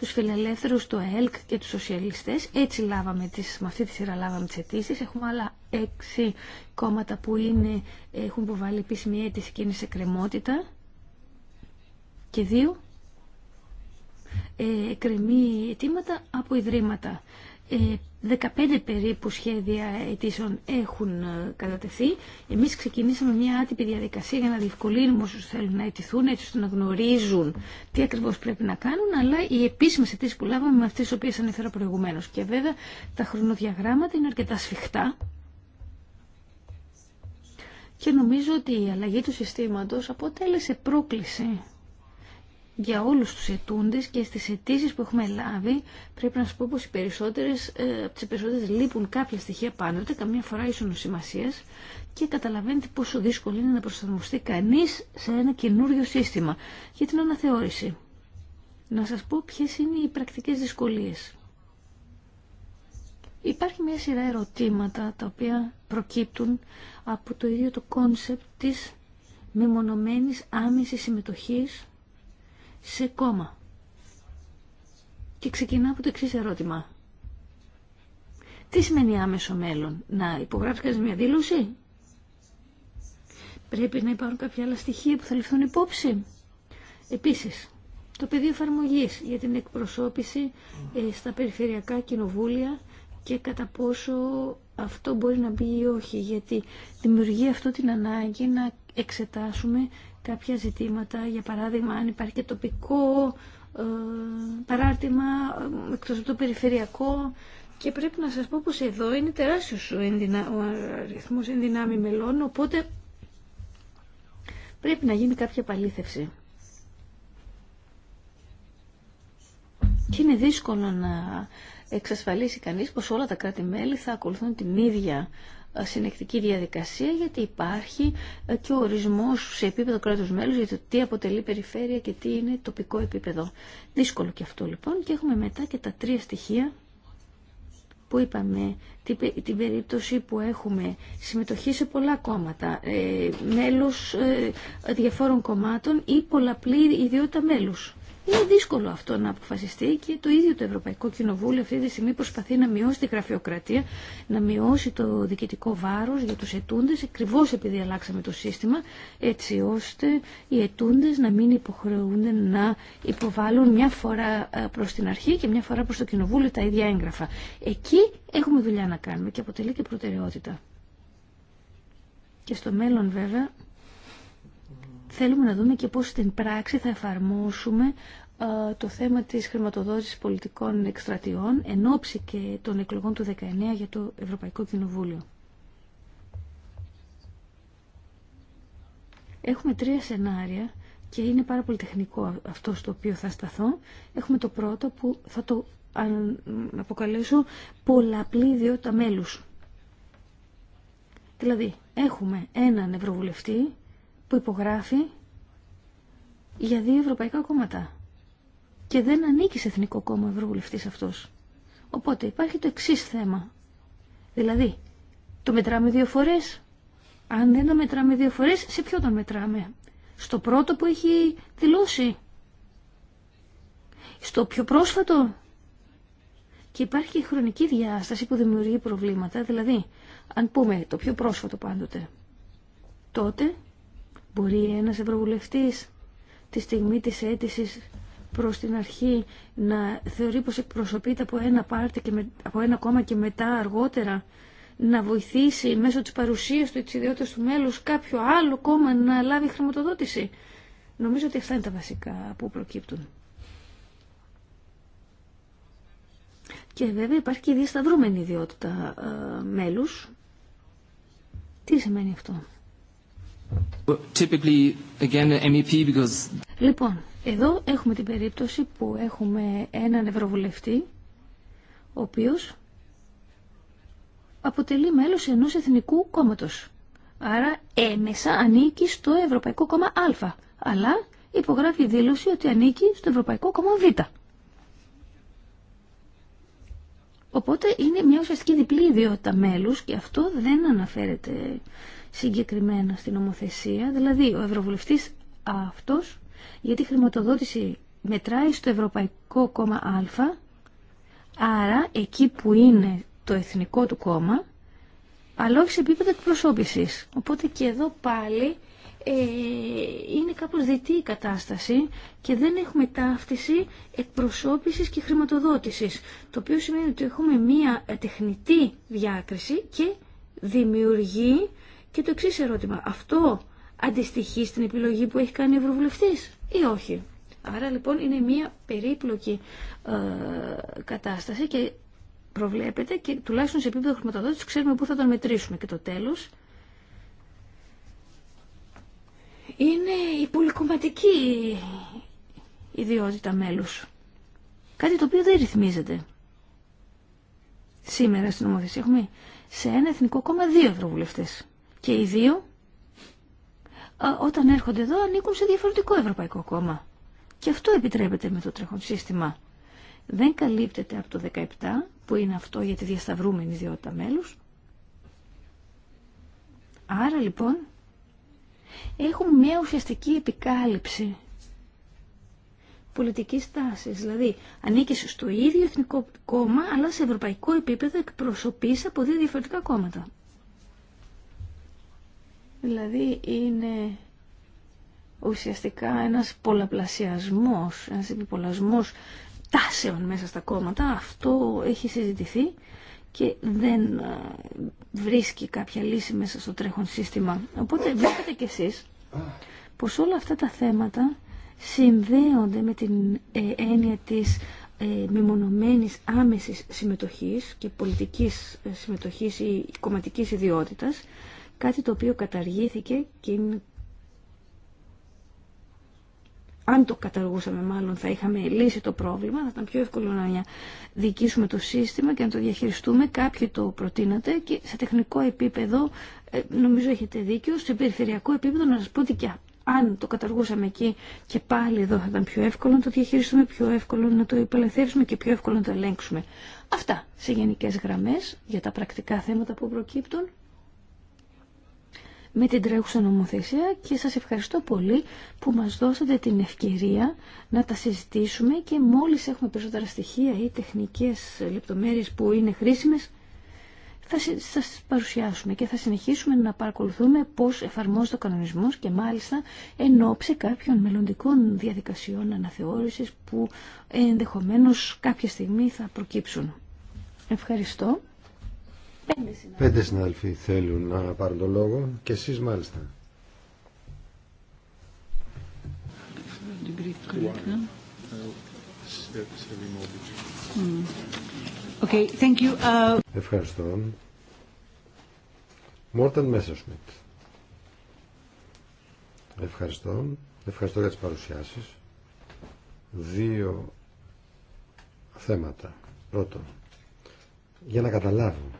τους φιλελεύθερους, το ΕΛΚ και τους σοσιαλιστές. Έτσι λάβαμε τις, με αυτή τη σειρά λάβαμε τις αιτήσει. Έχουμε άλλα έξι κόμματα που είναι, έχουν υποβάλει επίσημη αίτηση και είναι σε κρεμότητα. Και δύο ε, εκκρεμεί αιτήματα από ιδρύματα. 15 ε, περίπου σχέδια αιτήσεων έχουν ε, κατατεθεί. Εμείς ξεκινήσαμε μια άτυπη διαδικασία για να διευκολύνουμε όσους θέλουν να αιτηθούν, έτσι ώστε να γνωρίζουν τι ακριβώς πρέπει να κάνουν, αλλά οι επίσημες αιτήσεις που λάβαμε με αυτές τις οποίες ανέφερα προηγουμένως. Και βέβαια τα χρονοδιαγράμματα είναι αρκετά σφιχτά. Και νομίζω ότι η αλλαγή του συστήματος αποτέλεσε πρόκληση για όλους τους ετούντες και στις αιτήσει που έχουμε λάβει πρέπει να σου πω πως οι περισσότερες, ε, από τις περισσότερες λείπουν κάποια στοιχεία πάντοτε, καμιά φορά ίσω σημασία και καταλαβαίνετε πόσο δύσκολο είναι να προσαρμοστεί κανείς σε ένα καινούριο σύστημα για την αναθεώρηση. Να σας πω ποιες είναι οι πρακτικές δυσκολίες. Υπάρχει μια σειρά ερωτήματα τα οποία προκύπτουν από το ίδιο το κόνσεπτ της μεμονωμένης άμεσης συμμετοχής σε κόμμα. Και ξεκινά από το εξή ερώτημα. Τι σημαίνει άμεσο μέλλον, να υπογράψει μια δήλωση. Πρέπει να υπάρχουν κάποια άλλα στοιχεία που θα ληφθούν υπόψη. Επίσης, το πεδίο εφαρμογή για την εκπροσώπηση ε, στα περιφερειακά κοινοβούλια και κατά πόσο αυτό μπορεί να μπει ή όχι, γιατί δημιουργεί αυτό την ανάγκη να εξετάσουμε κάποια ζητήματα, για παράδειγμα αν υπάρχει και τοπικό ε, παράρτημα ε, εκτός από το περιφερειακό και πρέπει να σας πω πως εδώ είναι τεράστιος ο, ενδυνα... ο αριθμός ενδυνάμει μελών οπότε πρέπει να γίνει κάποια παλήθευση. Και είναι δύσκολο να εξασφαλίσει κανείς πως όλα τα κράτη-μέλη θα ακολουθούν την ίδια συνεκτική διαδικασία γιατί υπάρχει ε, και ο ορισμός σε επίπεδο κράτους μέλους για το τι αποτελεί περιφέρεια και τι είναι τοπικό επίπεδο. Δύσκολο και αυτό λοιπόν και έχουμε μετά και τα τρία στοιχεία που είπαμε, την περίπτωση που έχουμε συμμετοχή σε πολλά κόμματα, ε, μέλους ε, διαφόρων κομμάτων ή πολλαπλή ιδιότητα μέλους. Είναι δύσκολο αυτό να αποφασιστεί και το ίδιο το Ευρωπαϊκό Κοινοβούλιο αυτή τη στιγμή προσπαθεί να μειώσει τη γραφειοκρατία, να μειώσει το διοικητικό βάρος για τους ετούντες, ακριβώ επειδή αλλάξαμε το σύστημα, έτσι ώστε οι ετούντες να μην υποχρεούνται να υποβάλουν μια φορά ε, προς την αρχή και μια φορά προς το Κοινοβούλιο τα ίδια έγγραφα. Εκεί έχουμε δουλειά να κάνουμε και αποτελεί και προτεραιότητα. Και στο μέλλον βέβαια θέλουμε να δούμε και πώς στην πράξη θα εφαρμόσουμε ε, το θέμα της χρηματοδότησης πολιτικών εκστρατιών εν ώψη και των εκλογών του 19 για το Ευρωπαϊκό Κοινοβούλιο. Έχουμε τρία σενάρια και είναι πάρα πολύ τεχνικό αυτό στο οποίο θα σταθώ. Έχουμε το πρώτο που θα το αποκαλέσω πολλαπλή ιδιότητα μέλους. Δηλαδή, έχουμε έναν ευρωβουλευτή που υπογράφει για δύο ευρωπαϊκά κόμματα. Και δεν ανήκει σε εθνικό κόμμα ευρωβουλευτή αυτός. Οπότε υπάρχει το εξή θέμα. Δηλαδή, το μετράμε δύο φορέ. Αν δεν το μετράμε δύο φορέ, σε ποιο τον μετράμε. Στο πρώτο που έχει δηλώσει. Στο πιο πρόσφατο. Και υπάρχει και η χρονική διάσταση που δημιουργεί προβλήματα. Δηλαδή, αν πούμε το πιο πρόσφατο πάντοτε, τότε Μπορεί ένας ευρωβουλευτής τη στιγμή της αίτησης προς την αρχή να θεωρεί πως εκπροσωπείται από ένα πάρτι και με, από ένα κόμμα και μετά αργότερα να βοηθήσει μέσω της παρουσίας του ή της ιδιότητας του μέλους κάποιο άλλο κόμμα να λάβει χρηματοδότηση. Νομίζω ότι αυτά είναι τα βασικά που προκύπτουν. Και βέβαια υπάρχει και η διασταυρούμενη ιδιότητα ε, μέλους. Τι σημαίνει αυτό. E λοιπόν, εδώ έχουμε την περίπτωση που έχουμε έναν ευρωβουλευτή ο οποίος αποτελεί μέλος ενός εθνικού κόμματος. Άρα έμεσα ανήκει στο Ευρωπαϊκό Κόμμα Α, αλλά υπογράφει δήλωση ότι ανήκει στο Ευρωπαϊκό Κόμμα Β. Οπότε είναι μια ουσιαστική διπλή ιδιότητα μέλους και αυτό δεν αναφέρεται συγκεκριμένα στην ομοθεσία, Δηλαδή, ο Ευρωβουλευτής αυτός, γιατί η χρηματοδότηση μετράει στο Ευρωπαϊκό Κόμμα Α, άρα εκεί που είναι το εθνικό του κόμμα, αλλά όχι σε επίπεδο εκπροσώπησης. Οπότε και εδώ πάλι ε, είναι κάπως διτή η κατάσταση και δεν έχουμε ταύτιση εκπροσώπησης και χρηματοδότησης. Το οποίο σημαίνει ότι έχουμε μία τεχνητή διάκριση και δημιουργεί και το εξή ερώτημα, αυτό αντιστοιχεί στην επιλογή που έχει κάνει ο Ευρωβουλευτή ή όχι. Άρα λοιπόν είναι μια περίπλοκη ε, κατάσταση και προβλέπεται και τουλάχιστον σε επίπεδο χρηματοδότηση ξέρουμε πού θα τον μετρήσουμε. Και το τέλος είναι η πολυκομματική ιδιότητα μέλου. Κάτι το οποίο δεν ρυθμίζεται σήμερα στην Ομοθεσία. Έχουμε σε ένα εθνικό κόμμα δύο ευρωβουλευτές και οι δύο όταν έρχονται εδώ ανήκουν σε διαφορετικό ευρωπαϊκό κόμμα. Και αυτό επιτρέπεται με το τρέχον σύστημα. Δεν καλύπτεται από το 17 που είναι αυτό για τη διασταυρούμενη ιδιότητα μέλους. Άρα λοιπόν έχουμε μια ουσιαστική επικάλυψη πολιτικής τάση. Δηλαδή ανήκει στο ίδιο εθνικό κόμμα αλλά σε ευρωπαϊκό επίπεδο εκπροσωπεί από δύο διαφορετικά κόμματα. Δηλαδή είναι ουσιαστικά ένας πολλαπλασιασμός, ένας επιπολασμός τάσεων μέσα στα κόμματα. Αυτό έχει συζητηθεί και δεν ε, βρίσκει κάποια λύση μέσα στο τρέχον σύστημα. Οπότε βλέπετε κι εσείς πως όλα αυτά τα θέματα συνδέονται με την ε, έννοια της ε, μεμονωμένης άμεσης συμμετοχής και πολιτικής συμμετοχής ή κομματικής ιδιότητας κάτι το οποίο καταργήθηκε και αν το καταργούσαμε μάλλον θα είχαμε λύσει το πρόβλημα, θα ήταν πιο εύκολο να διοικήσουμε το σύστημα και να το διαχειριστούμε. Κάποιοι το προτείνατε και σε τεχνικό επίπεδο ε, νομίζω έχετε δίκιο, σε περιφερειακό επίπεδο να σας πω ότι και αν το καταργούσαμε εκεί και πάλι εδώ θα ήταν πιο εύκολο να το διαχειριστούμε, πιο εύκολο να το υπελευθέρωσουμε και πιο εύκολο να το ελέγξουμε. Αυτά σε γενικές γραμμές για τα πρακτικά θέματα που προκύπτουν με την τρέχουσα νομοθεσία και σας ευχαριστώ πολύ που μας δώσατε την ευκαιρία να τα συζητήσουμε και μόλις έχουμε περισσότερα στοιχεία ή τεχνικές λεπτομέρειες που είναι χρήσιμες θα σας παρουσιάσουμε και θα συνεχίσουμε να παρακολουθούμε πώς εφαρμόζεται ο κανονισμός και μάλιστα εν ώψη κάποιων μελλοντικών διαδικασιών αναθεώρησης που ενδεχομένως κάποια στιγμή θα προκύψουν. Ευχαριστώ. Πέντε συναδελφοί θέλουν να πάρουν το λόγο και εσείς μάλιστα. Okay, thank you. Uh, Ευχαριστώ. Μόρταν Μέσσερσμιτ. Ευχαριστώ. Ευχαριστώ για τις παρουσιάσεις. Δύο θέματα. Πρώτον, για να καταλάβω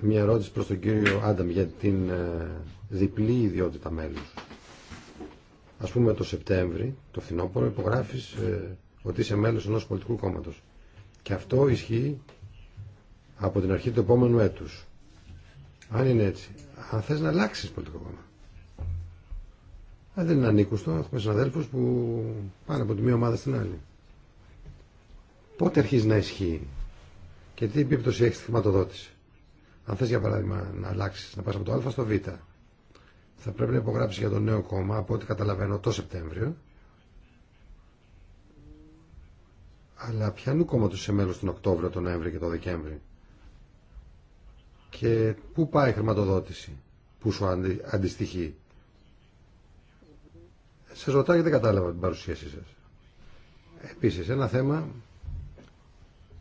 μια ερώτηση προς τον κύριο Άνταμ για την ε, διπλή ιδιότητα μέλους. Ας πούμε το Σεπτέμβρη, το φθινόπωρο, υπογράφεις ε, ότι είσαι μέλος ενός πολιτικού κόμματος. Και αυτό ισχύει από την αρχή του επόμενου έτους. Αν είναι έτσι, αν θες να αλλάξεις πολιτικό κόμμα. Αν δεν είναι ανήκουστο, έχουμε συναδέλφους που πάνε από τη μία ομάδα στην άλλη. Πότε αρχίζει να ισχύει και τι επίπτωση έχει στη χρηματοδότηση. Αν θες για παράδειγμα να αλλάξει, να πας από το α στο β, θα πρέπει να υπογράψει για το νέο κόμμα, από ό,τι καταλαβαίνω, το Σεπτέμβριο. Αλλά ποιανού του σε μέλος τον Οκτώβριο, τον Νοέμβριο και τον Δεκέμβριο. Και πού πάει η χρηματοδότηση που σου αντιστοιχεί. Σε ρωτάω γιατί δεν κατάλαβα την παρουσίασή σα. Επίση, ένα θέμα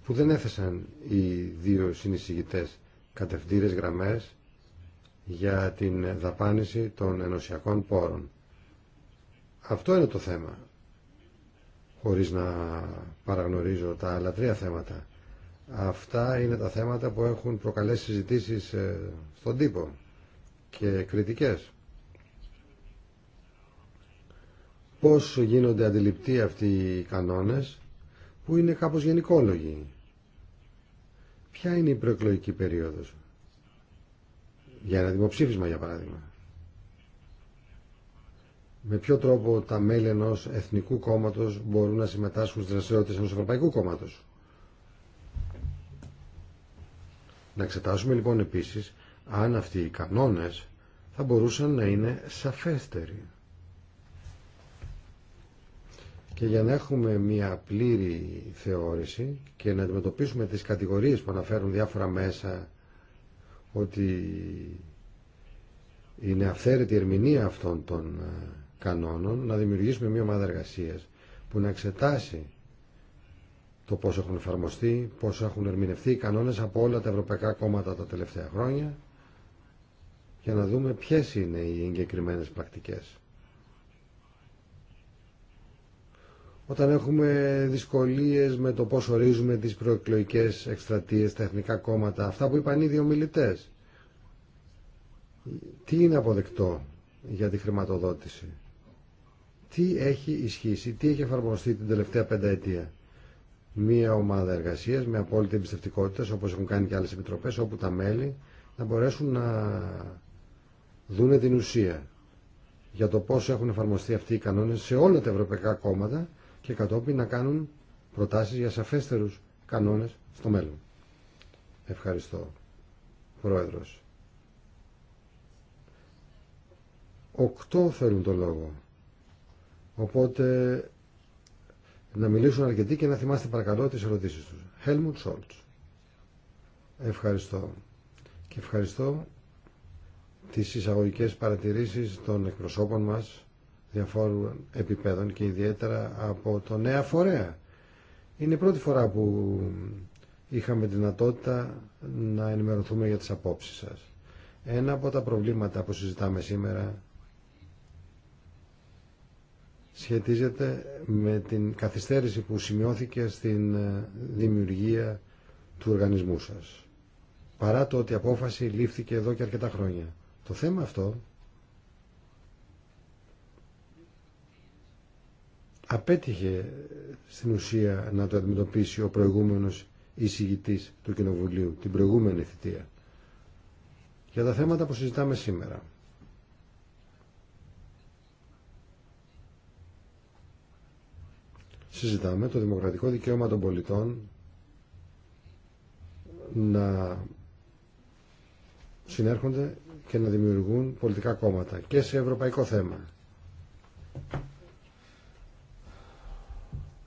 που δεν έθεσαν οι δύο συνεισηγητές κατευθύνες γραμμές για την δαπάνηση των ενωσιακών πόρων. Αυτό είναι το θέμα, χωρίς να παραγνωρίζω τα άλλα τρία θέματα. Αυτά είναι τα θέματα που έχουν προκαλέσει συζητήσεις ε, στον τύπο και κριτικές. Πώς γίνονται αντιληπτοί αυτοί οι κανόνες που είναι κάπως γενικόλογοι Ποια είναι η προεκλογική περίοδος για ένα δημοψήφισμα για παράδειγμα. Με ποιο τρόπο τα μέλη ενό εθνικού κόμματο μπορούν να συμμετάσχουν στι δραστηριότητε ενό ευρωπαϊκού κόμματο. Να εξετάσουμε λοιπόν επίση αν αυτοί οι κανόνε θα μπορούσαν να είναι σαφέστεροι. Και για να έχουμε μια πλήρη θεώρηση και να αντιμετωπίσουμε τις κατηγορίες που αναφέρουν διάφορα μέσα ότι είναι αυθαίρετη η ερμηνεία αυτών των ε, κανόνων, να δημιουργήσουμε μια ομάδα εργασία που να εξετάσει το πώς έχουν εφαρμοστεί, πώς έχουν ερμηνευτεί οι κανόνες από όλα τα ευρωπαϊκά κόμματα τα τελευταία χρόνια για να δούμε ποιες είναι οι εγκεκριμένες πρακτικές. όταν έχουμε δυσκολίες με το πώς ορίζουμε τις προεκλογικές εκστρατείες, τα εθνικά κόμματα, αυτά που είπαν ήδη ομιλητέ. Τι είναι αποδεκτό για τη χρηματοδότηση. Τι έχει ισχύσει, τι έχει εφαρμοστεί την τελευταία πενταετία. Μία ομάδα εργασία με απόλυτη εμπιστευτικότητα, όπω έχουν κάνει και άλλε επιτροπέ, όπου τα μέλη να μπορέσουν να δούνε την ουσία για το πώ έχουν εφαρμοστεί αυτοί οι κανόνε σε όλα τα ευρωπαϊκά κόμματα και κατόπιν να κάνουν προτάσεις για σαφέστερους κανόνες στο μέλλον. Ευχαριστώ, Πρόεδρος. Οκτώ θέλουν το λόγο. Οπότε να μιλήσουν αρκετοί και να θυμάστε παρακαλώ τις ερωτήσεις τους. Helmut Scholz. Ευχαριστώ. Και ευχαριστώ τις εισαγωγικές παρατηρήσεις των εκπροσώπων μας διαφόρων επιπέδων και ιδιαίτερα από το νέα φορέα. Είναι η πρώτη φορά που είχαμε δυνατότητα να ενημερωθούμε για τις απόψεις σας. Ένα από τα προβλήματα που συζητάμε σήμερα σχετίζεται με την καθυστέρηση που σημειώθηκε στην ε, δημιουργία του οργανισμού σας. Παρά το ότι η απόφαση λήφθηκε εδώ και αρκετά χρόνια. Το θέμα αυτό απέτυχε στην ουσία να το αντιμετωπίσει ο προηγούμενος εισηγητής του Κοινοβουλίου, την προηγούμενη θητεία. Για τα θέματα που συζητάμε σήμερα. Συζητάμε το δημοκρατικό δικαίωμα των πολιτών να συνέρχονται και να δημιουργούν πολιτικά κόμματα και σε ευρωπαϊκό θέμα.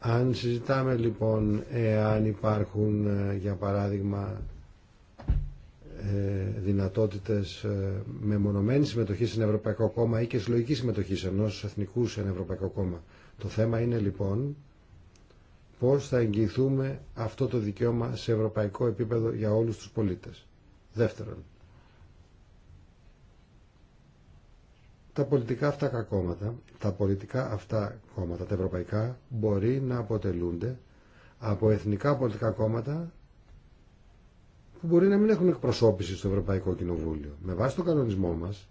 Αν συζητάμε λοιπόν εάν υπάρχουν ε, για παράδειγμα ε, δυνατότητες ε, μεμονωμένης συμμετοχή σε ευρωπαϊκό κόμμα ή και συλλογική συμμετοχή σε ενός εθνικού σε ένα ευρωπαϊκό κόμμα. Το θέμα είναι λοιπόν πώς θα εγγυηθούμε αυτό το δικαίωμα σε ευρωπαϊκό επίπεδο για όλους τους πολίτες. Δεύτερον, τα πολιτικά αυτά κακόματα, τα πολιτικά αυτά κόμματα, τα ευρωπαϊκά, μπορεί να αποτελούνται από εθνικά πολιτικά κόμματα που μπορεί να μην έχουν εκπροσώπηση στο Ευρωπαϊκό Κοινοβούλιο. Με βάση τον κανονισμό μας,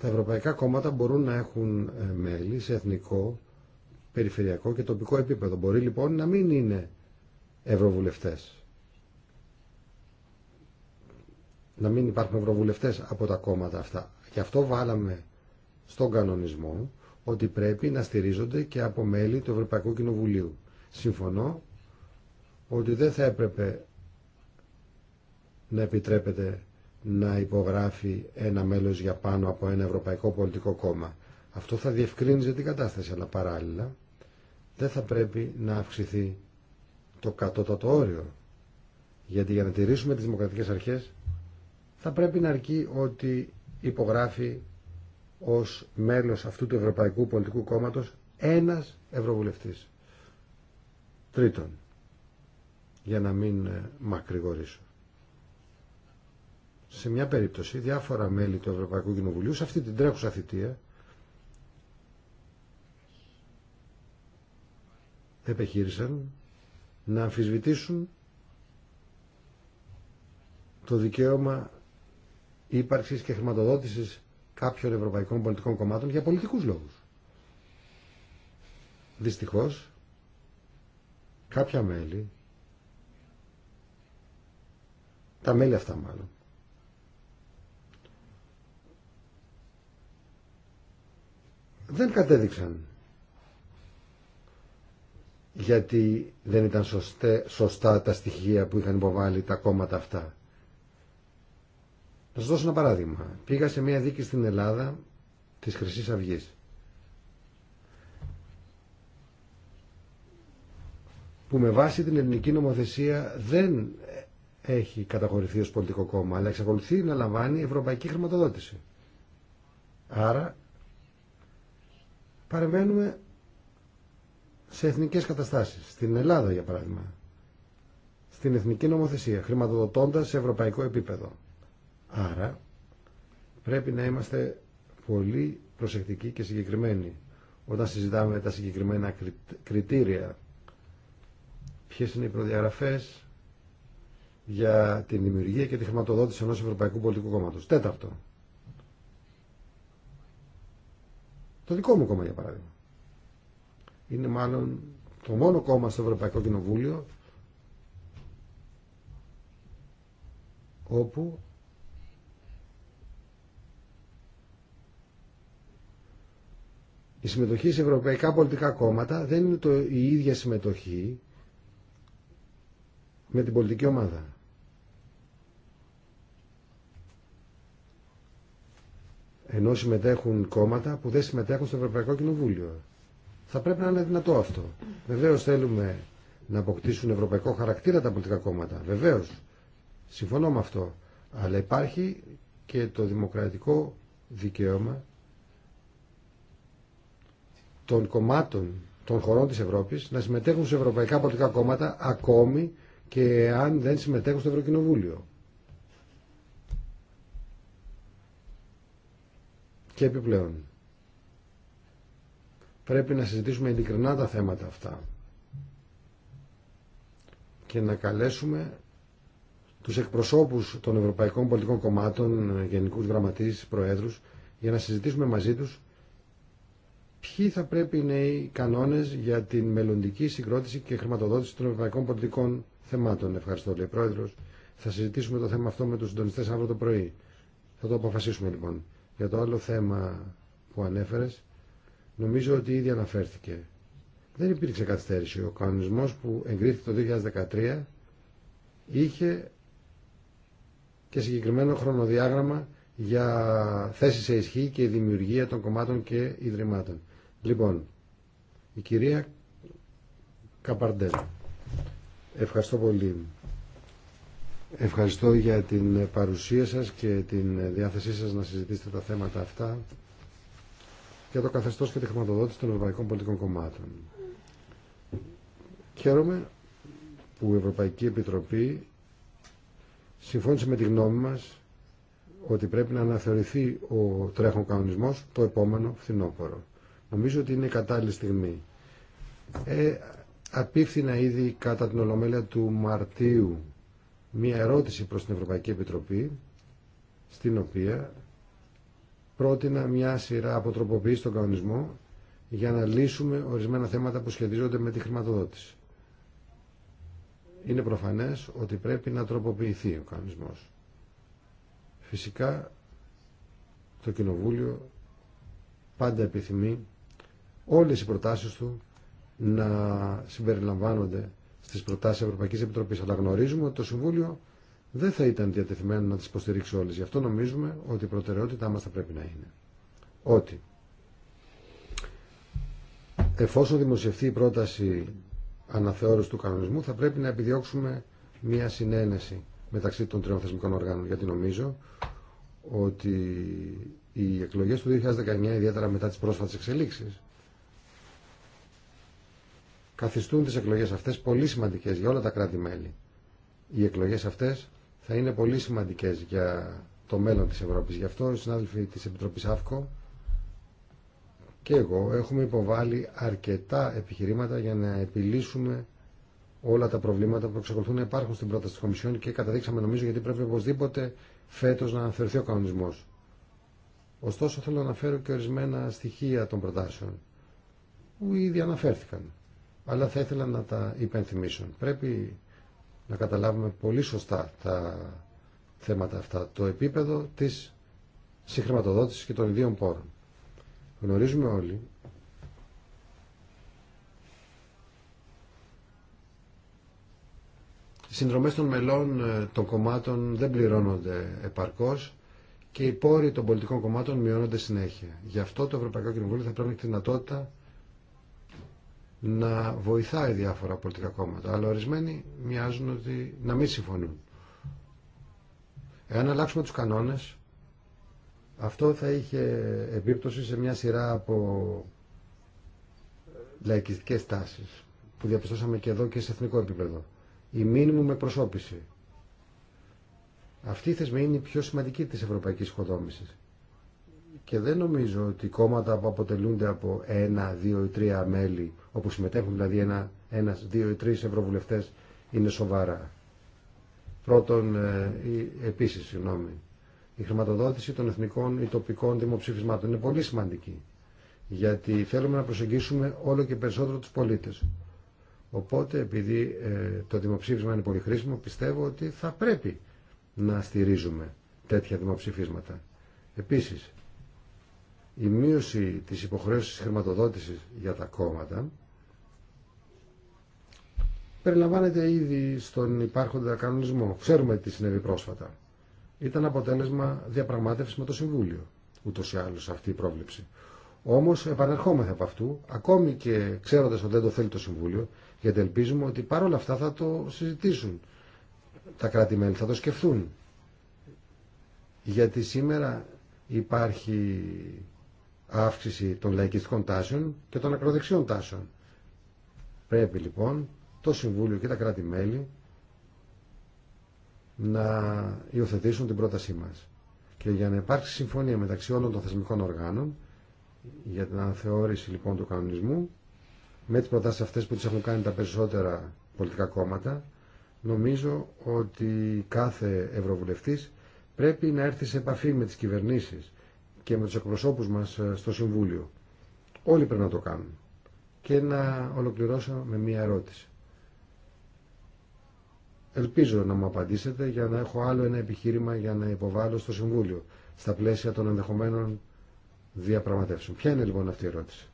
τα ευρωπαϊκά κόμματα μπορούν να έχουν ε, μέλη σε εθνικό, περιφερειακό και τοπικό επίπεδο. Μπορεί λοιπόν να μην είναι ευρωβουλευτές. να μην υπάρχουν ευρωβουλευτέ από τα κόμματα αυτά. Γι' αυτό βάλαμε στον κανονισμό ότι πρέπει να στηρίζονται και από μέλη του Ευρωπαϊκού Κοινοβουλίου. Συμφωνώ ότι δεν θα έπρεπε να επιτρέπεται να υπογράφει ένα μέλος για πάνω από ένα Ευρωπαϊκό Πολιτικό Κόμμα. Αυτό θα διευκρίνιζε την κατάσταση, αλλά παράλληλα δεν θα πρέπει να αυξηθεί το κατώτατο όριο. Γιατί για να τηρήσουμε τις δημοκρατικές αρχές θα πρέπει να αρκεί ότι υπογράφει ως μέλος αυτού του Ευρωπαϊκού Πολιτικού Κόμματος ένας Ευρωβουλευτής. Τρίτον, για να μην ε, μακρηγορήσω. Σε μια περίπτωση, διάφορα μέλη του Ευρωπαϊκού Κοινοβουλίου, σε αυτή την τρέχουσα θητεία, επεχείρησαν να αμφισβητήσουν το δικαίωμα ύπαρξη και χρηματοδότηση κάποιων ευρωπαϊκών πολιτικών κομμάτων για πολιτικού λόγου. Δυστυχώ, κάποια μέλη, τα μέλη αυτά μάλλον, δεν κατέδειξαν γιατί δεν ήταν σωστά τα στοιχεία που είχαν υποβάλει τα κόμματα αυτά. Να σα δώσω ένα παράδειγμα. Πήγα σε μια δίκη στην Ελλάδα της χρυσή αυγή. που με βάση την ελληνική νομοθεσία δεν έχει καταχωρηθεί ως πολιτικό κόμμα, αλλά εξακολουθεί να λαμβάνει ευρωπαϊκή χρηματοδότηση. Άρα παρεμβαίνουμε σε εθνικές καταστάσεις. Στην Ελλάδα, για παράδειγμα, στην εθνική νομοθεσία, χρηματοδοτώντας σε ευρωπαϊκό επίπεδο. Άρα πρέπει να είμαστε πολύ προσεκτικοί και συγκεκριμένοι όταν συζητάμε τα συγκεκριμένα κριτήρια ποιες είναι οι προδιαγραφές για την δημιουργία και τη χρηματοδότηση ενός Ευρωπαϊκού Πολιτικού Κόμματος. Τέταρτο. Το δικό μου κόμμα για παράδειγμα. Είναι μάλλον το μόνο κόμμα στο Ευρωπαϊκό Κοινοβούλιο όπου Η συμμετοχή σε ευρωπαϊκά πολιτικά κόμματα δεν είναι το, η ίδια συμμετοχή με την πολιτική ομάδα. Ενώ συμμετέχουν κόμματα που δεν συμμετέχουν στο Ευρωπαϊκό Κοινοβούλιο. Θα πρέπει να είναι δυνατό αυτό. Βεβαίω θέλουμε να αποκτήσουν ευρωπαϊκό χαρακτήρα τα πολιτικά κόμματα. Βεβαίω. Συμφωνώ με αυτό. Αλλά υπάρχει και το δημοκρατικό δικαίωμα των κομμάτων των χωρών της Ευρώπης να συμμετέχουν σε ευρωπαϊκά πολιτικά κόμματα ακόμη και αν δεν συμμετέχουν στο Ευρωκοινοβούλιο. Και επιπλέον, πρέπει να συζητήσουμε ειλικρινά τα θέματα αυτά και να καλέσουμε τους εκπροσώπους των Ευρωπαϊκών Πολιτικών Κομμάτων, Γενικούς Γραμματείς, Προέδρους, για να συζητήσουμε μαζί τους ποιοι θα πρέπει να είναι οι κανόνες για την μελλοντική συγκρότηση και χρηματοδότηση των ευρωπαϊκών πολιτικών θεμάτων. Ευχαριστώ, λέει Πρόεδρος. Θα συζητήσουμε το θέμα αυτό με του συντονιστέ αύριο το πρωί. Θα το αποφασίσουμε λοιπόν. Για το άλλο θέμα που ανέφερε. νομίζω ότι ήδη αναφέρθηκε. Δεν υπήρξε καθυστέρηση. Ο κανονισμός που εγκρίθηκε το 2013 είχε και συγκεκριμένο χρονοδιάγραμμα για θέση σε ισχύ και δημιουργία των κομμάτων και ιδρυμάτων. Λοιπόν, η κυρία Καπαρντέλ. Ευχαριστώ πολύ. Ευχαριστώ για την παρουσία σας και την διάθεσή σας να συζητήσετε τα θέματα αυτά για το καθεστώς και τη χρηματοδότηση των ευρωπαϊκών πολιτικών κομμάτων. Χαίρομαι που η Ευρωπαϊκή Επιτροπή συμφώνησε με τη γνώμη μας ότι πρέπει να αναθεωρηθεί ο τρέχον κανονισμός το επόμενο φθινόπωρο. Νομίζω ότι είναι κατάλληλη στιγμή. Ε, απίφθηνα ήδη κατά την Ολομέλεια του Μαρτίου μία ερώτηση προς την Ευρωπαϊκή Επιτροπή στην οποία πρότεινα μια σειρά αποτροποποίηση στον κανονισμό για να λύσουμε ορισμένα θέματα που σχετίζονται με τη χρηματοδότηση. Είναι προφανές ότι πρέπει να τροποποιηθεί ο κανονισμός. Φυσικά το Κοινοβούλιο πάντα επιθυμεί όλες οι προτάσεις του να συμπεριλαμβάνονται στις προτάσεις Ευρωπαϊκής Επιτροπής. Αλλά γνωρίζουμε ότι το Συμβούλιο δεν θα ήταν διατεθειμένο να τις υποστηρίξει όλες. Γι' αυτό νομίζουμε ότι η προτεραιότητά μας θα πρέπει να είναι. Ότι εφόσον δημοσιευτεί η πρόταση αναθεώρηση του κανονισμού θα πρέπει να επιδιώξουμε μια συνένεση μεταξύ των τριών θεσμικών οργάνων γιατί νομίζω ότι οι εκλογές του 2019 ιδιαίτερα μετά τις πρόσφατες εξελίξεις καθιστούν τις εκλογές αυτές πολύ σημαντικές για όλα τα κράτη-μέλη. Οι εκλογές αυτές θα είναι πολύ σημαντικές για το μέλλον της Ευρώπης. Γι' αυτό οι συνάδελφοι της Επιτροπής ΑΦΚΟ και εγώ έχουμε υποβάλει αρκετά επιχειρήματα για να επιλύσουμε όλα τα προβλήματα που εξακολουθούν να υπάρχουν στην πρόταση της Κομισιόν και καταδείξαμε νομίζω γιατί πρέπει οπωσδήποτε φέτος να αναφερθεί ο κανονισμός. Ωστόσο θέλω να αναφέρω και ορισμένα στοιχεία των προτάσεων που ήδη αναφέρθηκαν αλλά θα ήθελα να τα υπενθυμίσω. Πρέπει να καταλάβουμε πολύ σωστά τα θέματα αυτά, το επίπεδο της συγχρηματοδότησης και των ιδίων πόρων. Γνωρίζουμε όλοι Οι συνδρομές των μελών ε, των κομμάτων δεν πληρώνονται επαρκώς και οι πόροι των πολιτικών κομμάτων μειώνονται συνέχεια. Γι' αυτό το Ευρωπαϊκό Κοινοβούλιο θα πρέπει να έχει τη δυνατότητα να βοηθάει διάφορα πολιτικά κόμματα. Αλλά ορισμένοι μοιάζουν ότι να μην συμφωνούν. Εάν αλλάξουμε τους κανόνες, αυτό θα είχε επίπτωση σε μια σειρά από ε, λαϊκιστικές τάσεις που διαπιστώσαμε και εδώ και σε εθνικό επίπεδο. Η μήνυμου με προσώπηση. Αυτή η θεσμή είναι η πιο σημαντική της ευρωπαϊκής οικοδόμησης και δεν νομίζω ότι κόμματα που αποτελούνται από ένα, δύο ή τρία μέλη, όπου συμμετέχουν δηλαδή ένα, ένας, δύο ή τρεις ευρωβουλευτές, είναι σοβαρά. Πρώτον, ε, επίσης, συγγνώμη, η χρηματοδότηση των εθνικών ή τοπικών δημοψήφισμάτων είναι πολύ σημαντική, γιατί θέλουμε να προσεγγίσουμε όλο και περισσότερο τους πολίτες. Οπότε, επειδή ε, το δημοψήφισμα είναι πολύ χρήσιμο, πιστεύω ότι θα πρέπει να στηρίζουμε τέτοια δημοψηφίσματα. Επίσης, η μείωση της υποχρέωσης χρηματοδότησης για τα κόμματα περιλαμβάνεται ήδη στον υπάρχοντα κανονισμό. Ξέρουμε τι συνέβη πρόσφατα. Ήταν αποτέλεσμα διαπραγμάτευση με το Συμβούλιο, ούτω ή άλλω αυτή η πρόβλεψη. Όμω επανερχόμεθα από αυτού, ακόμη και ξέροντα ότι δεν το θέλει το Συμβούλιο, γιατί ελπίζουμε ότι παρόλα αυτά θα το συζητήσουν τα κράτη-μέλη, θα το σκεφτούν. Γιατί σήμερα υπάρχει αύξηση των λαϊκιστικών τάσεων και των ακροδεξιών τάσεων. Πρέπει λοιπόν το Συμβούλιο και τα κράτη-μέλη να υιοθετήσουν την πρότασή μας. Και για να υπάρξει συμφωνία μεταξύ όλων των θεσμικών οργάνων για την αναθεώρηση λοιπόν του κανονισμού με τις προτάσεις αυτές που τις έχουν κάνει τα περισσότερα πολιτικά κόμματα νομίζω ότι κάθε ευρωβουλευτής πρέπει να έρθει σε επαφή με τις κυβερνήσεις και με τους εκπροσώπους μας ε, στο Συμβούλιο. Όλοι πρέπει να το κάνουν. Και να ολοκληρώσω με μία ερώτηση. Ελπίζω να μου απαντήσετε για να έχω άλλο ένα επιχείρημα για να υποβάλω στο Συμβούλιο στα πλαίσια των ενδεχομένων διαπραγματεύσεων. Ποια είναι λοιπόν αυτή η ερώτηση.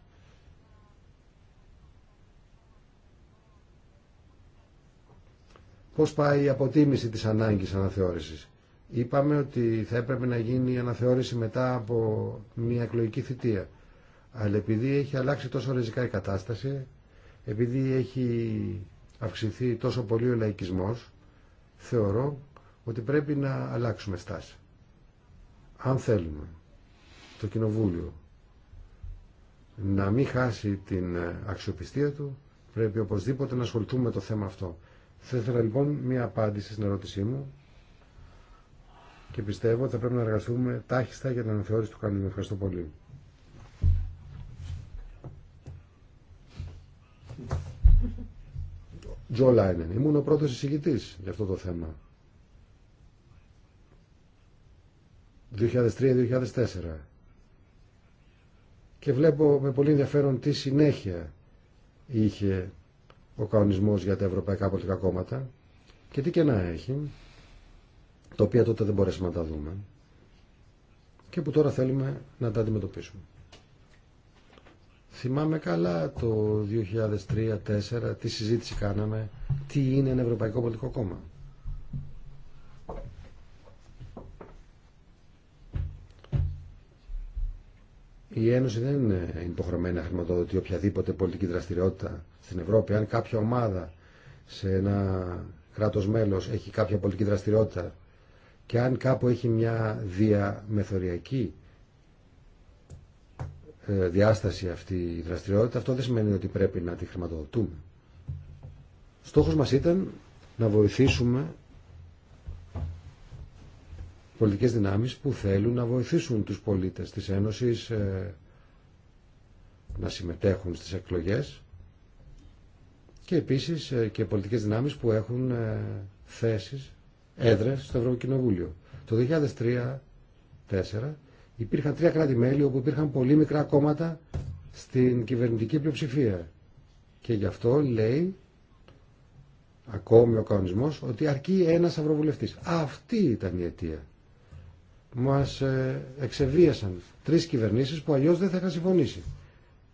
Πώς πάει η αποτίμηση της ανάγκης αναθεώρησης. Είπαμε ότι θα έπρεπε να γίνει αναθεώρηση μετά από μια εκλογική θητεία. Αλλά επειδή έχει αλλάξει τόσο ριζικά η κατάσταση, επειδή έχει αυξηθεί τόσο πολύ ο λαϊκισμός, θεωρώ ότι πρέπει να αλλάξουμε στάση. Αν θέλουμε το Κοινοβούλιο να μην χάσει την ε, αξιοπιστία του, πρέπει οπωσδήποτε να ασχοληθούμε με το θέμα αυτό. Θα ήθελα λοιπόν μια απάντηση στην ερώτησή μου και πιστεύω ότι θα πρέπει να εργαστούμε τάχιστα για την αναθεώρηση του κανονισμού. Ευχαριστώ πολύ. Τζο Λάινεν. Ήμουν ο πρώτος εισηγητής για αυτό το θέμα. 2003-2004. Και βλέπω με πολύ ενδιαφέρον τι συνέχεια είχε ο κανονισμός για τα ευρωπαϊκά πολιτικά κόμματα και τι και να έχει τα οποία τότε δεν μπορέσαμε να τα δούμε και που τώρα θέλουμε να τα αντιμετωπίσουμε. Θυμάμαι καλά το 2003-2004 τι συζήτηση κάναμε, τι είναι ένα Ευρωπαϊκό Πολιτικό Κόμμα. Η Ένωση δεν είναι υποχρεωμένη να χρηματοδοτεί οποιαδήποτε πολιτική δραστηριότητα στην Ευρώπη. Αν κάποια ομάδα σε ένα κράτος μέλος έχει κάποια πολιτική δραστηριότητα και αν κάπου έχει μια διαμεθοριακή ε, διάσταση αυτή η δραστηριότητα, αυτό δεν σημαίνει ότι πρέπει να τη χρηματοδοτούμε. Στόχος μας ήταν να βοηθήσουμε πολιτικές δυνάμεις που θέλουν να βοηθήσουν τους πολίτες της Ένωσης ε, να συμμετέχουν στις εκλογές και επίσης ε, και πολιτικές δυνάμεις που έχουν θέσεις έδρες στο Ευρωκοινοβούλιο. Το 2003-2004 υπήρχαν τρία κράτη-μέλη όπου υπήρχαν πολύ μικρά κόμματα στην κυβερνητική πλειοψηφία. Και γι' αυτό λέει ακόμη ο κανονισμός ότι αρκεί ένας ευρωβουλευτή. Αυτή ήταν η αιτία. Μας ε, εξεβίασαν τρει κυβερνήσεις που αλλιώ δεν θα είχαν συμφωνήσει.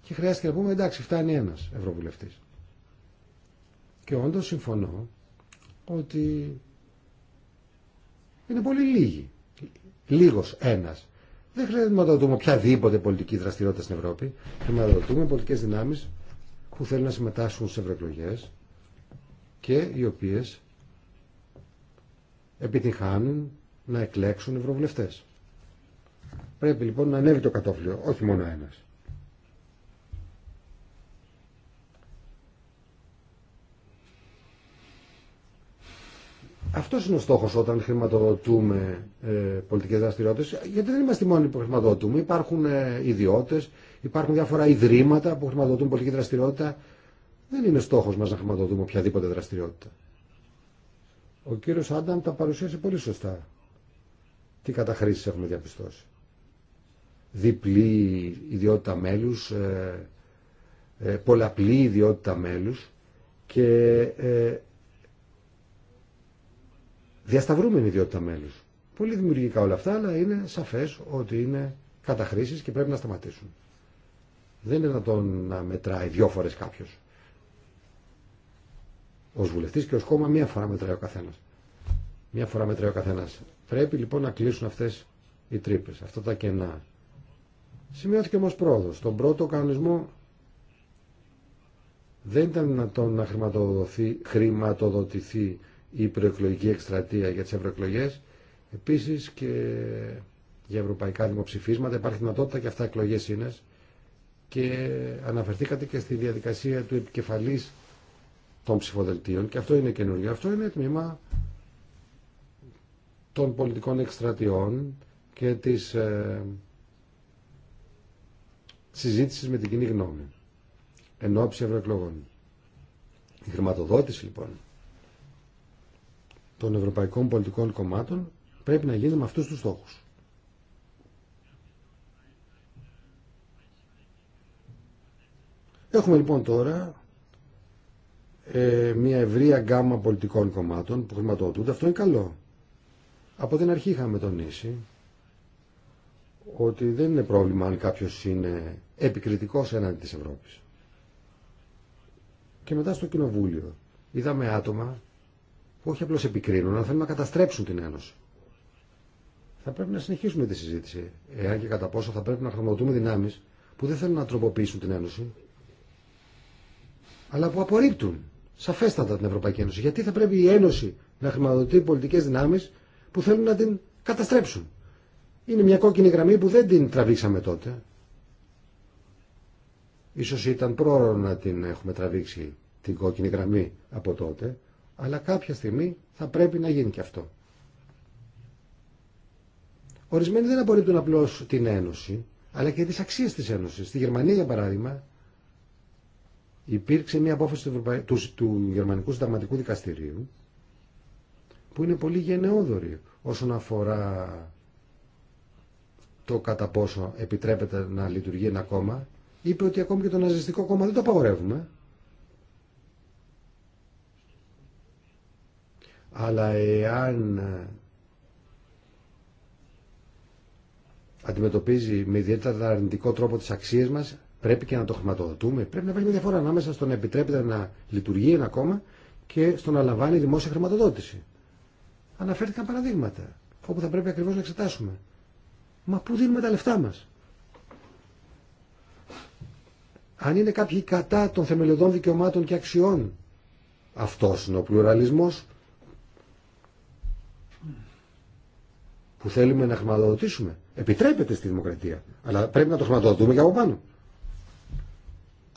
Και χρειάστηκε να πούμε εντάξει φτάνει ένα ευρωβουλευτή. Και όντω συμφωνώ ότι είναι πολύ λίγοι. Λίγος ένας. Δεν να χρειάζεται δούμε οποιαδήποτε πολιτική δραστηριότητα στην Ευρώπη. Χρηματοδοτούμε πολιτικές δυνάμεις που θέλουν να συμμετάσχουν σε ευρωεκλογέ και οι οποίες επιτυχάνουν να εκλέξουν ευρωβουλευτές. Πρέπει λοιπόν να ανέβει το κατόφλιο, όχι μόνο ένας. Αυτό είναι ο στόχο όταν χρηματοδοτούμε ε, πολιτικές δραστηριότητες, γιατί δεν είμαστε μόνοι που χρηματοδοτούμε. Υπάρχουν ε, υπάρχουν διάφορα ιδρύματα που χρηματοδοτούν πολιτική δραστηριότητα. Δεν είναι στόχο μα να χρηματοδοτούμε οποιαδήποτε δραστηριότητα. Ο κύριο Άνταμ τα παρουσίασε πολύ σωστά. Τι καταχρήσει έχουμε διαπιστώσει. Διπλή ιδιότητα μέλου, ε, ε, πολλαπλή ιδιότητα μέλους και ε, διασταυρούμενη ιδιότητα μέλου. Πολύ δημιουργικά όλα αυτά, αλλά είναι σαφέ ότι είναι καταχρήσει και πρέπει να σταματήσουν. Δεν είναι δυνατόν να μετράει δυο φορέ κάποιο. Ω βουλευτή και ω κόμμα, μία φορά μετράει ο καθένα. Μία φορά μετράει ο καθένα. Πρέπει λοιπόν να κλείσουν αυτέ οι τρύπε, αυτά τα κενά. Σημειώθηκε όμω πρόοδο. Στον πρώτο κανονισμό δεν ήταν δυνατόν να χρηματοδοτηθεί η προεκλογική εκστρατεία για τις ευρωεκλογέ. Επίσης και για ευρωπαϊκά δημοψηφίσματα υπάρχει δυνατότητα και αυτά εκλογέ είναι και αναφερθήκατε και στη διαδικασία του επικεφαλή των ψηφοδελτίων και αυτό είναι καινούργιο. Αυτό είναι τμήμα των πολιτικών εκστρατιών και της ε, συζήτησης με την κοινή γνώμη ενώψη ευρωεκλογών. Η χρηματοδότηση λοιπόν των ευρωπαϊκών πολιτικών κομμάτων πρέπει να γίνει με αυτούς τους στόχους. Έχουμε λοιπόν τώρα ε, μια ευρεία γκάμα πολιτικών κομμάτων που χρηματοδοτούνται. Αυτό είναι καλό. Από την αρχή είχαμε τονίσει ότι δεν είναι πρόβλημα αν κάποιο είναι επικριτικός έναντι της Ευρώπη. Και μετά στο Κοινοβούλιο είδαμε άτομα όχι απλώς επικρίνουν, αλλά θέλουν να καταστρέψουν την Ένωση. Θα πρέπει να συνεχίσουμε τη συζήτηση, εάν και κατά πόσο θα πρέπει να χρηματοδοτούμε δυνάμεις που δεν θέλουν να τροποποιήσουν την Ένωση, αλλά που απορρίπτουν σαφέστατα την Ευρωπαϊκή Ένωση. Γιατί θα πρέπει η Ένωση να χρηματοδοτεί πολιτικές δυνάμεις που θέλουν να την καταστρέψουν. Είναι μια κόκκινη γραμμή που δεν την τραβήξαμε τότε. Ίσως ήταν πρόωρο να την έχουμε τραβήξει την κόκκινη γραμμή από τότε αλλά κάποια στιγμή θα πρέπει να γίνει και αυτό. Ορισμένοι δεν απορρίπτουν απλώ την Ένωση, αλλά και τι αξίε τη Ένωση. Στη Γερμανία, για παράδειγμα, υπήρξε μια απόφαση του, του... του Γερμανικού Συνταγματικού Δικαστηρίου που είναι πολύ γενναιόδορη όσον αφορά το κατά πόσο επιτρέπεται να λειτουργεί ένα κόμμα. Είπε ότι ακόμη και το ναζιστικό κόμμα δεν το απαγορεύουμε. Αλλά εάν ε, αντιμετωπίζει με ιδιαίτερα αρνητικό τρόπο τις αξίες μας, πρέπει και να το χρηματοδοτούμε. Πρέπει να υπάρχει μια διαφορά ανάμεσα στο να επιτρέπεται να λειτουργεί ένα κόμμα και στο να λαμβάνει δημόσια χρηματοδότηση. Αναφέρθηκαν παραδείγματα, όπου θα πρέπει ακριβώς να εξετάσουμε. Μα πού δίνουμε τα λεφτά μας. Αν είναι κάποιοι κατά των θεμελιωδών δικαιωμάτων και αξιών, αυτός είναι ο πλουραλισμός που θέλουμε να χρηματοδοτήσουμε. Επιτρέπεται στη δημοκρατία. Αλλά πρέπει να το χρηματοδοτούμε και από πάνω.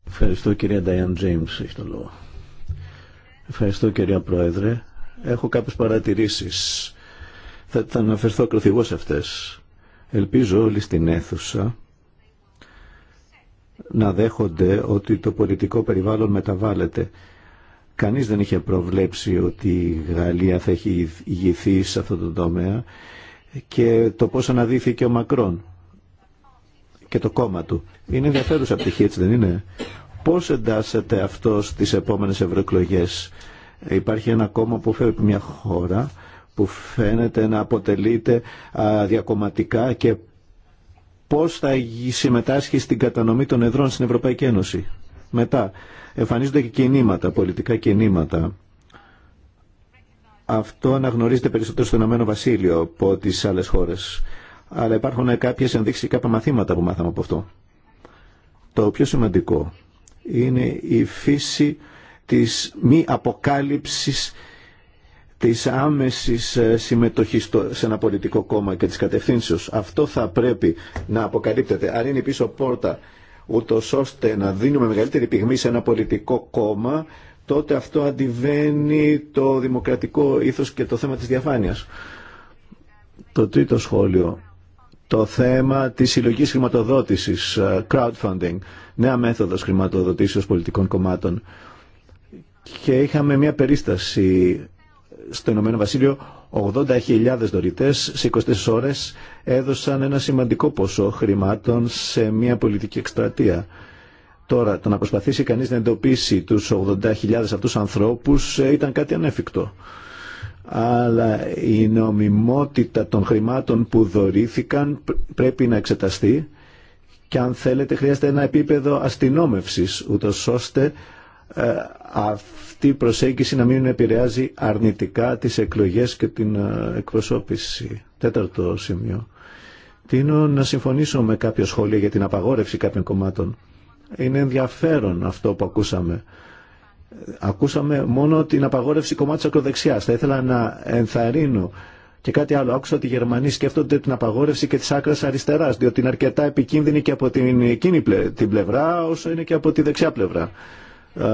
Ευχαριστώ κυρία Νταϊάν Τζέιμς, έχει το λόγο. Ευχαριστώ κυρία Πρόεδρε. Έχω κάποιες παρατηρήσεις. Θα, αναφερθώ ακριβώ σε αυτές. Ελπίζω όλοι στην αίθουσα να δέχονται ότι το πολιτικό περιβάλλον μεταβάλλεται. Κανείς δεν είχε προβλέψει ότι η Γαλλία θα έχει ηγηθεί σε αυτό το τομέα και το πώς αναδύθηκε ο Μακρόν και το κόμμα του. Είναι ενδιαφέρουσα πτυχή, έτσι δεν είναι. Πώς εντάσσεται αυτό στις επόμενες ευρωεκλογέ. Υπάρχει ένα κόμμα που φεύγει από μια χώρα που φαίνεται να αποτελείται διακομματικά και πώς θα συμμετάσχει στην κατανομή των εδρών στην Ευρωπαϊκή Ένωση. Μετά εμφανίζονται και κινήματα, πολιτικά κινήματα αυτό αναγνωρίζεται περισσότερο στο Ηνωμένο Βασίλειο από τι άλλε χώρε. Αλλά υπάρχουν κάποιε ενδείξεις και κάποια μαθήματα που μάθαμε από αυτό. Το πιο σημαντικό είναι η φύση της μη αποκάλυψης της άμεσης ε, συμμετοχής σε ένα πολιτικό κόμμα και της κατευθύνσεως. Αυτό θα πρέπει να αποκαλύπτεται. Αν είναι πίσω πόρτα ούτω ώστε να δίνουμε μεγαλύτερη πυγμή σε ένα πολιτικό κόμμα τότε αυτό αντιβαίνει το δημοκρατικό ήθος και το θέμα της διαφάνειας. Το τρίτο σχόλιο, το θέμα της συλλογή χρηματοδότησης, ε, crowdfunding, νέα μέθοδος χρηματοδοτήσεως πολιτικών κομμάτων. Και είχαμε μια περίσταση στο Ηνωμένο Βασίλειο, 80.000 δωρητές σε 24 ώρες έδωσαν ένα σημαντικό ποσό χρημάτων σε μια πολιτική εκστρατεία. Τώρα, το να προσπαθήσει κανείς να εντοπίσει τους 80.000 αυτού ανθρώπους ε, ήταν κάτι ανέφικτο. Αλλά η νομιμότητα των χρημάτων που δωρήθηκαν πρέπει να εξεταστεί και αν θέλετε χρειάζεται ένα επίπεδο αστυνόμευσης, ούτως ώστε ε, αυτή η προσέγγιση να μην επηρεάζει αρνητικά τις εκλογές και την ε, εκπροσώπηση. Τέταρτο σημείο. Τίνω να συμφωνήσω με κάποια σχόλια για την απαγόρευση κάποιων κομμάτων. Είναι ενδιαφέρον αυτό που ακούσαμε. Ακούσαμε μόνο την απαγόρευση κομμάτια ακροδεξιά. Θα ήθελα να ενθαρρύνω και κάτι άλλο. Άκουσα ότι οι Γερμανοί σκέφτονται την απαγόρευση και τη άκρα αριστερά, διότι είναι αρκετά επικίνδυνη και από την εκείνη την πλευρά, όσο είναι και από τη δεξιά πλευρά. Ε,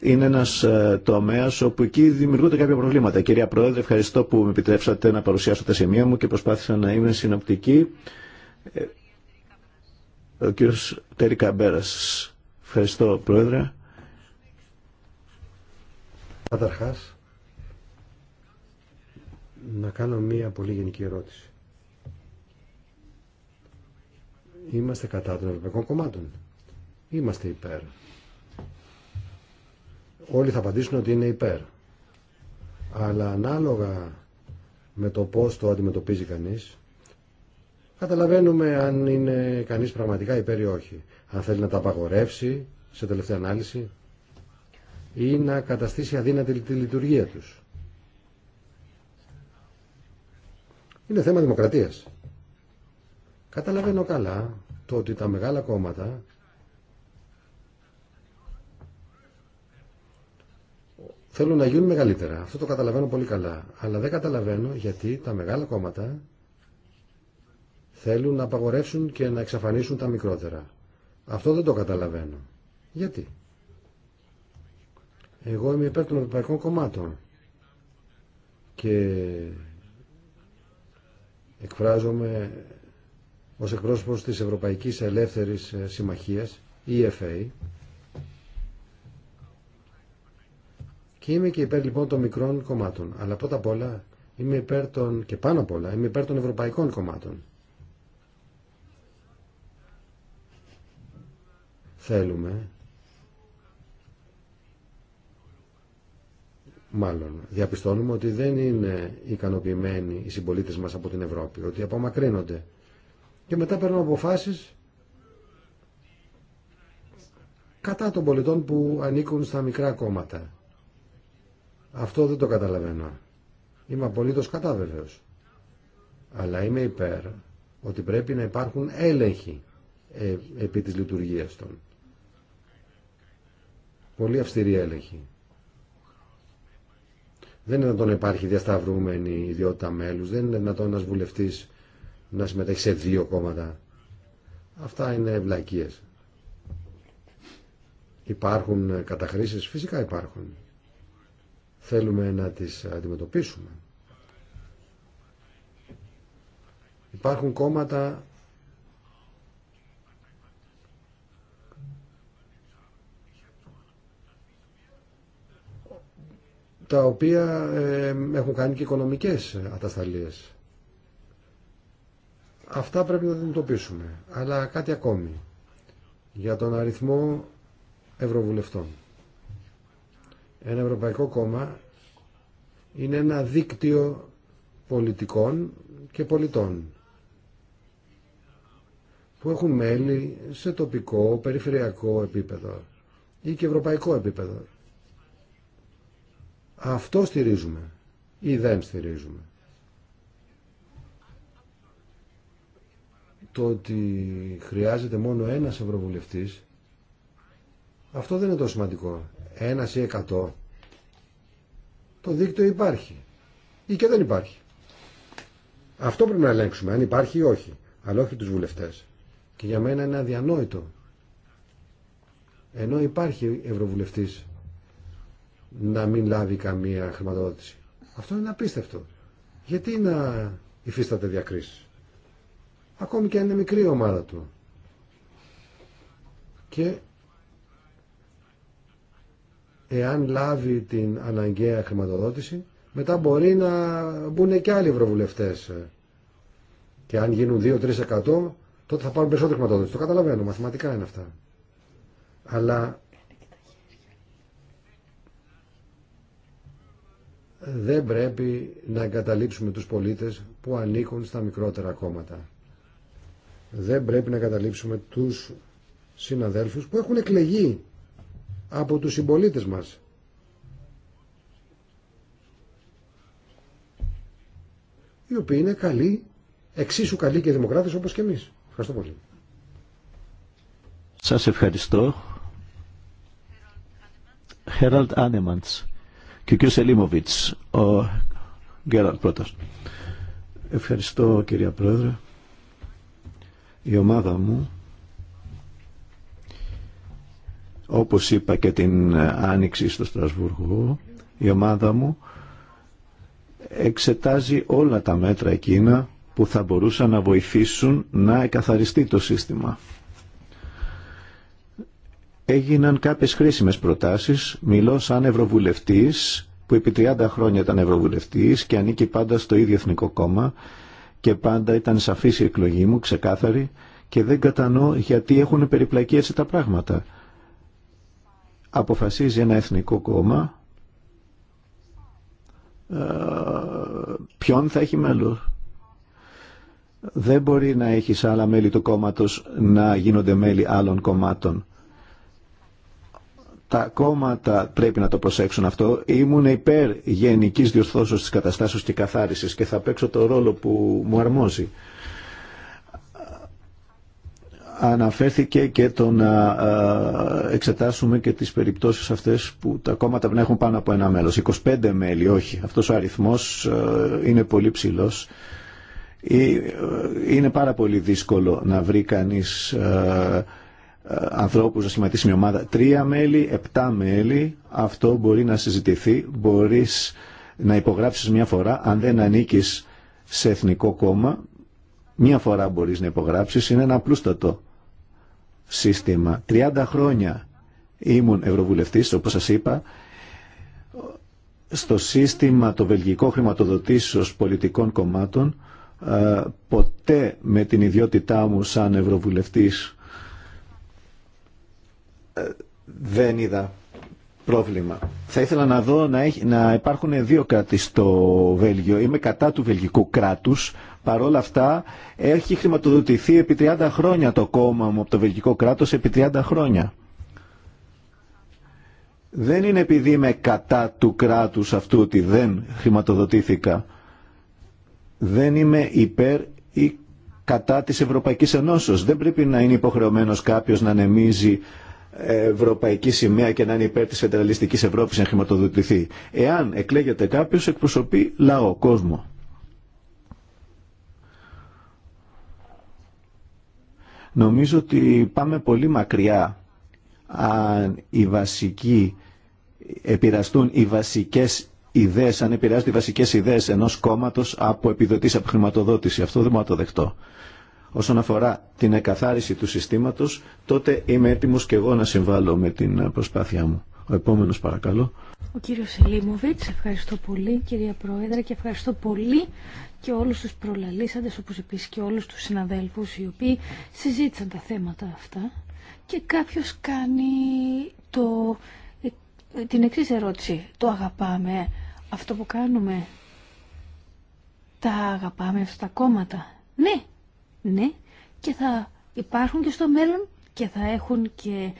είναι ένα ε, τομέα όπου εκεί δημιουργούνται κάποια προβλήματα. Κυρία Πρόεδρε, ευχαριστώ που με επιτρέψατε να παρουσιάσω τα σημεία μου και προσπάθησα να είμαι συνοπτική. Ε, ο κύριος Τέρη Καμπέρας. Ευχαριστώ, Πρόεδρε. Καταρχάς, να κάνω μία πολύ γενική ερώτηση. Είμαστε κατά των ευρωπαϊκών κομμάτων. Είμαστε υπέρ. Όλοι θα απαντήσουν ότι είναι υπέρ. Αλλά ανάλογα με το πώς το αντιμετωπίζει κανείς, καταλαβαίνουμε αν είναι κανείς πραγματικά υπέρ ή όχι. Αν θέλει να τα απαγορεύσει σε τελευταία ανάλυση ή να καταστήσει αδύνατη τη λειτουργία τους. Είναι θέμα δημοκρατίας. Καταλαβαίνω καλά το ότι τα μεγάλα κόμματα θέλουν να γίνουν μεγαλύτερα. Αυτό το καταλαβαίνω πολύ καλά. Αλλά δεν καταλαβαίνω γιατί τα μεγάλα κόμματα Θέλουν να απαγορεύσουν και να εξαφανίσουν τα μικρότερα. Αυτό δεν το καταλαβαίνω. Γιατί. Εγώ είμαι υπέρ των ευρωπαϊκών κομμάτων και εκφράζομαι ως εκπρόσωπος της Ευρωπαϊκής Ελεύθερης Συμμαχίας, EFA, και είμαι και υπέρ λοιπόν των μικρών κομμάτων. Αλλά πρώτα απ' όλα είμαι υπέρ των, και πάνω απ' όλα, είμαι υπέρ των ευρωπαϊκών κομμάτων. Θέλουμε, μάλλον, διαπιστώνουμε ότι δεν είναι ικανοποιημένοι οι συμπολίτες μας από την Ευρώπη, ότι απομακρύνονται. Και μετά παίρνουν αποφάσεις κατά των πολιτών που ανήκουν στα μικρά κόμματα. Αυτό δεν το καταλαβαίνω. Είμαι απολύτως κατά βεβαίως. Αλλά είμαι υπέρ ότι πρέπει να υπάρχουν έλεγχοι ε, επί της λειτουργίας των πολύ αυστηρή έλεγχη. Δεν είναι δυνατόν να υπάρχει διασταυρούμενη ιδιότητα μέλου, δεν είναι δυνατόν ένα βουλευτή να συμμετέχει σε δύο κόμματα. Αυτά είναι ευλακίε. Υπάρχουν καταχρήσεις, φυσικά υπάρχουν. Θέλουμε να τις αντιμετωπίσουμε. Υπάρχουν κόμματα τα οποία ε, έχουν κάνει και οικονομικές ατασταλίες. Αυτά πρέπει να αντιμετωπίσουμε. Αλλά κάτι ακόμη για τον αριθμό ευρωβουλευτών. Ένα ευρωπαϊκό κόμμα είναι ένα δίκτυο πολιτικών και πολιτών που έχουν μέλη σε τοπικό, περιφερειακό επίπεδο ή και ευρωπαϊκό επίπεδο. Αυτό στηρίζουμε ή δεν στηρίζουμε. Το ότι χρειάζεται μόνο ένας ευρωβουλευτής, αυτό δεν είναι το σημαντικό. Ένας ή εκατό, το δίκτυο υπάρχει ή και δεν υπάρχει. Αυτό πρέπει να ελέγξουμε, αν υπάρχει ή όχι, αλλά όχι τους βουλευτές. Και για μένα είναι αδιανόητο. Ενώ υπάρχει ευρωβουλευτής να μην λάβει καμία χρηματοδότηση. Αυτό είναι απίστευτο. Γιατί να υφίσταται διακρίσει. Ακόμη και αν είναι μικρή η ομάδα του. Και εάν λάβει την αναγκαία χρηματοδότηση, μετά μπορεί να μπουν και άλλοι ευρωβουλευτέ. Και αν γίνουν 2-3% τότε θα πάρουν περισσότερη χρηματοδότηση. Το καταλαβαίνω, μαθηματικά είναι αυτά. Αλλά δεν πρέπει να εγκαταλείψουμε τους πολίτες που ανήκουν στα μικρότερα κόμματα. Δεν πρέπει να εγκαταλείψουμε τους συναδέλφους που έχουν εκλεγεί από τους συμπολίτες μας. Οι οποίοι είναι καλοί, εξίσου καλοί και δημοκράτες όπως και εμείς. Ευχαριστώ πολύ. Σας ευχαριστώ. Χέραλτ Άνεμαντς και ο κ. Ο πρώτος. Ευχαριστώ κυρία Πρόεδρε. Η ομάδα μου, όπως είπα και την άνοιξη στο Στρασβουργό, η ομάδα μου εξετάζει όλα τα μέτρα εκείνα που θα μπορούσαν να βοηθήσουν να εκαθαριστεί το σύστημα έγιναν κάποιες χρήσιμες προτάσεις. Μιλώ σαν Ευρωβουλευτής που επί 30 χρόνια ήταν Ευρωβουλευτής και ανήκει πάντα στο ίδιο Εθνικό Κόμμα και πάντα ήταν σαφής η εκλογή μου, ξεκάθαρη και δεν κατανοώ γιατί έχουν περιπλακεί τα πράγματα. Αποφασίζει ένα Εθνικό Κόμμα ε, ποιον θα έχει μέλος. Δεν μπορεί να έχεις άλλα μέλη του κόμματος να γίνονται μέλη άλλων κομμάτων τα κόμματα πρέπει να το προσέξουν αυτό. Ήμουν υπέρ γενική διορθώσεω τη καταστάσεω και καθάριση και θα παίξω το ρόλο που μου αρμόζει. Αναφέρθηκε και το να ε, εξετάσουμε και τις περιπτώσεις αυτές που τα κόμματα να έχουν πάνω από ένα μέλος. 25 μέλη, όχι. Αυτός ο αριθμός ε, είναι πολύ ψηλός. Ε, είναι πάρα πολύ δύσκολο να βρει κανείς ε, ανθρώπους να σχηματίσει μια ομάδα. Τρία μέλη, επτά μέλη, αυτό μπορεί να συζητηθεί, μπορείς να υπογράψεις μια φορά, αν δεν ανήκεις σε εθνικό κόμμα, μια φορά μπορείς να υπογράψεις, είναι ένα απλούστατο σύστημα. 30 χρόνια ήμουν ευρωβουλευτής, όπως σας είπα, στο σύστημα το βελγικό χρηματοδοτήσεως πολιτικών κομμάτων, ε, ποτέ με την ιδιότητά μου σαν ευρωβουλευτής δεν είδα πρόβλημα. Θα ήθελα να δω να, έχει, να υπάρχουν δύο κράτη στο Βέλγιο. Είμαι κατά του βελγικού κράτους. Παρ' όλα αυτά έχει χρηματοδοτηθεί επί 30 χρόνια το κόμμα μου από το βελγικό κράτος επί 30 χρόνια. Δεν είναι επειδή είμαι κατά του κράτους αυτού ότι δεν χρηματοδοτήθηκα. Δεν είμαι υπέρ ή κατά της Ευρωπαϊκής Ενώσεως. Δεν πρέπει να είναι υποχρεωμένος κάποιος να ανεμίζει ευρωπαϊκή σημαία και να είναι υπέρ τη φεντεραλιστική Ευρώπη να χρηματοδοτηθεί. Εάν εκλέγεται κάποιο, εκπροσωπεί λαό, κόσμο. Νομίζω ότι πάμε πολύ μακριά αν οι βασικοί επηρεαστούν οι βασικές ιδέες, αν επηρεάζονται οι βασικές ιδέες ενός κόμματος από επιδοτήσεις, από χρηματοδότηση. Αυτό δεν μπορώ να το δεχτώ όσον αφορά την εκαθάριση του συστήματος, τότε είμαι έτοιμος και εγώ να συμβάλλω με την προσπάθειά μου. Ο επόμενος παρακαλώ. Ο κύριος Σελίμωβιτς, ευχαριστώ πολύ κυρία Πρόεδρε και ευχαριστώ πολύ και όλους τους προλαλήσαντες, όπως επίσης και όλους τους συναδέλφους οι οποίοι συζήτησαν τα θέματα αυτά και κάποιος κάνει το, ε, την εξή ερώτηση. Το αγαπάμε αυτό που κάνουμε. Τα αγαπάμε αυτά τα κόμματα. Ναι, ναι, και θα υπάρχουν και στο μέλλον και θα έχουν και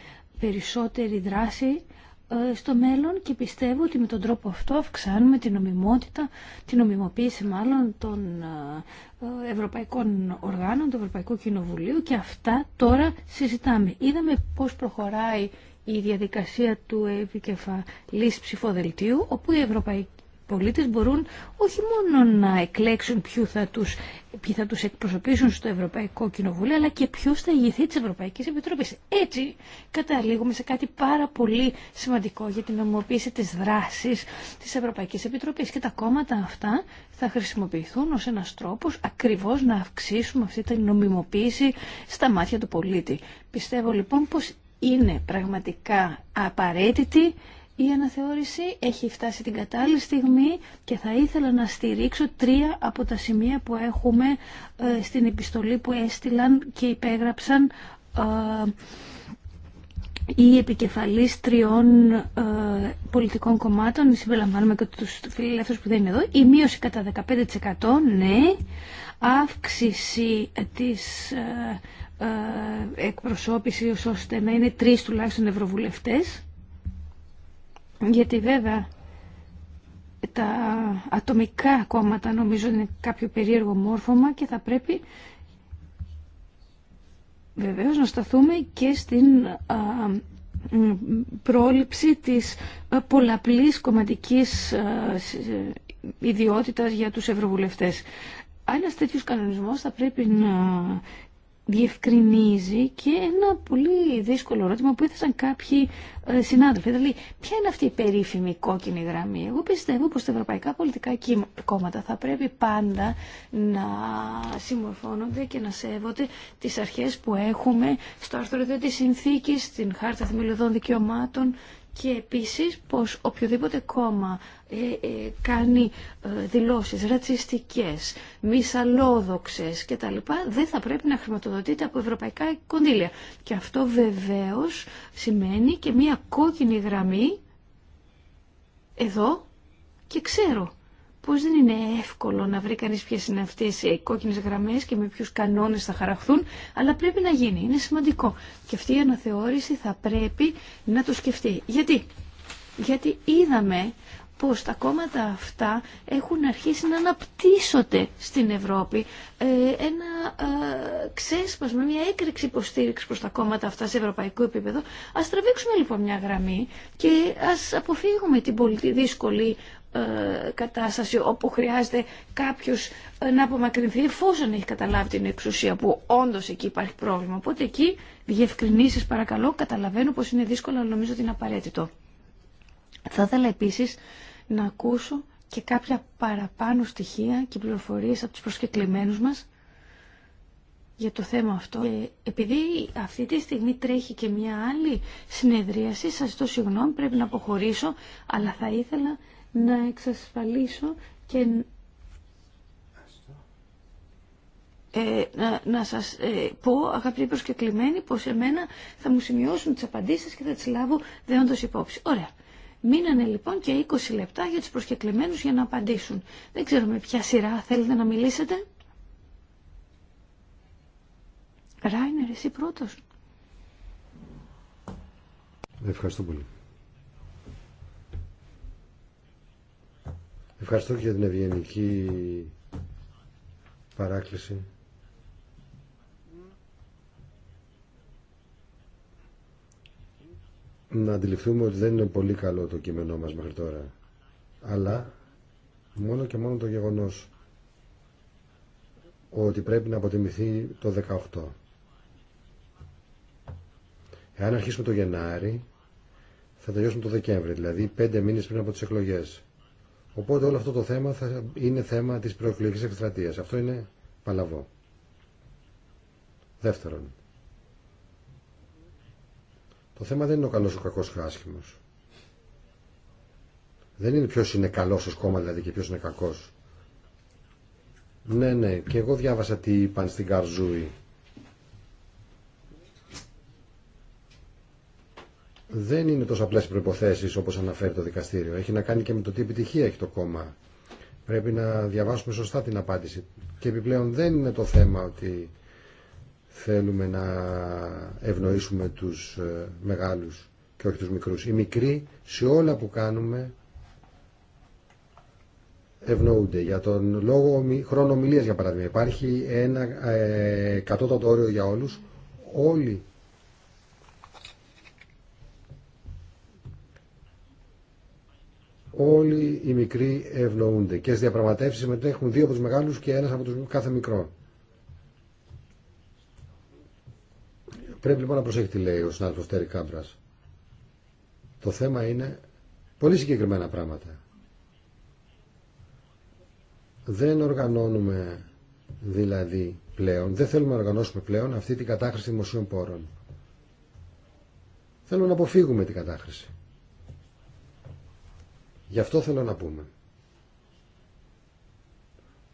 περισσότερη δράση ε, στο μέλλον και πιστεύω ότι με τον τρόπο αυτό αυξάνουμε την νομιμότητα, την νομιμοποίηση μάλλον των ε, ε, ευρωπαϊκών οργάνων, του Ευρωπαϊκού Κοινοβουλίου και αυτά τώρα συζητάμε. Είδαμε πώς προχωράει η διαδικασία του επικεφαλής ψηφοδελτίου, όπου η Ευρωπαϊκή πολίτες μπορούν όχι μόνο να εκλέξουν ποιοι θα τους, ποιοι θα τους εκπροσωπήσουν στο Ευρωπαϊκό Κοινοβούλιο, αλλά και ποιο θα ηγηθεί της Ευρωπαϊκής Επιτροπής. Έτσι καταλήγουμε σε κάτι πάρα πολύ σημαντικό για την νομιμοποίηση της δράσης της Ευρωπαϊκής Επιτροπής. Και τα κόμματα αυτά θα χρησιμοποιηθούν ως ένας τρόπος ακριβώς να αυξήσουμε αυτή την νομιμοποίηση στα μάτια του πολίτη. Πιστεύω λοιπόν πως είναι πραγματικά απαραίτητη η αναθεώρηση έχει φτάσει την κατάλληλη στιγμή και θα ήθελα να στηρίξω τρία από τα σημεία που έχουμε ε, στην επιστολή που έστειλαν και υπέγραψαν ε, οι επικεφαλής τριών ε, πολιτικών κομμάτων, συμπεριλαμβάνουμε και τους φιλελεύθερους που δεν είναι εδώ, η μείωση κατά 15% ναι, αύξηση της ε, εκπροσώπησης ώστε να είναι τρεις τουλάχιστον ευρωβουλευτές, γιατί βέβαια τα ατομικά κόμματα νομίζω είναι κάποιο περίεργο μόρφωμα και θα πρέπει βεβαίως να σταθούμε και στην πρόληψη της πολλαπλής κομματικής ε, ιδιότητας για τους ευρωβουλευτές. Ένα τέτοιο κανονισμό θα πρέπει να διευκρινίζει και ένα πολύ δύσκολο ερώτημα που έθεσαν κάποιοι ε, συνάδελφοι. Δηλαδή, ποια είναι αυτή η περίφημη κόκκινη γραμμή. Εγώ πιστεύω πως τα ευρωπαϊκά πολιτικά κόμματα θα πρέπει πάντα να συμμορφώνονται και να σέβονται τις αρχές που έχουμε στο άρθρο 2 της Συνθήκης, στην Χάρτα Θεμελιωδών Δικαιωμάτων, και επίσης πως οποιοδήποτε κόμμα ε, ε, κάνει ε, δηλώσεις ρατσιστικές, μυσαλόδοξες κτλ. δεν θα πρέπει να χρηματοδοτείται από ευρωπαϊκά κονδύλια. Και αυτό βεβαίως σημαίνει και μία κόκκινη γραμμή εδώ και ξέρω Πώ δεν είναι εύκολο να βρει κανεί ποιε είναι αυτέ οι κόκκινε γραμμές και με ποιου κανόνε θα χαραχθούν, αλλά πρέπει να γίνει, είναι σημαντικό. Και αυτή η αναθεώρηση θα πρέπει να το σκεφτεί. Γιατί, Γιατί είδαμε πως τα κόμματα αυτά έχουν αρχίσει να αναπτύσσονται στην Ευρώπη ε, ένα ε, ξέσπασμα, μια έκρηξη υποστήριξη προς τα κόμματα αυτά σε ευρωπαϊκό επίπεδο. Ας τραβήξουμε λοιπόν μια γραμμή και ας αποφύγουμε την πολύ δύσκολη ε, κατάσταση όπου χρειάζεται κάποιος ε, να απομακρυνθεί εφόσον έχει καταλάβει την εξουσία που όντως εκεί υπάρχει πρόβλημα. Οπότε εκεί διευκρινήσεις παρακαλώ, καταλαβαίνω πως είναι δύσκολο αλλά νομίζω ότι είναι απαραίτητο. Θα ήθελα επίσης να ακούσω και κάποια παραπάνω στοιχεία και πληροφορίες από τους προσκεκλημένους μας για το θέμα αυτό. Και ε, επειδή αυτή τη στιγμή τρέχει και μια άλλη συνεδρίαση, σα ζητώ συγγνώμη, πρέπει να αποχωρήσω, αλλά θα ήθελα να εξασφαλίσω και ε, να, να σας ε, πω, αγαπητοί προσκεκλημένοι, πως εμένα θα μου σημειώσουν τις απαντήσεις και θα τις λάβω δεόντως υπόψη. Ωραία. Μείνανε λοιπόν και 20 λεπτά για τους προσκεκλημένους για να απαντήσουν. Δεν ξέρω με ποια σειρά θέλετε να μιλήσετε. Ράινερ, εσύ πρώτος. Ευχαριστώ πολύ. Ευχαριστώ και για την ευγενική παράκληση. Να αντιληφθούμε ότι δεν είναι πολύ καλό το κείμενό μας μέχρι τώρα. Αλλά μόνο και μόνο το γεγονός ότι πρέπει να αποτιμηθεί το 18. Εάν αρχίσουμε το Γενάρη, θα τελειώσουμε το Δεκέμβρη, δηλαδή πέντε μήνες πριν από τις εκλογές. Οπότε όλο αυτό το θέμα θα είναι θέμα της προεκλογικής εκστρατείας. Αυτό είναι παλαβό. Δεύτερον, το θέμα δεν είναι ο καλός ο κακός ο άσχημος. Δεν είναι ποιος είναι καλός ως κόμμα δηλαδή και ποιος είναι κακός. Ναι, ναι, και εγώ διάβασα τι είπαν στην Καρζούη δεν είναι τόσο απλές προϋποθέσεις όπως αναφέρει το δικαστήριο. Έχει να κάνει και με το τι επιτυχία έχει το κόμμα. Πρέπει να διαβάσουμε σωστά την απάντηση. Και επιπλέον δεν είναι το θέμα ότι θέλουμε να ευνοήσουμε τους ε, μεγάλους και όχι τους μικρούς. Οι μικροί σε όλα που κάνουμε ευνοούνται. Για τον λόγο χρόνο ομιλίας για παράδειγμα υπάρχει ένα ε, κατώτατο όριο για όλους. Όλοι όλοι οι μικροί ευνοούνται και στις διαπραγματεύσεις συμμετέχουν δύο από του μεγάλους και ένας από τους κάθε μικρό. Πρέπει λοιπόν να προσέχει τι λέει ο συνάδελφο Τέρι Κάμπρα. Το θέμα είναι πολύ συγκεκριμένα πράγματα. Δεν οργανώνουμε δηλαδή πλέον, δεν θέλουμε να οργανώσουμε πλέον αυτή την κατάχρηση δημοσίων πόρων. Θέλουμε να αποφύγουμε την κατάχρηση. Γι' αυτό θέλω να πούμε.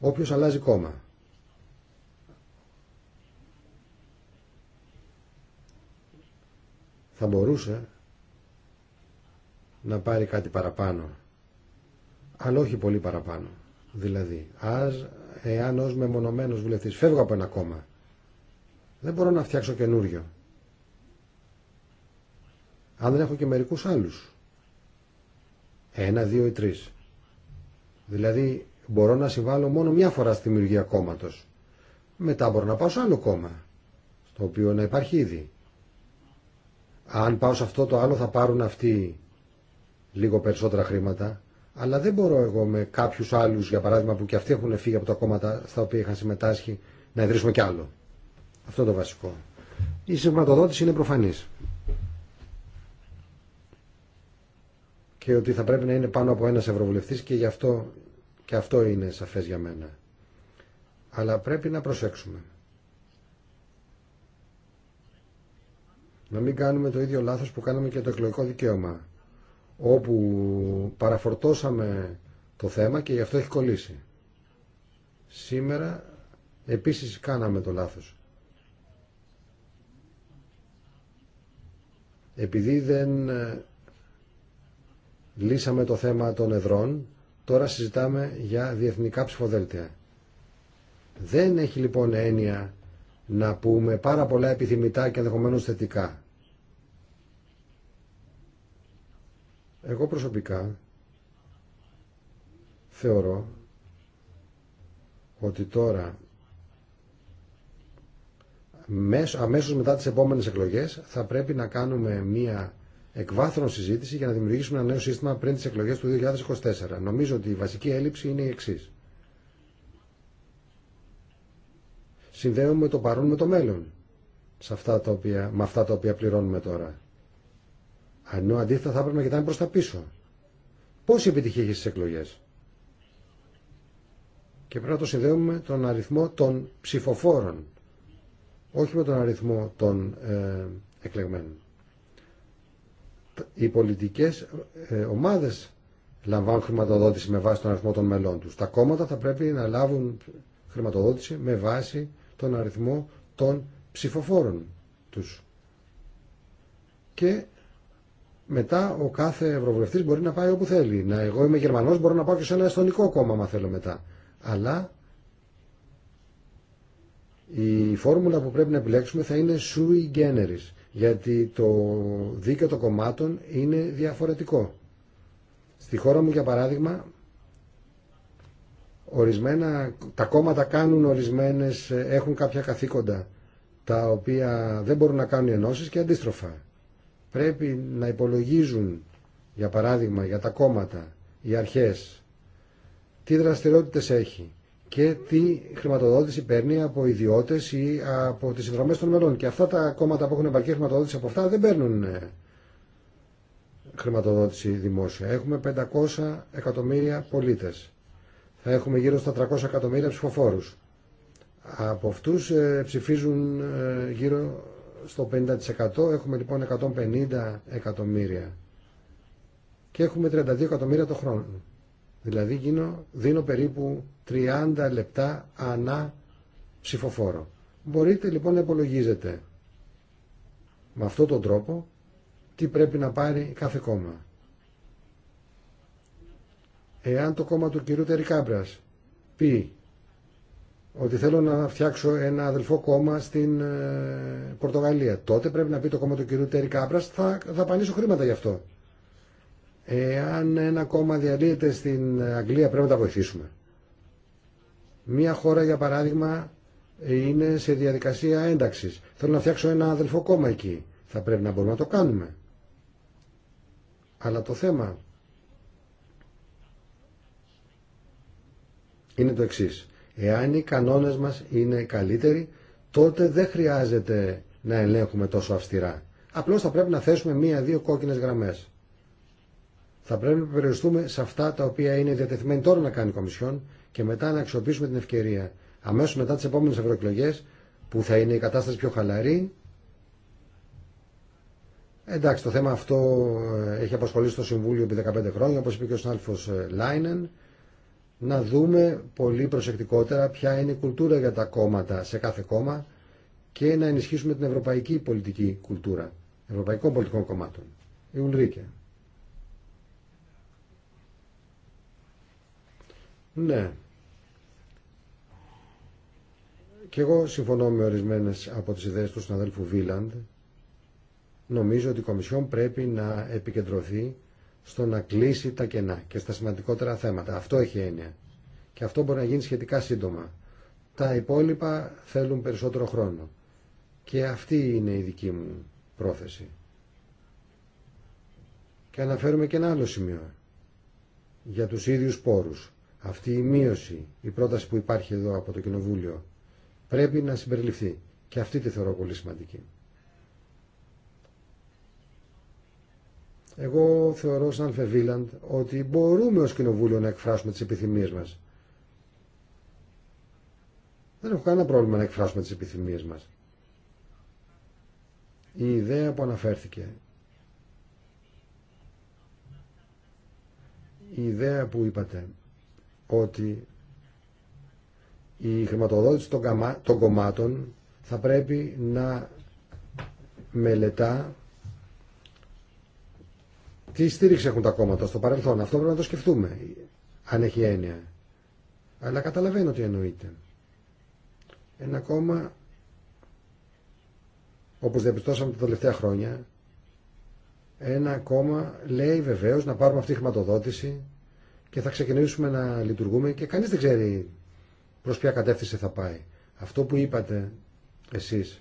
Όποιος αλλάζει κόμμα. Θα μπορούσε να πάρει κάτι παραπάνω. Αλλά όχι πολύ παραπάνω. Δηλαδή, ας, εάν ως μεμονωμένος βουλευτής φεύγω από ένα κόμμα, δεν μπορώ να φτιάξω καινούριο. Αν δεν έχω και μερικούς άλλους. Ένα, δύο ή τρεις. Δηλαδή μπορώ να συμβάλλω μόνο μια φορά στη δημιουργία κόμματο. Μετά μπορώ να πάω σε άλλο κόμμα, στο οποίο να υπάρχει ήδη. Αν πάω σε αυτό το άλλο θα πάρουν αυτοί λίγο περισσότερα χρήματα, αλλά δεν μπορώ εγώ με κάποιους άλλους, για παράδειγμα, που και αυτοί έχουν φύγει από τα κόμματα στα οποία είχαν συμμετάσχει, να ιδρύσουμε κι άλλο. Αυτό είναι το βασικό. Η συμπληρωματοδότηση είναι προφανής. και ότι θα πρέπει να είναι πάνω από ένας ευρωβουλευτής και γι' αυτό και αυτό είναι σαφές για μένα. Αλλά πρέπει να προσέξουμε. Να μην κάνουμε το ίδιο λάθος που κάναμε και το εκλογικό δικαίωμα όπου παραφορτώσαμε το θέμα και γι' αυτό έχει κολλήσει. Σήμερα επίσης κάναμε το λάθος. Επειδή δεν λύσαμε το θέμα των εδρών, τώρα συζητάμε για διεθνικά ψηφοδέλτια. Δεν έχει λοιπόν έννοια να πούμε πάρα πολλά επιθυμητά και ενδεχομένω θετικά. Εγώ προσωπικά θεωρώ ότι τώρα αμέσως μετά τις επόμενες εκλογές θα πρέπει να κάνουμε μία εκβάθρον συζήτηση για να δημιουργήσουμε ένα νέο σύστημα πριν τι εκλογές του 2024. Νομίζω ότι η βασική έλλειψη είναι η εξή. Συνδέουμε το παρόν με το μέλλον με αυτά τα οποία πληρώνουμε τώρα. Αν αντίθετα θα έπρεπε να κοιτάμε προ τα πίσω. Πόση επιτυχία έχει στις εκλογές. Και πρέπει να το συνδέουμε τον αριθμό των ψηφοφόρων. Όχι με τον αριθμό των ε, εκλεγμένων οι πολιτικές ε, ομάδες λαμβάνουν χρηματοδότηση με βάση τον αριθμό των μελών τους. Τα κόμματα θα πρέπει να λάβουν χρηματοδότηση με βάση τον αριθμό των ψηφοφόρων τους. Και μετά ο κάθε ευρωβουλευτής μπορεί να πάει όπου θέλει. Να, εγώ είμαι Γερμανός, μπορώ να πάω και σε ένα εστονικό κόμμα, αν θέλω μετά. Αλλά η φόρμουλα που πρέπει να επιλέξουμε θα είναι sui generis γιατί το δίκαιο των κομμάτων είναι διαφορετικό. Στη χώρα μου, για παράδειγμα, ορισμένα, τα κόμματα κάνουν ορισμένες, έχουν κάποια καθήκοντα, τα οποία δεν μπορούν να κάνουν ενώσεις και αντίστροφα. Πρέπει να υπολογίζουν, για παράδειγμα, για τα κόμματα, οι αρχές, τι δραστηριότητες έχει, και τι χρηματοδότηση παίρνει από ιδιώτε ή από τι συνδρομέ των μελών. Και αυτά τα κόμματα που έχουν επαρκή χρηματοδότηση από αυτά δεν παίρνουν ε, χρηματοδότηση δημόσια. Έχουμε 500 εκατομμύρια πολίτε. Θα έχουμε γύρω στα 300 εκατομμύρια ψηφοφόρου. Από αυτού ε, ψηφίζουν ε, γύρω στο 50%. Έχουμε λοιπόν 150 εκατομμύρια. Και έχουμε 32 εκατομμύρια το χρόνο. Δηλαδή δίνω περίπου 30 λεπτά ανά ψηφοφόρο. Μπορείτε λοιπόν να υπολογίζετε με αυτόν τον τρόπο τι πρέπει να πάρει κάθε κόμμα. Εάν το κόμμα του κυρίου Τερικάμπρας πει ότι θέλω να φτιάξω ένα αδελφό κόμμα στην ε, Πορτογαλία, τότε πρέπει να πει το κόμμα του κυρίου Τερικάμπρας θα πανίσω χρήματα γι' αυτό. Εάν ένα κόμμα διαλύεται στην Αγγλία πρέπει να τα βοηθήσουμε. Μία χώρα, για παράδειγμα, είναι σε διαδικασία ένταξης. Θέλω να φτιάξω ένα αδελφό κόμμα εκεί. Θα πρέπει να μπορούμε να το κάνουμε. Αλλά το θέμα είναι το εξής. Εάν οι κανόνες μας είναι καλύτεροι, τότε δεν χρειάζεται να ελέγχουμε τόσο αυστηρά. Απλώς θα πρέπει να θέσουμε μία-δύο κόκκινες γραμμές. Θα πρέπει να περιοριστούμε σε αυτά τα οποία είναι διατεθειμένοι τώρα να κάνει η Κομισιόν και μετά να αξιοποιήσουμε την ευκαιρία. Αμέσως μετά τις επόμενες ευρωεκλογέ που θα είναι η κατάσταση πιο χαλαρή. Εντάξει, το θέμα αυτό ε, έχει απασχολήσει το Συμβούλιο επί 15 χρόνια, όπως είπε και ο συνάδελφος ε, Λάινεν. Να δούμε πολύ προσεκτικότερα ποια είναι η κουλτούρα για τα κόμματα σε κάθε κόμμα και να ενισχύσουμε την ευρωπαϊκή πολιτική κουλτούρα, ευρωπαϊκών πολιτικών κομμάτων. Η Ουλρίκε. Ναι, και εγώ συμφωνώ με ορισμένες από τις ιδέες του συναδέλφου Βίλαντ. Νομίζω ότι η Κομισιόν πρέπει να επικεντρωθεί στο να κλείσει τα κενά και στα σημαντικότερα θέματα. Αυτό έχει έννοια. Και αυτό μπορεί να γίνει σχετικά σύντομα. Τα υπόλοιπα θέλουν περισσότερο χρόνο. Και αυτή είναι η δική μου πρόθεση. Και αναφέρουμε και ένα άλλο σημείο. Για τους ίδιους πόρους. Αυτή η μείωση, η πρόταση που υπάρχει εδώ από το Κοινοβούλιο, πρέπει να συμπεριληφθεί. Και αυτή τη θεωρώ πολύ σημαντική. Εγώ θεωρώ σαν Φεβίλαντ ότι μπορούμε ως κοινοβούλιο να εκφράσουμε τις επιθυμίες μας. Δεν έχω κανένα πρόβλημα να εκφράσουμε τις επιθυμίες μας. Η ιδέα που αναφέρθηκε, η ιδέα που είπατε, ότι η χρηματοδότηση των κομμάτων θα πρέπει να μελετά τι στήριξη έχουν τα κόμματα στο παρελθόν. Αυτό πρέπει να το σκεφτούμε, αν έχει έννοια. Αλλά καταλαβαίνω τι εννοείται. Ένα κόμμα, όπως διαπιστώσαμε τα τελευταία χρόνια, ένα κόμμα λέει βεβαίως να πάρουμε αυτή τη χρηματοδότηση και θα ξεκινήσουμε να λειτουργούμε και κανείς δεν ξέρει προς ποια κατεύθυνση θα πάει. Αυτό που είπατε εσείς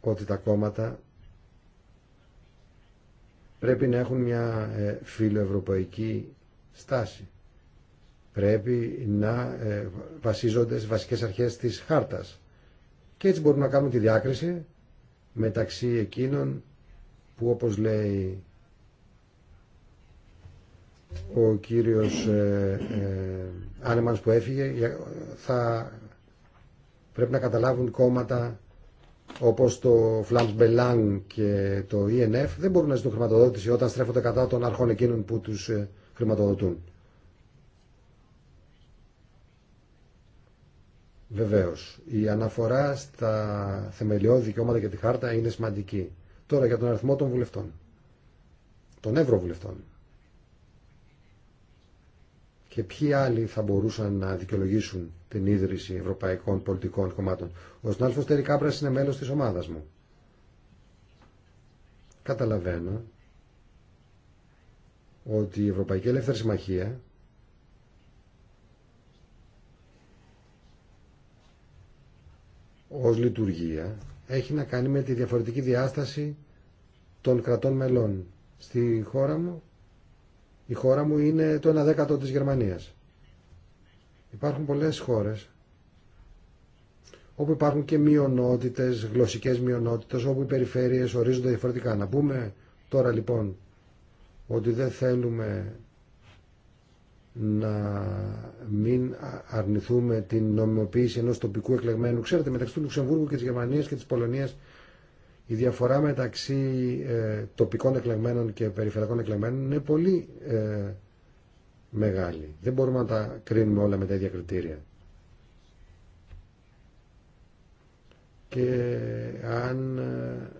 ότι τα κόμματα πρέπει να έχουν μια ε, φιλοευρωπαϊκή στάση. Πρέπει να ε, βασίζονται στις βασικές αρχές της χάρτας. Και έτσι μπορούμε να κάνουμε τη διάκριση μεταξύ εκείνων που όπως λέει ο κύριος ε, ε, Άνεμανς που έφυγε θα πρέπει να καταλάβουν κόμματα όπως το Φλαμπ Μπελάν και το ENF δεν μπορούν να ζητούν χρηματοδότηση όταν στρέφονται κατά των αρχών εκείνων που τους ε, χρηματοδοτούν. Βεβαίως, η αναφορά στα θεμελιώδη δικαιώματα για τη χάρτα είναι σημαντική. Τώρα για τον αριθμό των βουλευτών, των ευρωβουλευτών και ποιοι άλλοι θα μπορούσαν να δικαιολογήσουν την ίδρυση ευρωπαϊκών πολιτικών κομμάτων. Ο συνάδελφο Τέρι είναι μέλο τη ομάδα μου. Καταλαβαίνω ότι η Ευρωπαϊκή Ελεύθερη Συμμαχία ως λειτουργία έχει να κάνει με τη διαφορετική διάσταση των κρατών μελών. Στη χώρα μου η χώρα μου είναι το 1 δέκατο της Γερμανίας. Υπάρχουν πολλές χώρες όπου υπάρχουν και μειονότητες, γλωσσικές μειονότητες, όπου οι περιφέρειες ορίζονται διαφορετικά. Να πούμε τώρα λοιπόν ότι δεν θέλουμε να μην αρνηθούμε την νομιμοποίηση ενός τοπικού εκλεγμένου. Ξέρετε, μεταξύ του Λουξεμβούργου και της Γερμανίας και της Πολωνίας η διαφορά μεταξύ ε, τοπικών εκλεγμένων και περιφερειακών εκλεγμένων είναι πολύ ε, μεγάλη. Δεν μπορούμε να τα κρίνουμε όλα με τα ίδια κριτήρια. Και αν ε,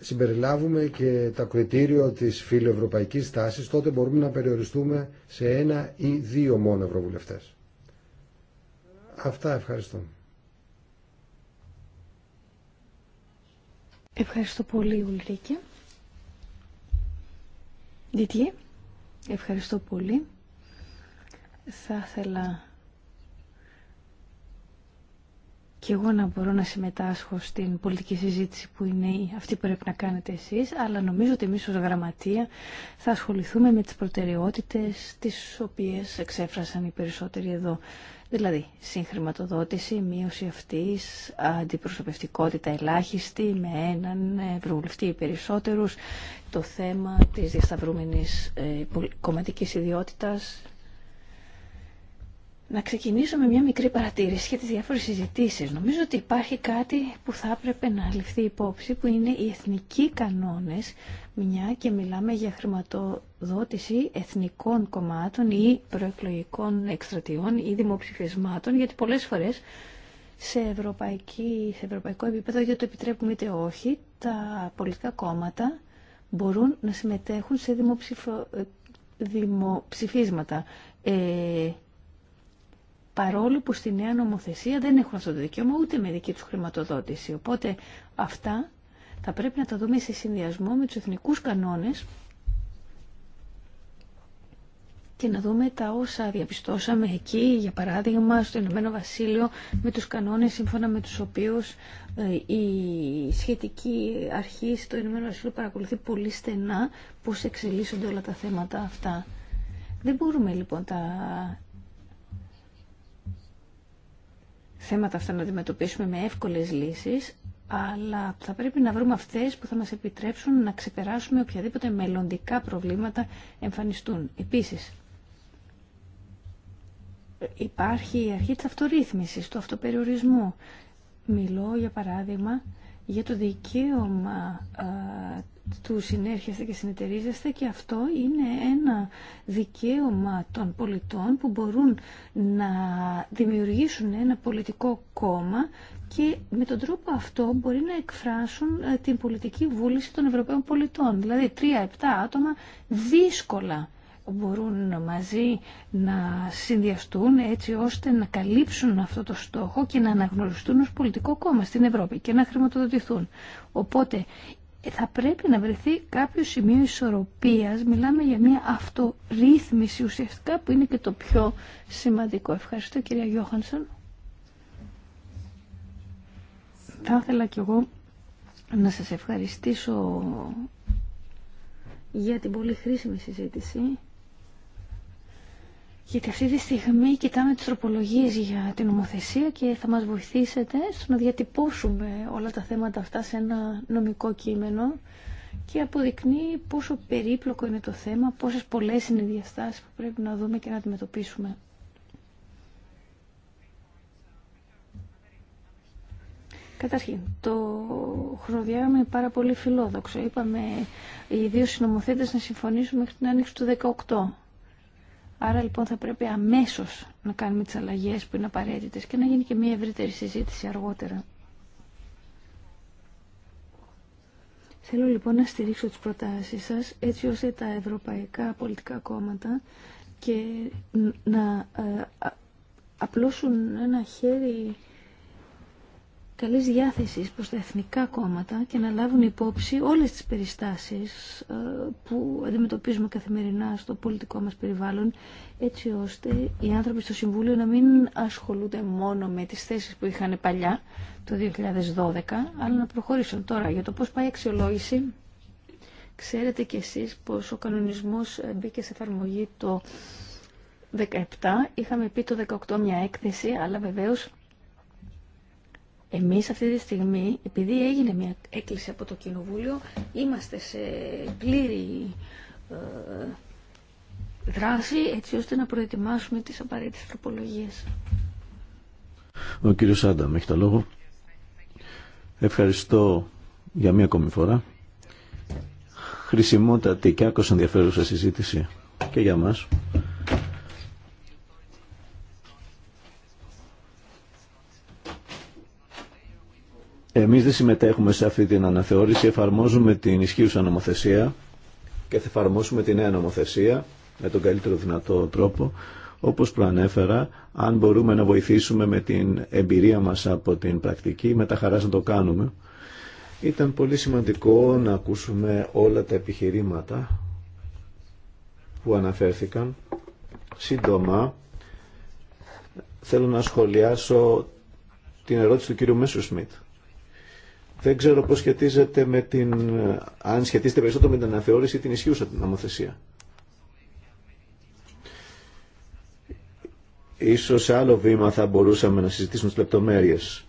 συμπεριλάβουμε και τα κριτήριο της φιλοευρωπαϊκής τάσης, τότε μπορούμε να περιοριστούμε σε ένα ή δύο μόνο ευρωβουλευτές. Αυτά ευχαριστώ. Ευχαριστώ πολύ, Ουλρίκη. Διτιέ, ευχαριστώ πολύ. Θα ήθελα και εγώ να μπορώ να συμμετάσχω στην πολιτική συζήτηση που είναι αυτή που πρέπει να κάνετε εσείς, αλλά νομίζω ότι εμείς ως γραμματεία θα ασχοληθούμε με τις προτεραιότητες τις οποίες εξέφρασαν οι περισσότεροι εδώ. Δηλαδή, συγχρηματοδότηση, μείωση αυτής, αντιπροσωπευτικότητα ελάχιστη με έναν ευρωβουλευτή ή περισσότερους, το θέμα της διασταυρούμενης ε, κομματικής ιδιότητας, να ξεκινήσω με μια μικρή παρατήρηση για τις διάφορες συζητήσεις. Νομίζω ότι υπάρχει κάτι που θα έπρεπε να ληφθεί υπόψη, που είναι οι εθνικοί κανόνες, μια και μιλάμε για χρηματοδότηση εθνικών κομμάτων ή προεκλογικών εκστρατιών ή δημοψηφισμάτων, γιατί πολλές φορές σε, ευρωπαϊκή, σε ευρωπαϊκό επίπεδο, είτε το επιτρέπουμε είτε όχι, τα πολιτικά κόμματα μπορούν να συμμετέχουν σε ε, δημοψηφίσματα. Ε, παρόλο που στη νέα νομοθεσία δεν έχουν αυτό το δικαίωμα ούτε με δική τους χρηματοδότηση. Οπότε αυτά θα πρέπει να τα δούμε σε συνδυασμό με τους εθνικούς κανόνες και να δούμε τα όσα διαπιστώσαμε εκεί, για παράδειγμα, στο Ηνωμένο Βασίλειο, με τους κανόνες σύμφωνα με τους οποίους ε, η σχετική αρχή στο Ηνωμένο Βασίλειο παρακολουθεί πολύ στενά πώς εξελίσσονται όλα τα θέματα αυτά. Δεν μπορούμε λοιπόν τα θέματα αυτά να αντιμετωπίσουμε με εύκολες λύσεις, αλλά θα πρέπει να βρούμε αυτές που θα μας επιτρέψουν να ξεπεράσουμε οποιαδήποτε μελλοντικά προβλήματα εμφανιστούν. Επίσης, υπάρχει η αρχή της αυτορύθμισης, του αυτοπεριορισμού. Μιλώ, για παράδειγμα, για το δικαίωμα του συνέρχεστε και συνεταιρίζεστε και αυτό είναι ένα δικαίωμα των πολιτών που μπορούν να δημιουργήσουν ένα πολιτικό κόμμα και με τον τρόπο αυτό μπορεί να εκφράσουν ε, την πολιτική βούληση των Ευρωπαίων πολιτών. Δηλαδή τρία-επτά άτομα δύσκολα μπορούν μαζί να συνδυαστούν έτσι ώστε να καλύψουν αυτό το στόχο και να αναγνωριστούν ως πολιτικό κόμμα στην Ευρώπη και να χρηματοδοτηθούν. Οπότε ε, θα πρέπει να βρεθεί κάποιο σημείο ισορροπίας. Μιλάμε για μια αυτορύθμιση ουσιαστικά που είναι και το πιο σημαντικό. Ευχαριστώ κυρία Γιώχανσον. Θα ήθελα κι εγώ να σας ευχαριστήσω για την πολύ χρήσιμη συζήτηση. Γιατί αυτή τη στιγμή κοιτάμε τις τροπολογίες για την νομοθεσία και θα μας βοηθήσετε στο να διατυπώσουμε όλα τα θέματα αυτά σε ένα νομικό κείμενο και αποδεικνύει πόσο περίπλοκο είναι το θέμα, πόσες πολλές είναι οι διαστάσεις που πρέπει να δούμε και να αντιμετωπίσουμε. Καταρχήν, το χρονοδιάγραμμα είναι πάρα πολύ φιλόδοξο. Είπαμε οι δύο συνομοθέτες να συμφωνήσουν μέχρι την άνοιξη του Άρα λοιπόν θα πρέπει αμέσως να κάνουμε τις αλλαγές που είναι απαραίτητες και να γίνει και μια ευρύτερη συζήτηση αργότερα. Θέλω λοιπόν να στηρίξω τις προτάσεις σας έτσι ώστε τα ευρωπαϊκά πολιτικά κόμματα και να ε, απλώσουν ένα χέρι καλής διάθεση προς τα εθνικά κόμματα και να λάβουν υπόψη όλες τις περιστάσεις ε, που αντιμετωπίζουμε καθημερινά στο πολιτικό μας περιβάλλον έτσι ώστε οι άνθρωποι στο Συμβούλιο να μην ασχολούνται μόνο με τις θέσεις που είχαν παλιά το 2012 αλλά να προχωρήσουν τώρα για το πώς πάει η αξιολόγηση Ξέρετε κι εσείς πως ο κανονισμός μπήκε σε εφαρμογή το 17. Είχαμε πει το 18 μια έκθεση, αλλά βεβαίως εμείς αυτή τη στιγμή, επειδή έγινε μια έκκληση από το Κοινοβούλιο, είμαστε σε πλήρη ε, δράση έτσι ώστε να προετοιμάσουμε τις απαραίτητες τροπολογίες. Ο κύριος Άνταμ έχει το λόγο. Ευχαριστώ για μία ακόμη φορά. Χρησιμότατη και άκουσα ενδιαφέρουσα συζήτηση και για μας Εμείς δεν συμμετέχουμε σε αυτή την αναθεώρηση, εφαρμόζουμε την ισχύουσα νομοθεσία και θα εφαρμόσουμε τη νέα νομοθεσία με τον καλύτερο δυνατό τρόπο. Όπως προανέφερα, αν μπορούμε να βοηθήσουμε με την εμπειρία μας από την πρακτική, με τα χαράς να το κάνουμε. Ήταν πολύ σημαντικό να ακούσουμε όλα τα επιχειρήματα που αναφέρθηκαν. Σύντομα, θέλω να σχολιάσω την ερώτηση του κύριου Μέσου Σμιτ. Δεν ξέρω πώς σχετίζεται με την, αν σχετίζεται περισσότερο με την αναθεώρηση την ισχύουσα την νομοθεσία. Ίσως σε άλλο βήμα θα μπορούσαμε να συζητήσουμε τις λεπτομέρειες.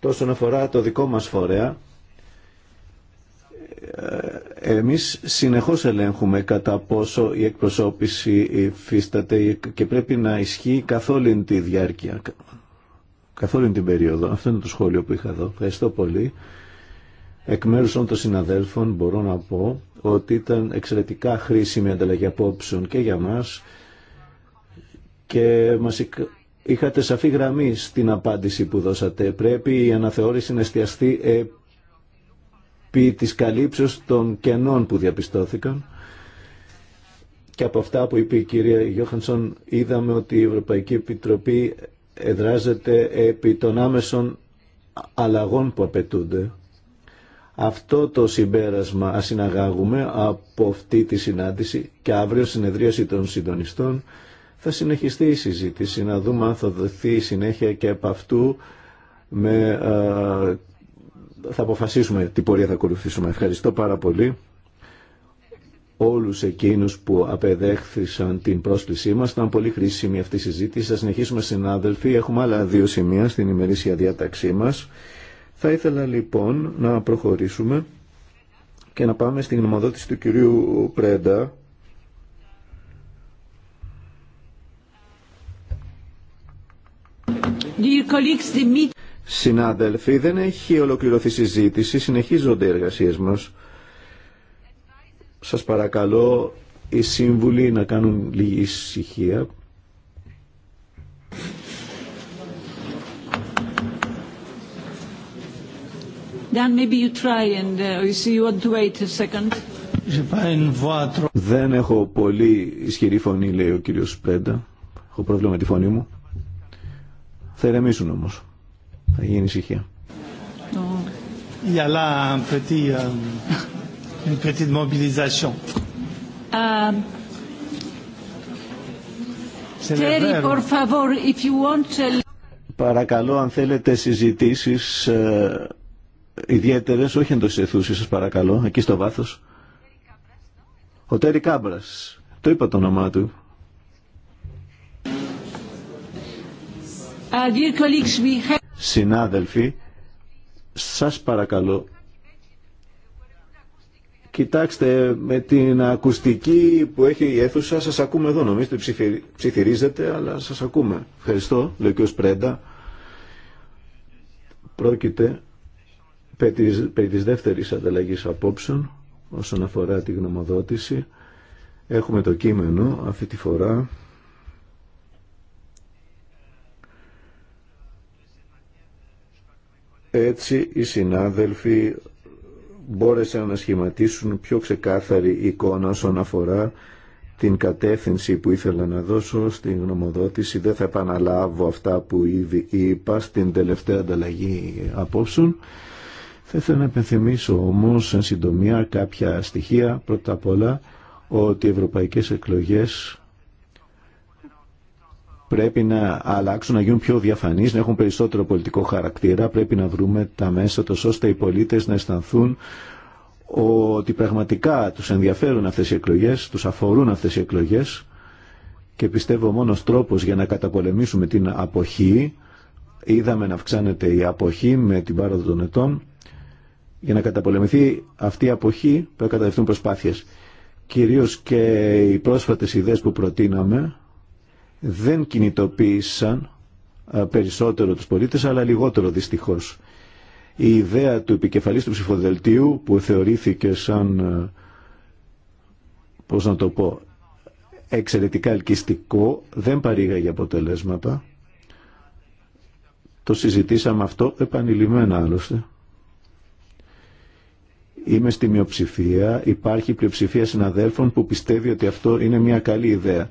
Τόσον αφορά το δικό μας φορέα, ε, εμείς συνεχώς ελέγχουμε κατά πόσο η εκπροσώπηση υφίσταται και πρέπει να ισχύει καθ' όλη τη διάρκεια καθόλου την περίοδο. Αυτό είναι το σχόλιο που είχα εδώ. Ευχαριστώ πολύ. Εκ μέρου όλων των συναδέλφων μπορώ να πω ότι ήταν εξαιρετικά χρήσιμη η ανταλλαγή απόψεων και για μας και μας είχατε σαφή γραμμή στην απάντηση που δώσατε. Πρέπει η αναθεώρηση να εστιαστεί επί της καλύψεως των κενών που διαπιστώθηκαν και από αυτά που είπε η κυρία Γιώχανσον είδαμε ότι η Ευρωπαϊκή Επιτροπή εδράζεται επί των άμεσων αλλαγών που απαιτούνται. Αυτό το συμπέρασμα ας συναγάγουμε από αυτή τη συνάντηση και αύριο συνεδρίαση των συντονιστών θα συνεχιστεί η συζήτηση να δούμε αν θα δοθεί συνέχεια και από αυτού με, θα αποφασίσουμε τι πορεία θα ακολουθήσουμε. Ευχαριστώ πάρα πολύ όλους εκείνους που απεδέχθησαν την πρόσκλησή μας. Ήταν πολύ χρήσιμη αυτή η συζήτηση. Θα συνεχίσουμε συνάδελφοι. Έχουμε άλλα δύο σημεία στην ημερήσια διάταξή μας. Θα ήθελα λοιπόν να προχωρήσουμε και να πάμε στην γνωμοδότηση του κυρίου Πρέντα. Συνάδελφοι, δεν έχει ολοκληρωθεί συζήτηση, συνεχίζονται οι εργασίες μας. Σας παρακαλώ οι σύμβουλοι να κάνουν λίγη ησυχία. Dan, maybe you try and uh, you see you want to wait a second. Δεν έχω πολύ ισχυρή φωνή, λέει ο κύριος Πέντα. Έχω πρόβλημα με τη φωνή μου. Θα ηρεμήσουν όμως. Θα γίνει ησυχία. Oh. Παρακαλώ αν θέλετε συζητήσεις ε, ιδιαίτερες, όχι εντός εθούς σας παρακαλώ, εκεί στο βάθος. Ο Τέρι Κάμπρας, το είπα το όνομά του. Uh, Συνάδελφοι, σας παρακαλώ Κοιτάξτε, με την ακουστική που έχει η αίθουσα σας ακούμε εδώ. Νομίζετε ψιθυρίζετε, αλλά σας ακούμε. Ευχαριστώ, λέει ο Πρέντα. Πρόκειται περί της δεύτερης ανταλλαγής απόψεων όσον αφορά τη γνωμοδότηση. Έχουμε το κείμενο αυτή τη φορά. Έτσι οι συνάδελφοι μπόρεσαν να σχηματίσουν πιο ξεκάθαρη εικόνα όσον αφορά την κατεύθυνση που ήθελα να δώσω στην γνωμοδότηση. Δεν θα επαναλάβω αυτά που ήδη είπα στην τελευταία ανταλλαγή απόψεων. Θα ήθελα να επενθυμίσω όμως σε συντομία κάποια στοιχεία. Πρώτα απ' όλα ότι οι ευρωπαϊκές εκλογές πρέπει να αλλάξουν, να γίνουν πιο διαφανείς, να έχουν περισσότερο πολιτικό χαρακτήρα. Πρέπει να βρούμε τα μέσα τους ώστε οι πολίτες να αισθανθούν ότι πραγματικά τους ενδιαφέρουν αυτές οι εκλογές, τους αφορούν αυτές οι εκλογές και πιστεύω ο μόνος τρόπος για να καταπολεμήσουμε την αποχή, είδαμε να αυξάνεται η αποχή με την πάροδο των ετών, για να καταπολεμηθεί αυτή η αποχή πρέπει να καταδευτούν προσπάθειες. Κυρίως και οι πρόσφατες ιδέες που προτείναμε, δεν κινητοποίησαν ε, περισσότερο τους πολίτες, αλλά λιγότερο δυστυχώς. Η ιδέα του επικεφαλής του ψηφοδελτίου που θεωρήθηκε σαν, ε, πώς να το πω, εξαιρετικά ελκυστικό, δεν παρήγαγε αποτελέσματα. Το συζητήσαμε αυτό επανειλημμένα άλλωστε. Είμαι στη μειοψηφία, υπάρχει πλειοψηφία συναδέλφων που πιστεύει ότι αυτό είναι μια καλή ιδέα.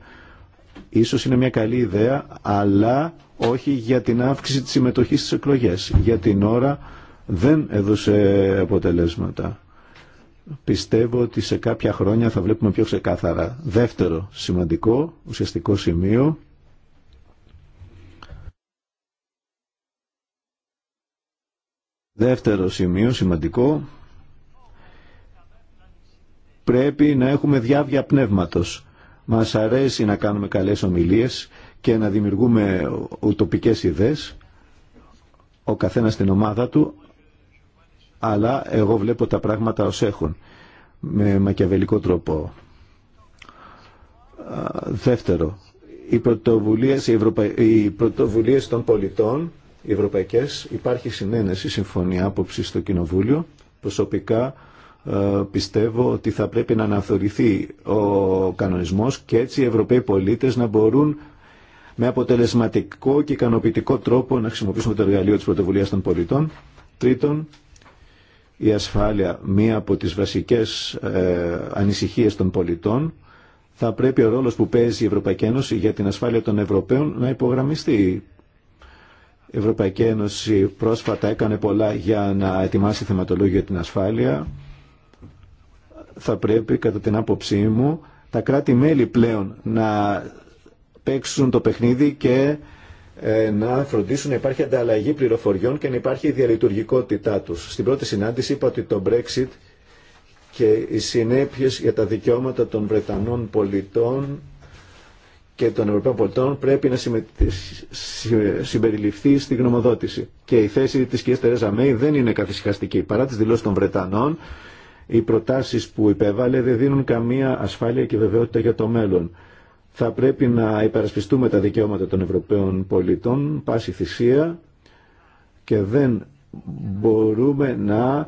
Ίσως είναι μια καλή ιδέα, αλλά όχι για την αύξηση της συμμετοχής στις εκλογές. Για την ώρα δεν έδωσε αποτελέσματα. Πιστεύω ότι σε κάποια χρόνια θα βλέπουμε πιο ξεκάθαρα. Δεύτερο σημαντικό, ουσιαστικό σημείο, Δεύτερο σημείο σημαντικό, πρέπει να έχουμε διάβια πνεύματος. Μας αρέσει να κάνουμε καλές ομιλίες και να δημιουργούμε ουτοπικές ιδέες, ο καθένας στην ομάδα του, αλλά εγώ βλέπω τα πράγματα ως έχουν, με μακιαβελικό τρόπο. Δεύτερο, οι πρωτοβουλίες, οι, των πολιτών, οι ευρωπαϊκές, υπάρχει συνένεση, συμφωνία, άποψη στο Κοινοβούλιο. Προσωπικά ε, πιστεύω ότι θα πρέπει να αναθεωρηθεί ο κανονισμός και έτσι οι Ευρωπαίοι πολίτες να μπορούν με αποτελεσματικό και ικανοποιητικό τρόπο να χρησιμοποιήσουμε το εργαλείο της πρωτοβουλίας των πολιτών. Τρίτον, η ασφάλεια, μία από τις βασικές ε, ανησυχίες των πολιτών, θα πρέπει ο ρόλος που παίζει η Ευρωπαϊκή Ένωση για την ασφάλεια των Ευρωπαίων να υπογραμμιστεί. Η Ευρωπαϊκή Ένωση πρόσφατα έκανε πολλά για να ετοιμάσει θεματολόγιο την ασφάλεια θα πρέπει κατά την άποψή μου τα κράτη-μέλη πλέον να παίξουν το παιχνίδι και ε, να φροντίσουν να υπάρχει ανταλλαγή πληροφοριών και να υπάρχει η διαλειτουργικότητά τους. Στην πρώτη συνάντηση είπα ότι το Brexit και οι συνέπειες για τα δικαιώματα των Βρετανών πολιτών και των Ευρωπαίων πολιτών πρέπει να συμπεριληφθεί στη γνωμοδότηση. Και η θέση της κ. Τερέζα Μέη δεν είναι καθυσυχαστική. Παρά τις δηλώσεις των Βρετανών οι προτάσεις που υπέβαλε δεν δίνουν καμία ασφάλεια και βεβαιότητα για το μέλλον. Θα πρέπει να υπερασπιστούμε τα δικαιώματα των Ευρωπαίων πολιτών, πάση θυσία, και δεν μπορούμε να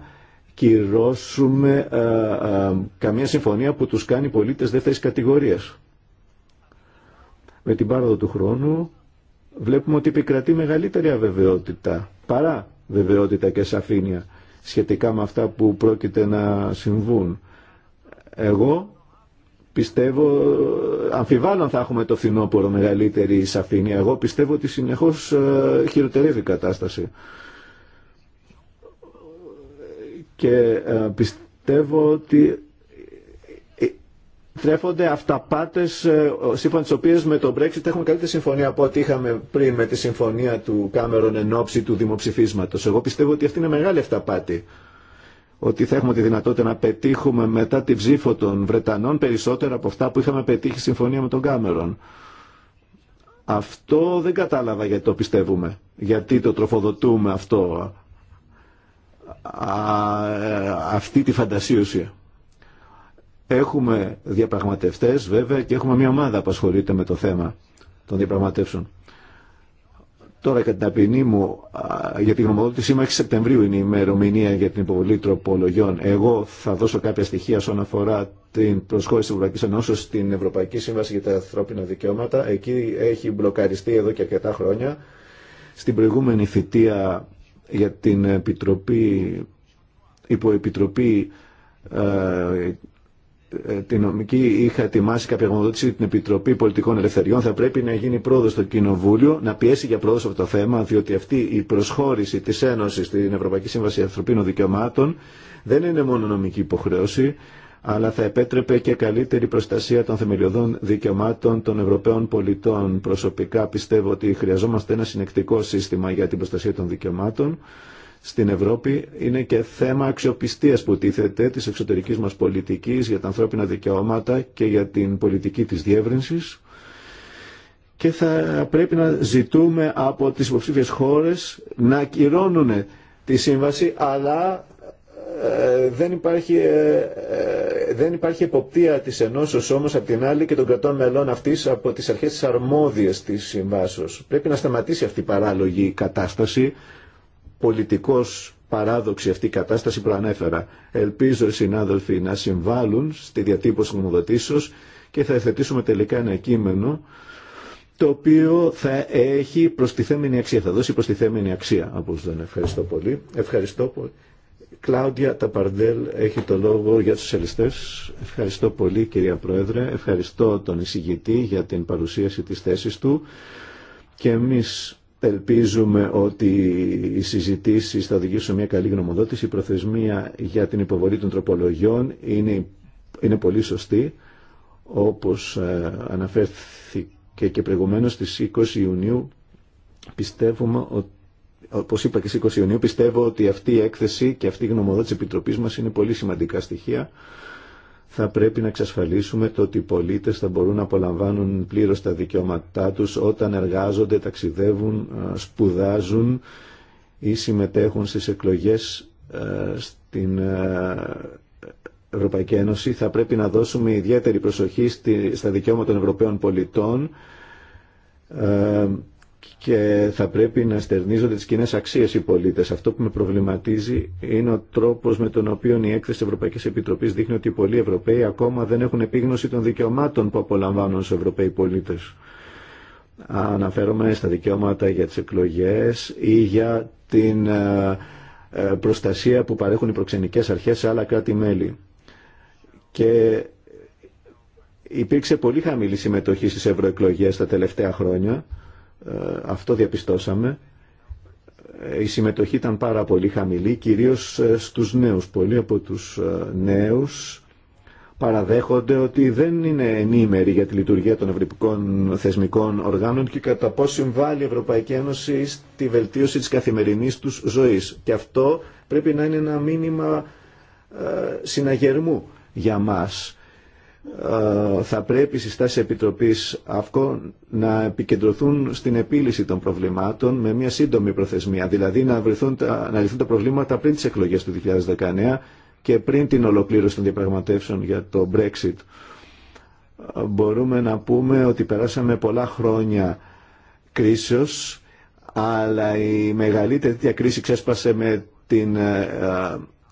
κυρώσουμε ε, ε, καμία συμφωνία που τους κάνει πολίτες δεύτερης κατηγορίας. Με την πάροδο του χρόνου βλέπουμε ότι επικρατεί μεγαλύτερη αβεβαιότητα παρά βεβαιότητα και σαφήνεια σχετικά με αυτά που πρόκειται να συμβούν. Εγώ πιστεύω, αν θα έχουμε το φθινόπωρο μεγαλύτερη σαφήνεια. Εγώ πιστεύω ότι συνεχώς ε, χειροτερεύει η κατάσταση. Και ε, πιστεύω ότι τρέφονται αυταπάτε ε, σύμφωνα τι οποίε με το Brexit έχουμε καλύτερη συμφωνία από ό,τι είχαμε πριν με τη συμφωνία του Κάμερον εν ώψη του δημοψηφίσματο. Εγώ πιστεύω ότι αυτή είναι μεγάλη αυταπάτη. Ότι θα έχουμε τη δυνατότητα να πετύχουμε μετά την ψήφο των Βρετανών περισσότερα από αυτά που είχαμε πετύχει συμφωνία με τον Κάμερον. Αυτό δεν κατάλαβα γιατί το πιστεύουμε. Γιατί το τροφοδοτούμε αυτό. Α, ε, αυτή τη φαντασίωση. Έχουμε διαπραγματευτές βέβαια και έχουμε μια ομάδα που ασχολείται με το θέμα των διαπραγματεύσεων. Τώρα κατά την ταπεινή μου, για την γνωμοδότησή είμαι 6 Σεπτεμβρίου είναι η ημερομηνία για την υποβολή τροπολογιών. Εγώ θα δώσω κάποια στοιχεία όσον αφορά την προσχώρηση τη Ευρωπαϊκή Ενώσεως στην Ευρωπαϊκή Σύμβαση για τα Ανθρώπινα Δικαιώματα. Εκεί έχει μπλοκαριστεί εδώ και αρκετά χρόνια. Στην προηγούμενη θητεία για την Επιτροπή, υποεπιτροπή ε, ε, την νομική είχα ετοιμάσει κάποια γνωμοδότηση την Επιτροπή Πολιτικών Ελευθεριών. Θα πρέπει να γίνει πρόοδο στο Κοινοβούλιο, να πιέσει για πρόοδο αυτό το θέμα, διότι αυτή η προσχώρηση τη Ένωση στην Ευρωπαϊκή Σύμβαση Ανθρωπίνων Δικαιωμάτων δεν είναι μόνο νομική υποχρέωση, αλλά θα επέτρεπε και καλύτερη προστασία των θεμελιωδών δικαιωμάτων των Ευρωπαίων πολιτών. Προσωπικά πιστεύω ότι χρειαζόμαστε ένα συνεκτικό σύστημα για την προστασία των δικαιωμάτων στην Ευρώπη είναι και θέμα αξιοπιστίας που τίθεται της εξωτερικής μας πολιτικής για τα ανθρώπινα δικαιώματα και για την πολιτική της διεύρυνσης και θα πρέπει να ζητούμε από τις υποψήφιες χώρες να ακυρώνουν τη σύμβαση αλλά ε, δεν, υπάρχει, ε, ε, δεν υπάρχει εποπτεία της ενώσεως όμως από την άλλη και των κρατών μελών αυτής από τις αρχές της αρμόδιας της συμβάσεως. Πρέπει να σταματήσει αυτή η παράλογη κατάσταση πολιτικός παράδοξη αυτή η κατάσταση που ανέφερα. Ελπίζω οι συνάδελφοι να συμβάλλουν στη διατύπωση νομοδοτήσεως και θα εθετήσουμε τελικά ένα κείμενο το οποίο θα έχει προστιθέμενη αξία, θα δώσει προστιθέμενη αξία από τον. Ευχαριστώ πολύ. Ευχαριστώ πολύ. Κλάουντια Ταπαρντέλ έχει το λόγο για τους ελιστές. Ευχαριστώ πολύ κυρία Πρόεδρε. Ευχαριστώ τον εισηγητή για την παρουσίαση της θέσης του. Και εμείς Ελπίζουμε ότι οι συζητήσει θα οδηγήσουν μια καλή γνωμοδότηση. Η προθεσμία για την υποβολή των τροπολογιών είναι, είναι πολύ σωστή. Όπως ε, αναφέρθηκε και προηγουμένω στι 20 Ιουνίου, πιστεύουμε ότι όπως είπα και στις 20 Ιουνίου, πιστεύω ότι αυτή η έκθεση και αυτή η γνωμοδότηση της Επιτροπής μας είναι πολύ σημαντικά στοιχεία θα πρέπει να εξασφαλίσουμε το ότι οι πολίτες θα μπορούν να απολαμβάνουν πλήρως τα δικαιώματά τους όταν εργάζονται, ταξιδεύουν, ε, σπουδάζουν ή συμμετέχουν στις εκλογές ε, στην ε, Ευρωπαϊκή Ένωση. Θα πρέπει να δώσουμε ιδιαίτερη προσοχή στα δικαιώματα των Ευρωπαίων πολιτών και θα πρέπει να στερνίζονται τις κοινέ αξίες οι πολίτες. Αυτό που με προβληματίζει είναι ο τρόπος με τον οποίο η έκθεση της Ευρωπαϊκής Επιτροπής δείχνει ότι οι πολλοί Ευρωπαίοι ακόμα δεν έχουν επίγνωση των δικαιωμάτων που απολαμβάνουν στους Ευρωπαίοι πολίτες. Αναφέρομαι στα δικαιώματα για τις εκλογές ή για την ε, ε, προστασία που παρέχουν οι προξενικές αρχές σε άλλα κράτη-μέλη. Και υπήρξε πολύ χαμηλή συμμετοχή στις ευρωεκλογές τα τελευταία χρόνια ε, αυτό διαπιστώσαμε. Ε, η συμμετοχή ήταν πάρα πολύ χαμηλή, κυρίως ε, στους νέους. Πολλοί από τους νέους παραδέχονται ότι δεν είναι ενήμεροι για τη λειτουργία των ευρωπαϊκών θεσμικών οργάνων και κατά πώς συμβάλλει η Ευρωπαϊκή Ένωση στη βελτίωση της καθημερινής τους ζωής. Και αυτό πρέπει να είναι ένα μήνυμα συναγερμού για μας ε, θα πρέπει οι συστάσεις Επιτροπής ΑΦΚΟ να επικεντρωθούν στην επίλυση των προβλημάτων με μια σύντομη προθεσμία, δηλαδή να, βρεθούν, να λυθούν τα προβλήματα πριν τις εκλογές του 2019 και πριν την ολοκλήρωση των διαπραγματεύσεων για το Brexit. Ε, μπορούμε να πούμε ότι περάσαμε πολλά χρόνια κρίσεως, αλλά η μεγαλύτερη τέτοια κρίση ξέσπασε με την ε,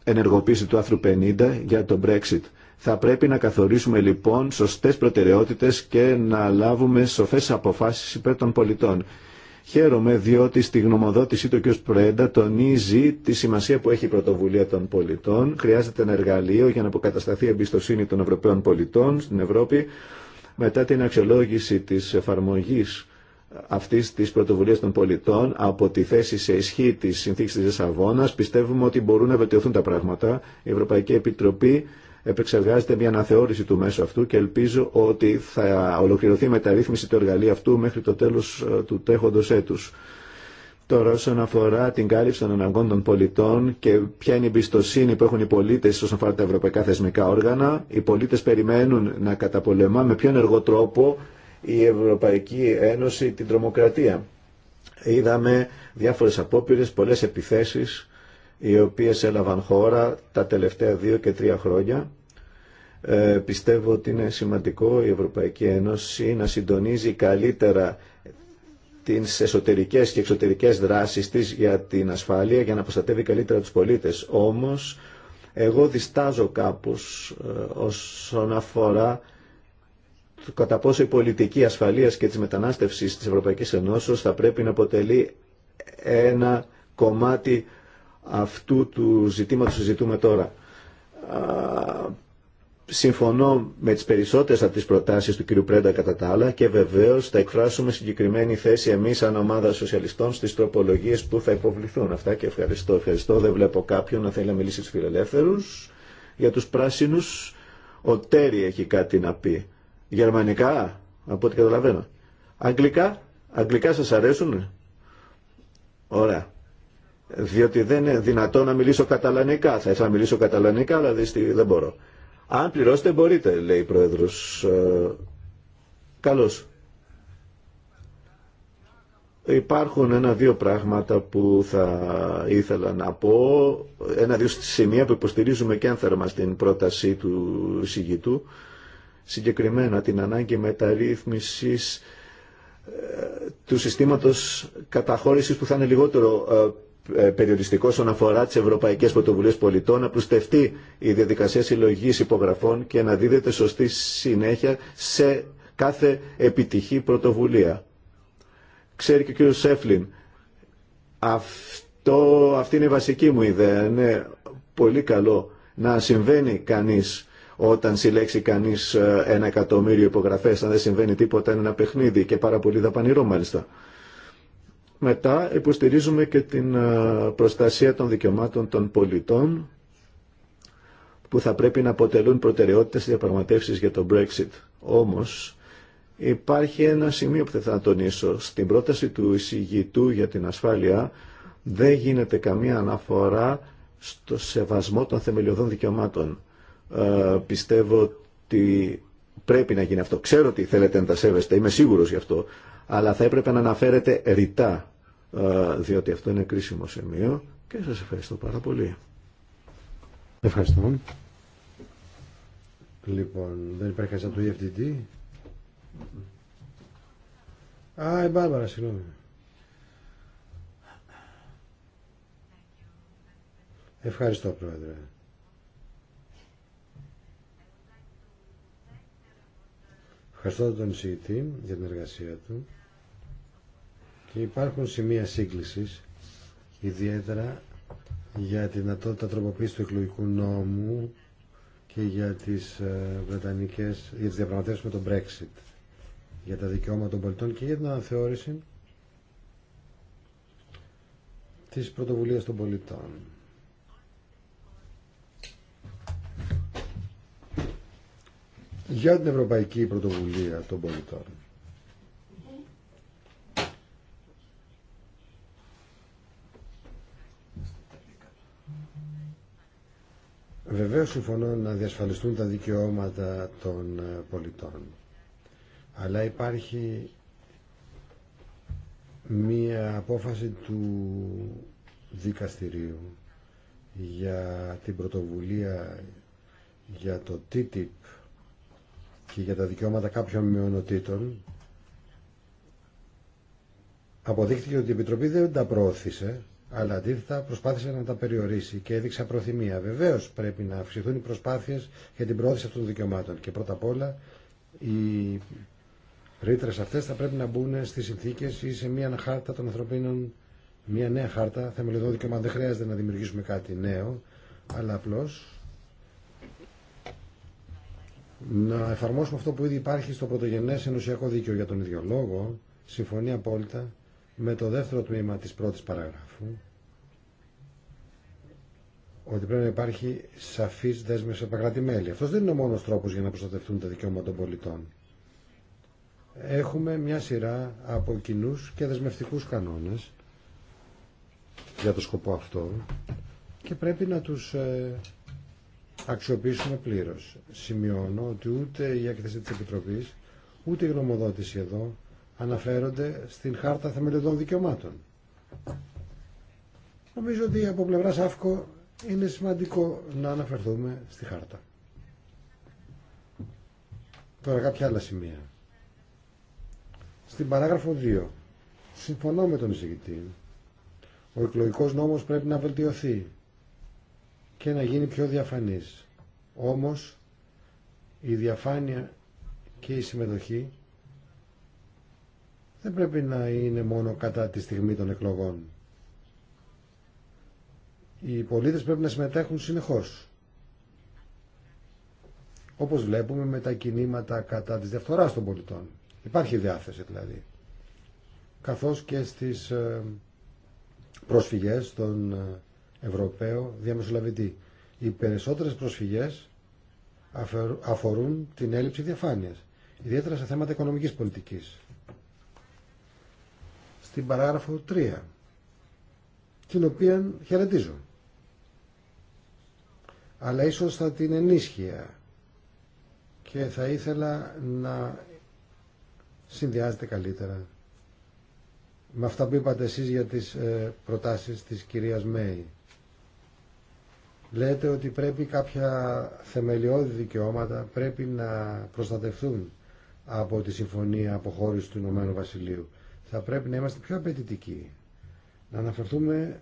ενεργοποίηση του άθρου 50 για το Brexit θα πρέπει να καθορίσουμε λοιπόν σωστές προτεραιότητες και να λάβουμε σοφές αποφάσεις υπέρ των πολιτών. Χαίρομαι διότι στη γνωμοδότησή του κ. Πρέντα τονίζει τη σημασία που έχει η πρωτοβουλία των πολιτών. Χρειάζεται ένα εργαλείο για να αποκατασταθεί η εμπιστοσύνη των Ευρωπαίων πολιτών στην Ευρώπη μετά την αξιολόγηση της εφαρμογής αυτή τη πρωτοβουλία των πολιτών από τη θέση σε ισχύ τη συνθήκη τη Λισαβόνα, πιστεύουμε ότι μπορούν να βελτιωθούν τα πράγματα. Η Ευρωπαϊκή Επιτροπή επεξεργάζεται μια αναθεώρηση του μέσου αυτού και ελπίζω ότι θα ολοκληρωθεί η μεταρρύθμιση του εργαλείου αυτού μέχρι το τέλος ε, του τέχοντο έτους. Τώρα όσον αφορά την κάλυψη των αναγκών των πολιτών και ποια είναι η εμπιστοσύνη που έχουν οι πολίτες όσον αφορά τα ευρωπαϊκά θεσμικά όργανα, οι πολίτες περιμένουν να καταπολεμά με πιο ενεργό τρόπο η Ευρωπαϊκή Ένωση την τρομοκρατία. Είδαμε διάφορες απόπειρες, πολλές επιθέσεις οι οποίες έλαβαν χώρα τα τελευταία δύο και τρία χρόνια. Ε, πιστεύω ότι είναι σημαντικό η Ευρωπαϊκή Ένωση να συντονίζει καλύτερα τις εσωτερικές και εξωτερικές δράσεις της για την ασφάλεια για να προστατεύει καλύτερα τους πολίτες. Όμως, εγώ διστάζω κάπως ε, όσον αφορά το κατά πόσο η πολιτική ασφαλείας και της μετανάστευσης της Ευρωπαϊκής Ενώσεως θα πρέπει να αποτελεί ένα κομμάτι αυτού του ζητήματος που ζητούμε τώρα. Συμφωνώ με τις περισσότερες από τις προτάσεις του κ. Πρέντα κατά τα άλλα και βεβαίως θα εκφράσουμε συγκεκριμένη θέση εμείς σαν ομάδα σοσιαλιστών στις τροπολογίες που θα υποβληθούν. Αυτά και ευχαριστώ. Ευχαριστώ. Δεν βλέπω κάποιον να θέλει να μιλήσει στους φιλελεύθερους. Για τους πράσινους ο Τέρι έχει κάτι να πει. Γερμανικά, από ό,τι καταλαβαίνω. Αγγλικά, αγγλικά σας αρέσουν. Ωραία διότι δεν είναι δυνατό να μιλήσω καταλανικά. Θα ήθελα να μιλήσω καταλανικά, αλλά δεν μπορώ. Αν πληρώσετε μπορείτε, λέει η Πρόεδρος. Ε, καλώς. Υπάρχουν ένα-δύο πράγματα που θα ήθελα να πω, ένα-δύο σημεία που υποστηρίζουμε και ένθερμα στην πρόταση του συγγητού, συγκεκριμένα την ανάγκη μεταρρύθμισης ε, του συστήματος καταχώρησης που θα είναι λιγότερο ε, ε, περιοριστικό όσον αφορά τι ευρωπαϊκέ πρωτοβουλίε πολιτών, να πλουστευτεί η διαδικασία συλλογή υπογραφών και να δίδεται σωστή συνέχεια σε κάθε επιτυχή πρωτοβουλία. Ξέρει και ο κ. Σέφλιν, αυτό, αυτή είναι η βασική μου ιδέα. Είναι πολύ καλό να συμβαίνει κανείς όταν συλλέξει κανείς ε, ένα εκατομμύριο υπογραφές, αν δεν συμβαίνει τίποτα, είναι ένα παιχνίδι και πάρα πολύ δαπανηρό μάλιστα. Μετά υποστηρίζουμε και την ε, προστασία των δικαιωμάτων των πολιτών που θα πρέπει να αποτελούν προτεραιότητες διαπραγματεύσεις για το Brexit. Όμως υπάρχει ένα σημείο που θα τονίσω. Στην πρόταση του εισηγητού για την ασφάλεια δεν γίνεται καμία αναφορά στο σεβασμό των θεμελιωδών δικαιωμάτων. Ε, πιστεύω ότι πρέπει να γίνει αυτό. Ξέρω ότι θέλετε να τα σέβεστε, είμαι σίγουρος γι' αυτό, αλλά θα έπρεπε να αναφέρετε ρητά διότι αυτό είναι κρίσιμο σημείο και σας ευχαριστώ πάρα πολύ. Ευχαριστώ. Λοιπόν, δεν υπάρχει κανένα από το e Α, η Μπάρμπαρα, συγγνώμη. Ευχαριστώ, Πρόεδρε. Ευχαριστώ τον εισηγητή για την εργασία του και υπάρχουν σημεία σύγκλησης ιδιαίτερα για τη δυνατότητα τροποποίηση του εκλογικού νόμου και για τις ε, βρετανικές για διαπραγματεύσεις με τον Brexit για τα δικαιώματα των πολιτών και για την αναθεώρηση της πρωτοβουλίας των πολιτών. Για την Ευρωπαϊκή Πρωτοβουλία των Πολιτών. Βεβαίως συμφωνώ να διασφαλιστούν τα δικαιώματα των ε, πολιτών. Αλλά υπάρχει μία απόφαση του δικαστηρίου για την πρωτοβουλία για το TTIP και για τα δικαιώματα κάποιων μειονοτήτων αποδείχθηκε ότι η Επιτροπή δεν τα προώθησε αλλά αντίθετα προσπάθησε να τα περιορίσει και έδειξε απροθυμία. Βεβαίω πρέπει να αυξηθούν οι προσπάθειε για την πρόθεση αυτών των δικαιωμάτων. Και πρώτα απ' όλα οι ρήτρε αυτέ θα πρέπει να μπουν στι συνθήκε ή σε μια χάρτα των ανθρωπίνων, μια νέα χάρτα θεμελιωδών δικαιωμάτων. Δεν χρειάζεται να δημιουργήσουμε κάτι νέο, αλλά απλώ να εφαρμόσουμε αυτό που ήδη υπάρχει στο πρωτογενέ ενωσιακό δίκαιο για τον ίδιο λόγο. Συμφωνεί απόλυτα με το δεύτερο τμήμα της πρώτης παραγράφου ότι πρέπει να υπάρχει σαφής δέσμευση από κράτη-μέλη. Αυτός δεν είναι ο μόνος τρόπος για να προστατευτούν τα δικαιώματα των πολιτών. Έχουμε μια σειρά από κοινού και δεσμευτικούς κανόνες για το σκοπό αυτό και πρέπει να τους ε, αξιοποιήσουμε πλήρως. Σημειώνω ότι ούτε η έκθεση της Επιτροπής, ούτε η γνωμοδότηση εδώ αναφέρονται στην Χάρτα Θεμελιωδών Δικαιωμάτων. Νομίζω ότι από πλευρά ΑΦΚΟ είναι σημαντικό να αναφερθούμε στη Χάρτα. Τώρα κάποια άλλα σημεία. Στην παράγραφο 2. Συμφωνώ με τον εισηγητή. Ο εκλογικός νόμος πρέπει να βελτιωθεί και να γίνει πιο διαφανής. Όμως η διαφάνεια και η συμμετοχή δεν πρέπει να είναι μόνο κατά τη στιγμή των εκλογών. Οι πολίτες πρέπει να συμμετέχουν συνεχώς. Όπως βλέπουμε με τα κινήματα κατά της διαφθοράς των πολιτών. Υπάρχει διάθεση δηλαδή. Καθώς και στις ε, προσφυγές των ε, Ευρωπαίων διαμεσολαβητή. Οι περισσότερες προσφυγές αφορούν την έλλειψη διαφάνειας, ιδιαίτερα σε θέματα οικονομικής πολιτικής στην παράγραφο 3 την οποία χαιρετίζω αλλά ίσως θα την ενίσχυα και θα ήθελα να συνδυάζεται καλύτερα με αυτά που είπατε εσείς για τις ε, προτάσεις της κυρίας Μέη. Λέτε ότι πρέπει κάποια θεμελιώδη δικαιώματα πρέπει να προστατευτούν από τη Συμφωνία Αποχώρησης του Ηνωμένου Βασιλείου θα πρέπει να είμαστε πιο απαιτητικοί. Να αναφερθούμε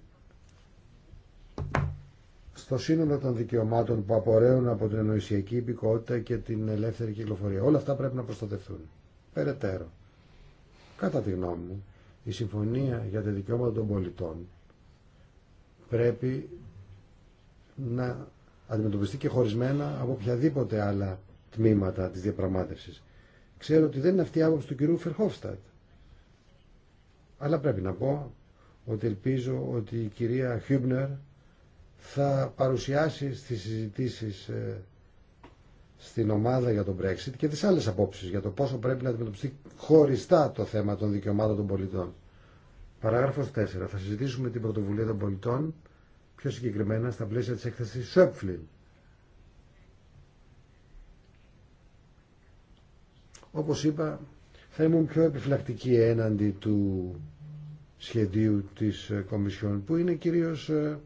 στο σύνολο των δικαιωμάτων που απορρέουν από την εννοησιακή υπηκότητα και την ελεύθερη κυκλοφορία. Όλα αυτά πρέπει να προστατευτούν. Περαιτέρω. Κατά τη γνώμη μου, η Συμφωνία για τα Δικαιώματα των Πολιτών πρέπει να αντιμετωπιστεί και χωρισμένα από οποιαδήποτε άλλα τμήματα της διαπραγμάτευσης. Ξέρω ότι δεν είναι αυτή η άποψη του κυρίου Φερχόφστατ. Αλλά πρέπει να πω ότι ελπίζω ότι η κυρία Χιούμπνερ θα παρουσιάσει στις συζητήσεις ε, στην ομάδα για τον Brexit και τις άλλες απόψεις για το πόσο πρέπει να αντιμετωπιστεί χωριστά το θέμα των δικαιωμάτων των πολιτών. Παράγραφος 4. Θα συζητήσουμε την πρωτοβουλία των πολιτών πιο συγκεκριμένα στα πλαίσια της έκθεσης Σέπφλιν. Όπως είπα, θα ήμουν πιο επιφυλακτική έναντι του σχεδίου της ε, Κομισιόν που είναι κυρίως ε,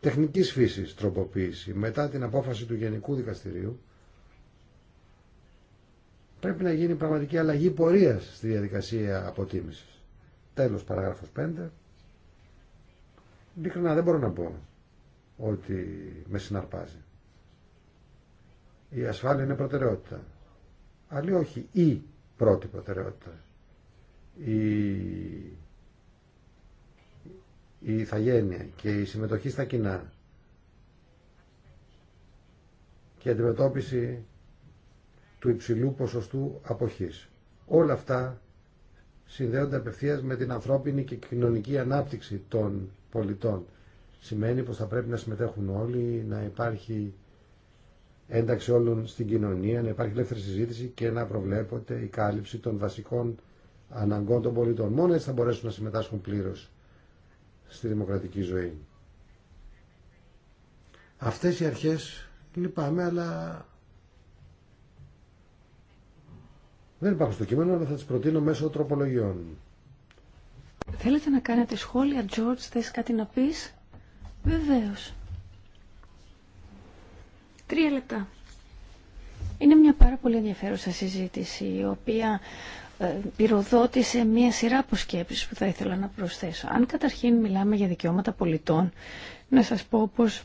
τεχνικής φύσης τροποποίηση. Μετά την απόφαση του Γενικού Δικαστηρίου πρέπει να γίνει πραγματική αλλαγή πορείας στη διαδικασία αποτίμησης. Τέλος παράγραφος 5. Ειλικρινά δεν μπορώ να πω ότι με συναρπάζει. Η ασφάλεια είναι προτεραιότητα. Αλλά όχι η πρώτη προτεραιότητα. Η η ηθαγένεια και η συμμετοχή στα κοινά και η αντιμετώπιση του υψηλού ποσοστού αποχής. Όλα αυτά συνδέονται απευθεία με την ανθρώπινη και κοινωνική ανάπτυξη των πολιτών. Σημαίνει πως θα πρέπει να συμμετέχουν όλοι, να υπάρχει ένταξη όλων στην κοινωνία, να υπάρχει ελεύθερη συζήτηση και να προβλέπονται η κάλυψη των βασικών αναγκών των πολιτών. Μόνο έτσι θα μπορέσουν να συμμετάσχουν πλήρως στη δημοκρατική ζωή. Αυτές οι αρχές λυπάμαι, αλλά δεν υπάρχουν στο κείμενο, αλλά θα τις προτείνω μέσω τροπολογιών. Θέλετε να κάνετε σχόλια, George, θες κάτι να πεις? Βεβαίως. Τρία λεπτά. Είναι μια πάρα πολύ ενδιαφέρουσα συζήτηση, η οποία ε, πυροδότησε μία σειρά από που θα ήθελα να προσθέσω. Αν καταρχήν μιλάμε για δικαιώματα πολιτών, να σας πω πως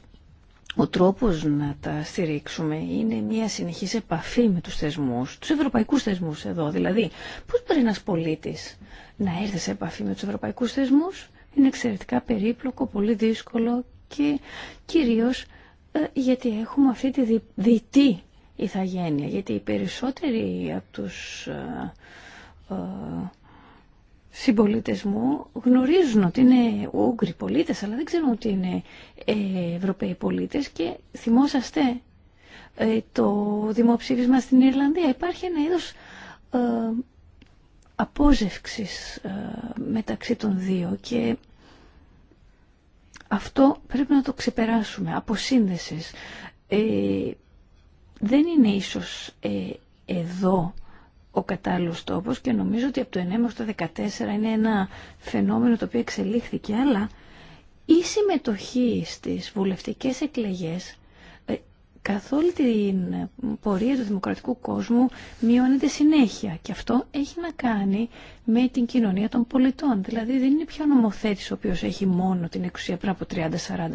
ο τρόπος να τα στηρίξουμε είναι μια συνεχής επαφή με τους θεσμούς, τους ευρωπαϊκούς θεσμούς εδώ. Δηλαδή, πώς μπορεί ένας πολίτης να έρθει σε επαφή με τους ευρωπαϊκούς θεσμούς. Είναι εξαιρετικά περίπλοκο, πολύ δύσκολο και κυρίως ε, γιατί έχουμε αυτή τη δι, διτή ηθαγένεια. Γιατί οι περισσότεροι από τους... Ε, ε, συμπολίτες μου γνωρίζουν ότι είναι Ούγγροι πολίτες, αλλά δεν ξέρουν ότι είναι ε, Ευρωπαίοι πολίτες και θυμόσαστε ε, το δημοψήφισμα στην Ιρλανδία. Υπάρχει ένα είδος ε, απόζευξης μεταξύ των δύο και αυτό πρέπει να το ξεπεράσουμε, αποσύνδεσης. Ε, δεν είναι ίσως εδώ ο κατάλληλος τόπος και νομίζω ότι από το 9 μέχρι 14 είναι ένα φαινόμενο το οποίο εξελίχθηκε, αλλά η συμμετοχή στις βουλευτικές εκλεγές ε, καθ' όλη την πορεία του δημοκρατικού κόσμου μειώνεται συνέχεια. Και αυτό έχει να κάνει με την κοινωνία των πολιτών. Δηλαδή δεν είναι πια ο νομοθέτης ο οποίος έχει μόνο την εξουσία πριν από 30-40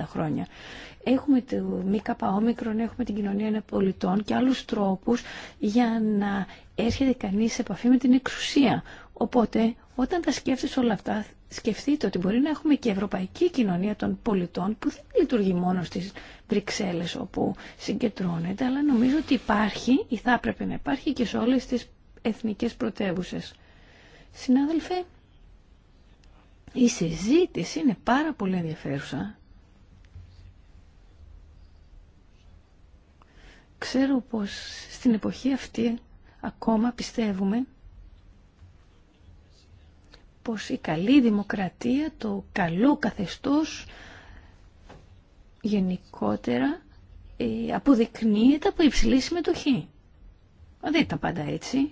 χρόνια. Έχουμε το ΜΚΟ, έχουμε την κοινωνία των πολιτών και άλλους τρόπους για να έρχεται κανεί σε επαφή με την εξουσία. Οπότε όταν τα σκέφτεσαι όλα αυτά, σκεφτείτε ότι μπορεί να έχουμε και ευρωπαϊκή κοινωνία των πολιτών που δεν λειτουργεί μόνο στις Βρυξέλλες όπου συγκεντρώνεται, αλλά νομίζω ότι υπάρχει ή θα έπρεπε να υπάρχει και σε όλες τις εθνικές πρωτεύουσε. Συνάδελφε, η συζήτηση είναι πάρα πολύ ενδιαφέρουσα. Ξέρω πως στην εποχή αυτή Ακόμα πιστεύουμε πως η καλή δημοκρατία, το καλό καθεστώς γενικότερα ε, αποδεικνύεται από υψηλή συμμετοχή. Δεν ήταν πάντα έτσι.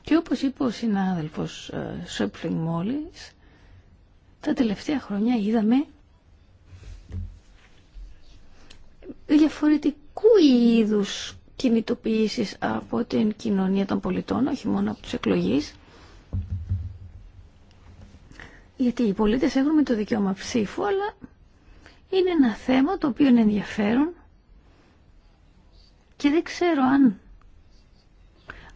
Και όπως είπε ο συνάδελφος ε, Σόπλινγκ μόλις, τα τελευταία χρόνια είδαμε διαφορετικού είδους κινητοποιήσεις από την κοινωνία των πολιτών, όχι μόνο από τους εκλογείς. Γιατί οι πολίτες έχουν το δικαίωμα ψήφου, αλλά είναι ένα θέμα το οποίο είναι ενδιαφέρον και δεν ξέρω αν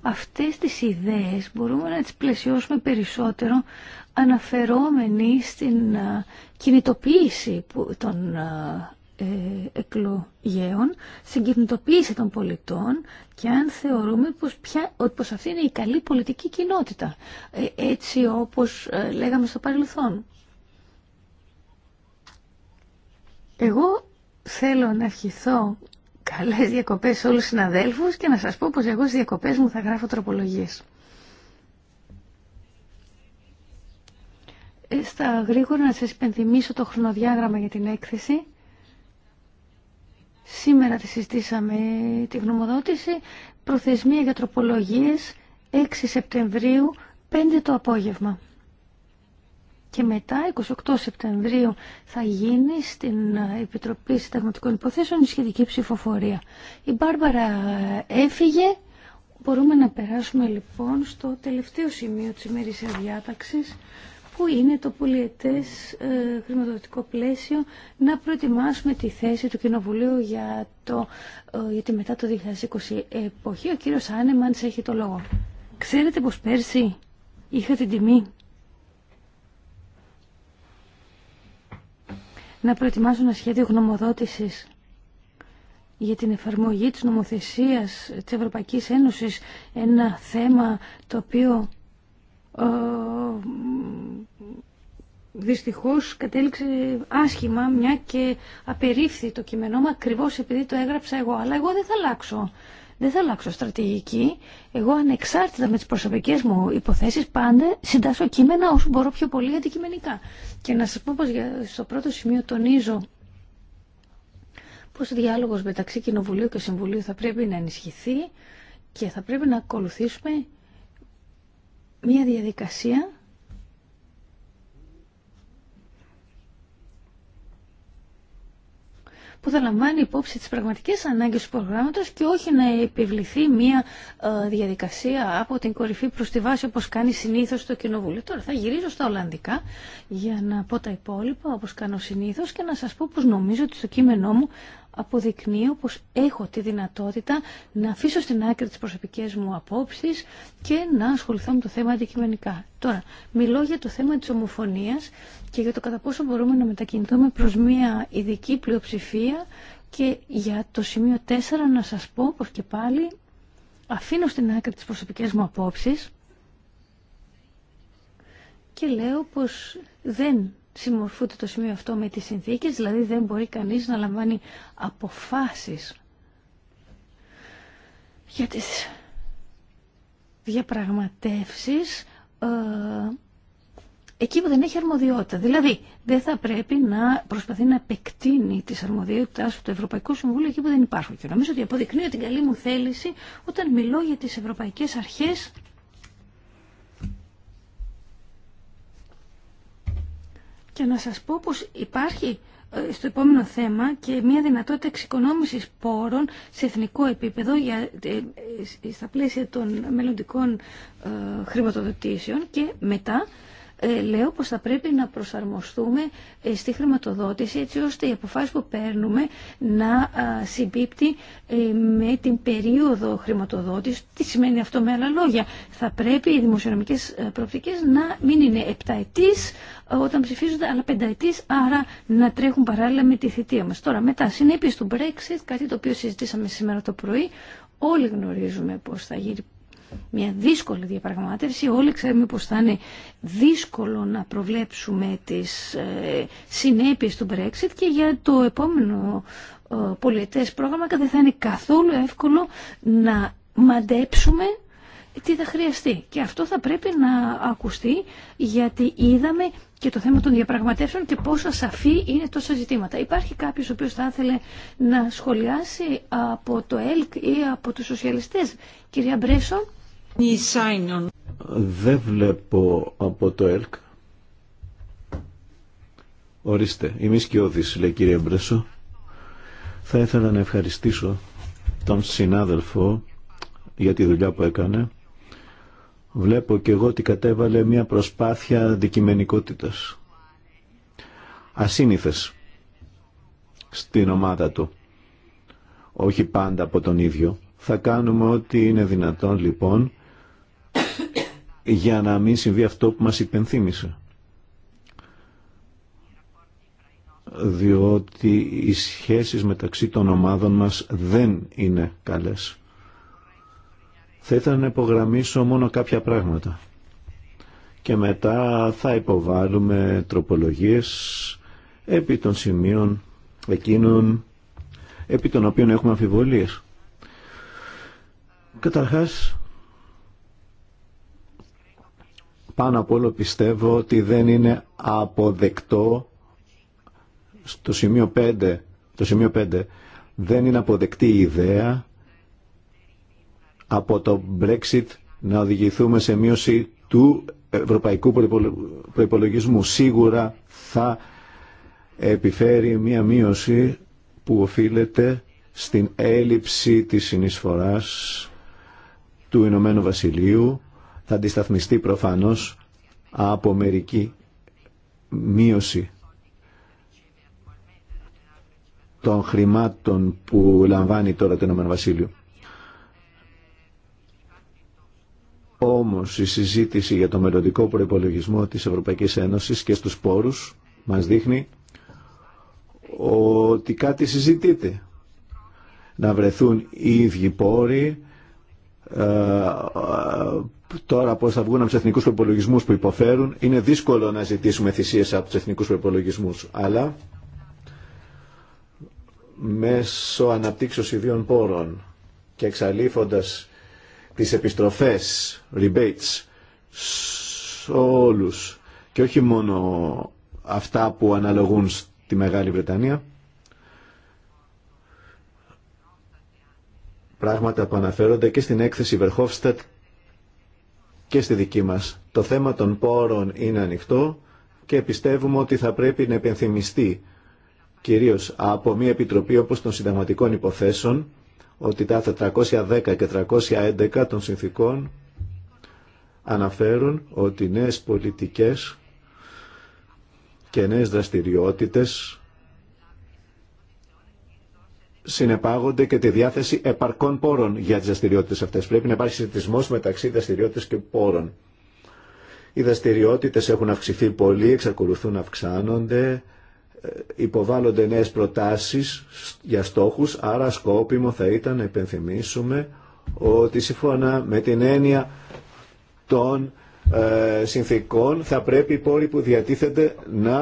αυτές τις ιδέες μπορούμε να τις πλαισιώσουμε περισσότερο αναφερόμενοι στην κινητοποίηση των ε, εκλογέων, συγκινητοποίηση των πολιτών και αν θεωρούμε πως, πια, πως αυτή είναι η καλή πολιτική κοινότητα, ε, έτσι όπως ε, λέγαμε στο παρελθόν. Εγώ θέλω να ευχηθώ καλές διακοπές σε όλους τους συναδέλφους και να σας πω πως εγώ στις διακοπές μου θα γράφω τροπολογίες. Στα γρήγορα να σας υπενθυμίσω το χρονοδιάγραμμα για την έκθεση. Σήμερα τη συστήσαμε τη γνωμοδότηση. Προθεσμία για τροπολογίες 6 Σεπτεμβρίου, 5 το απόγευμα. Και μετά, 28 Σεπτεμβρίου, θα γίνει στην Επιτροπή Συνταγματικών Υποθέσεων η σχετική ψηφοφορία. Η Μπάρμπαρα έφυγε. Μπορούμε να περάσουμε λοιπόν στο τελευταίο σημείο της ημέρης διάταξης που είναι το πολιετές ε, χρηματοδοτικό πλαίσιο να προετοιμάσουμε τη θέση του Κοινοβουλίου για, το, ε, για τη μετά το 2020 εποχή. Ο κύριος Άνεμανς έχει το λόγο. Ξέρετε πως πέρσι είχα την τιμή να προετοιμάσω ένα σχέδιο γνωμοδότησης για την εφαρμογή της νομοθεσίας της Ευρωπαϊκής Ένωσης ένα θέμα το οποίο ε, δυστυχώς κατέληξε άσχημα μια και απερίφθη το κείμενό μου ακριβώ επειδή το έγραψα εγώ. Αλλά εγώ δεν θα αλλάξω. Δεν θα αλλάξω στρατηγική. Εγώ ανεξάρτητα με τις προσωπικές μου υποθέσεις πάντα συντάσσω κείμενα όσο μπορώ πιο πολύ αντικειμενικά. Και να σας πω πως στο πρώτο σημείο τονίζω πως ο διάλογος μεταξύ Κοινοβουλίου και Συμβουλίου θα πρέπει να ενισχυθεί και θα πρέπει να ακολουθήσουμε μια διαδικασία που θα λαμβάνει υπόψη τις πραγματικές ανάγκες του προγράμματος και όχι να επιβληθεί μια ε, διαδικασία από την κορυφή προς τη βάση όπως κάνει συνήθως το Κοινοβούλιο. Τώρα θα γυρίζω στα Ολλανδικά για να πω τα υπόλοιπα όπως κάνω συνήθως και να σας πω πως νομίζω ότι στο κείμενό μου αποδεικνύω πως έχω τη δυνατότητα να αφήσω στην άκρη τις προσωπικές μου απόψεις και να ασχοληθώ με το θέμα αντικειμενικά. Τώρα, μιλώ για το θέμα της ομοφωνίας και για το κατά πόσο μπορούμε να μετακινηθούμε προς μια ειδική πλειοψηφία και για το σημείο 4 να σας πω πως και πάλι αφήνω στην άκρη τις προσωπικές μου απόψεις και λέω πως δεν συμμορφούνται το σημείο αυτό με τις συνθήκες, δηλαδή δεν μπορεί κανείς να λαμβάνει αποφάσεις για τις διαπραγματεύσεις ε, εκεί που δεν έχει αρμοδιότητα. Δηλαδή, δεν θα πρέπει να προσπαθεί να επεκτείνει τις αρμοδιότητες του Ευρωπαϊκού Συμβούλου εκεί που δεν υπάρχουν. Και νομίζω ότι αποδεικνύω την καλή μου θέληση όταν μιλώ για τις ευρωπαϊκές αρχές Και να σας πω πως υπάρχει ε, στο επόμενο θέμα και μια δυνατότητα εξοικονόμησης πόρων σε εθνικό επίπεδο για, ε, ε, στα πλαίσια των μελλοντικών χρηματοδοτήσεων και μετά ε, λέω πως θα πρέπει να προσαρμοστούμε ε, στη χρηματοδότηση έτσι ώστε η αποφάση που παίρνουμε να συμπίπτει ε, με την περίοδο χρηματοδότησης. Τι σημαίνει αυτό με άλλα λόγια. Θα πρέπει οι δημοσιονομικές προοπτικές να μην είναι επταετής όταν ψηφίζονται, αλλά πενταετής, άρα να τρέχουν παράλληλα με τη θητεία μας. Τώρα, μετά, συνέπειες του Brexit, κάτι το οποίο συζητήσαμε σήμερα το πρωί, όλοι γνωρίζουμε πώς θα γύρει μια δύσκολη διαπραγμάτευση. Όλοι ξέρουμε πως θα είναι δύσκολο να προβλέψουμε τις ε, συνέπειες του Brexit και για το επόμενο ε, πολιετές πρόγραμμα δεν θα είναι καθόλου εύκολο να μαντέψουμε τι θα χρειαστεί. Και αυτό θα πρέπει να ακουστεί γιατί είδαμε και το θέμα των διαπραγματεύσεων και πόσο σαφή είναι τόσα ζητήματα. Υπάρχει κάποιος ο οποίο θα ήθελε να σχολιάσει από το ΕΛΚ ή από τους σοσιαλιστές. Κυρία Μπρέσο. Δεν βλέπω από το ΕΛΚ. Ορίστε, είμαι σκιώδη, λέει κύριε Μπρέσο. Θα ήθελα να ευχαριστήσω τον συνάδελφο για τη δουλειά που έκανε Βλέπω και εγώ ότι κατέβαλε μια προσπάθεια δικημενικότητας. Ασύνηθες στην ομάδα του. Όχι πάντα από τον ίδιο. Θα κάνουμε ό,τι είναι δυνατόν λοιπόν για να μην συμβεί αυτό που μας υπενθύμησε. Διότι οι σχέσεις μεταξύ των ομάδων μας δεν είναι καλές. Θα ήθελα να υπογραμμίσω μόνο κάποια πράγματα. Και μετά θα υποβάλουμε τροπολογίες επί των σημείων εκείνων επί των οποίων έχουμε αμφιβολίες. Καταρχάς, πάνω απ' όλο πιστεύω ότι δεν είναι αποδεκτό στο σημείο 5, το σημείο 5 δεν είναι αποδεκτή η ιδέα από το Brexit να οδηγηθούμε σε μείωση του ευρωπαϊκού προϋπολογισμού. Σίγουρα θα επιφέρει μία μείωση που οφείλεται στην έλλειψη της συνεισφοράς του Ηνωμένου Βασιλείου. Θα αντισταθμιστεί προφανώς από μερική μείωση των χρημάτων που λαμβάνει τώρα το Ηνωμένο Βασίλειο. Όμως η συζήτηση για το μελλοντικό προϋπολογισμό της Ευρωπαϊκής Ένωσης και στους πόρους μας δείχνει ότι κάτι συζητείται. Να βρεθούν οι ίδιοι πόροι, ε, ε, τώρα πώς θα βγουν από τους εθνικούς προϋπολογισμούς που υποφέρουν. Είναι δύσκολο να ζητήσουμε θυσίες από τους εθνικούς προϋπολογισμούς. αλλά μέσω αναπτύξεως ιδίων πόρων και εξαλείφοντας τις επιστροφές, rebates, σε όλους και όχι μόνο αυτά που αναλογούν στη Μεγάλη Βρετανία. Πράγματα που αναφέρονται και στην έκθεση Verhofstadt και στη δική μας. Το θέμα των πόρων είναι ανοιχτό και πιστεύουμε ότι θα πρέπει να επενθυμιστεί κυρίως από μια επιτροπή όπως των συνταγματικών υποθέσεων ότι τα 410 και 311 των συνθήκων αναφέρουν ότι νέες πολιτικές και νέες δραστηριότητες συνεπάγονται και τη διάθεση επαρκών πόρων για τις δραστηριότητες αυτές. Πρέπει να υπάρχει συντισμός μεταξύ δραστηριότητες και πόρων. Οι δραστηριότητες έχουν αυξηθεί πολύ, εξακολουθούν να αυξάνονται, υποβάλλονται νέες προτάσεις για στόχους, άρα σκόπιμο θα ήταν να υπενθυμίσουμε ότι σύμφωνα με την έννοια των ε, συνθήκων θα πρέπει οι πόροι που διατίθεται να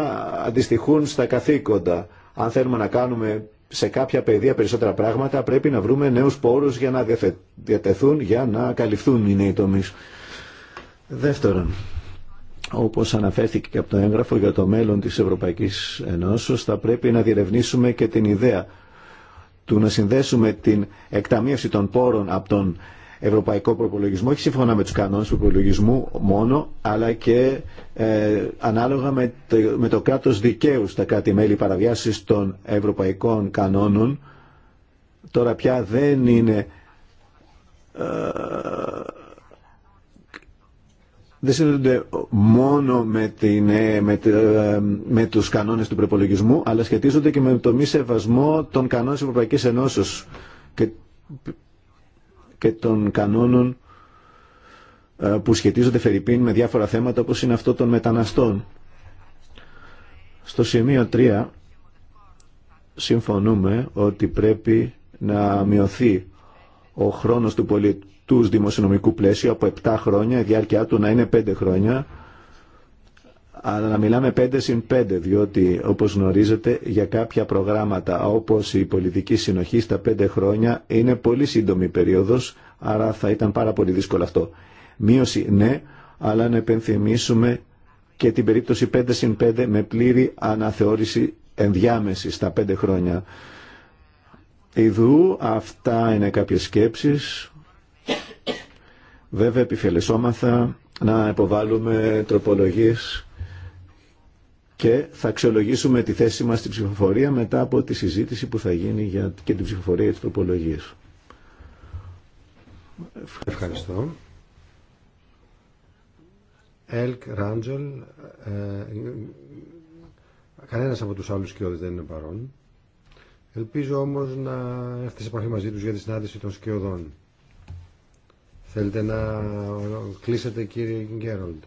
αντιστοιχούν στα καθήκοντα. Αν θέλουμε να κάνουμε σε κάποια πεδία περισσότερα πράγματα πρέπει να βρούμε νέους πόρους για να διατεθούν, για να καλυφθούν οι νέοι τομείς. Δεύτερον, όπως αναφέρθηκε και από το έγγραφο για το μέλλον της Ευρωπαϊκής Ενώσεως, θα πρέπει να διερευνήσουμε και την ιδέα του να συνδέσουμε την εκταμείωση των πόρων από τον ευρωπαϊκό προπολογισμό, όχι σύμφωνα με τους κανόνες του προπολογισμού μόνο, αλλά και ε, ανάλογα με το, με το κράτος δικαίου στα κράτη-μέλη παραβιάσεις των ευρωπαϊκών κανόνων. Τώρα πια δεν είναι... Ε, δεν συνδέονται μόνο με, την, ε, με, τους κανόνες του προπολογισμού, αλλά σχετίζονται και με το μη σεβασμό των κανόνων της Ευρωπαϊκής Ενώσεως και, των κανόνων ε, που σχετίζονται φερρυπίν με διάφορα θέματα όπως είναι αυτό των μεταναστών. Στο σημείο 3 συμφωνούμε ότι πρέπει να μειωθεί ο χρόνος του πολίτη του δημοσιονομικού πλαίσιου από 7 χρόνια, η διάρκεια του να είναι 5 χρόνια, αλλά να μιλάμε 5 συν 5, διότι όπως γνωρίζετε για κάποια προγράμματα όπως η πολιτική συνοχή στα 5 χρόνια είναι πολύ σύντομη περίοδος, άρα θα ήταν πάρα πολύ δύσκολο αυτό. Μείωση ναι, αλλά να επενθυμίσουμε και την περίπτωση 5 συν 5 με πλήρη αναθεώρηση ενδιάμεση στα 5 χρόνια. Ιδού αυτά είναι κάποιες σκέψεις Βέβαια επιφελεσόμαθα να υποβάλουμε τροπολογίες και θα αξιολογήσουμε τη θέση μας στην ψηφοφορία μετά από τη συζήτηση που θα γίνει για και την ψηφοφορία της τροπολογίας. Ευχαριστώ. Ελκ, Ράντζελ, ε, κανένας από τους άλλους σκιώδες δεν είναι παρόν. Ελπίζω όμως να έρθει σε επαφή μαζί τους για τη συνάντηση των σκιωδών. Θέλετε να κλείσετε κύριε Γκέροντ.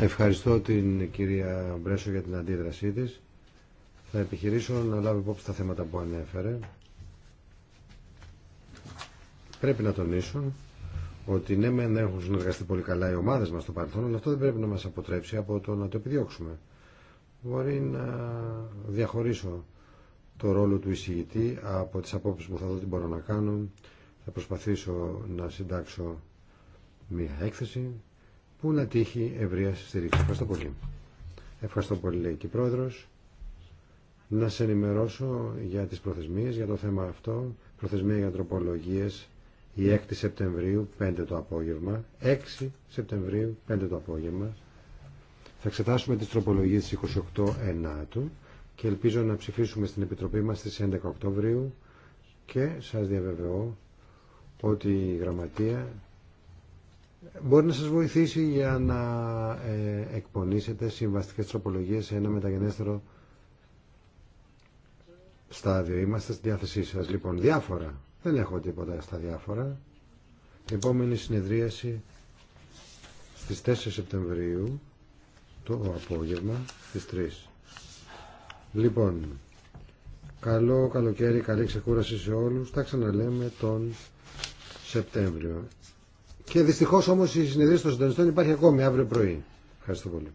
Ευχαριστώ την κυρία Μπρέσο για την αντίδρασή της. Θα επιχειρήσω να λάβω υπόψη τα θέματα που ανέφερε. Πρέπει να τονίσω ότι ναι μεν έχουν συνεργαστεί πολύ καλά οι ομάδες μας στο παρελθόν, αλλά αυτό δεν πρέπει να μας αποτρέψει από το να το επιδιώξουμε. Μπορεί να διαχωρίσω το ρόλο του εισηγητή από τις απόψεις που θα δω τι μπορώ να κάνω θα προσπαθήσω να συντάξω μια έκθεση που να τύχει ευρεία στηρίξη. Ευχαριστώ πολύ. Ευχαριστώ πολύ, λέει και η Πρόεδρος. Να σε ενημερώσω για τις προθεσμίες, για το θέμα αυτό. Προθεσμία για τροπολογίε η 6 Σεπτεμβρίου, 5 το απόγευμα. 6 Σεπτεμβρίου, 5 το απόγευμα. Θα εξετάσουμε τις τροπολογίες 28 Ενάτου και ελπίζω να ψηφίσουμε στην Επιτροπή μας στις 11 Οκτωβρίου και σας διαβεβαιώ ότι η Γραμματεία μπορεί να σας βοηθήσει για να ε, εκπονήσετε συμβαστικές τροπολογίες σε ένα μεταγενέστερο στάδιο. Είμαστε στη διάθεσή σας. Λοιπόν, διάφορα. Δεν έχω τίποτα στα διάφορα. Επόμενη συνεδρίαση στις 4 Σεπτεμβρίου το απόγευμα στις 3. Λοιπόν, καλό καλοκαίρι, καλή ξεκούραση σε όλους. Τα ξαναλέμε τον Σεπτέμβριο. Και δυστυχώς όμως η συνεδρία των συντονιστών υπάρχει ακόμη αύριο πρωί. Ευχαριστώ πολύ.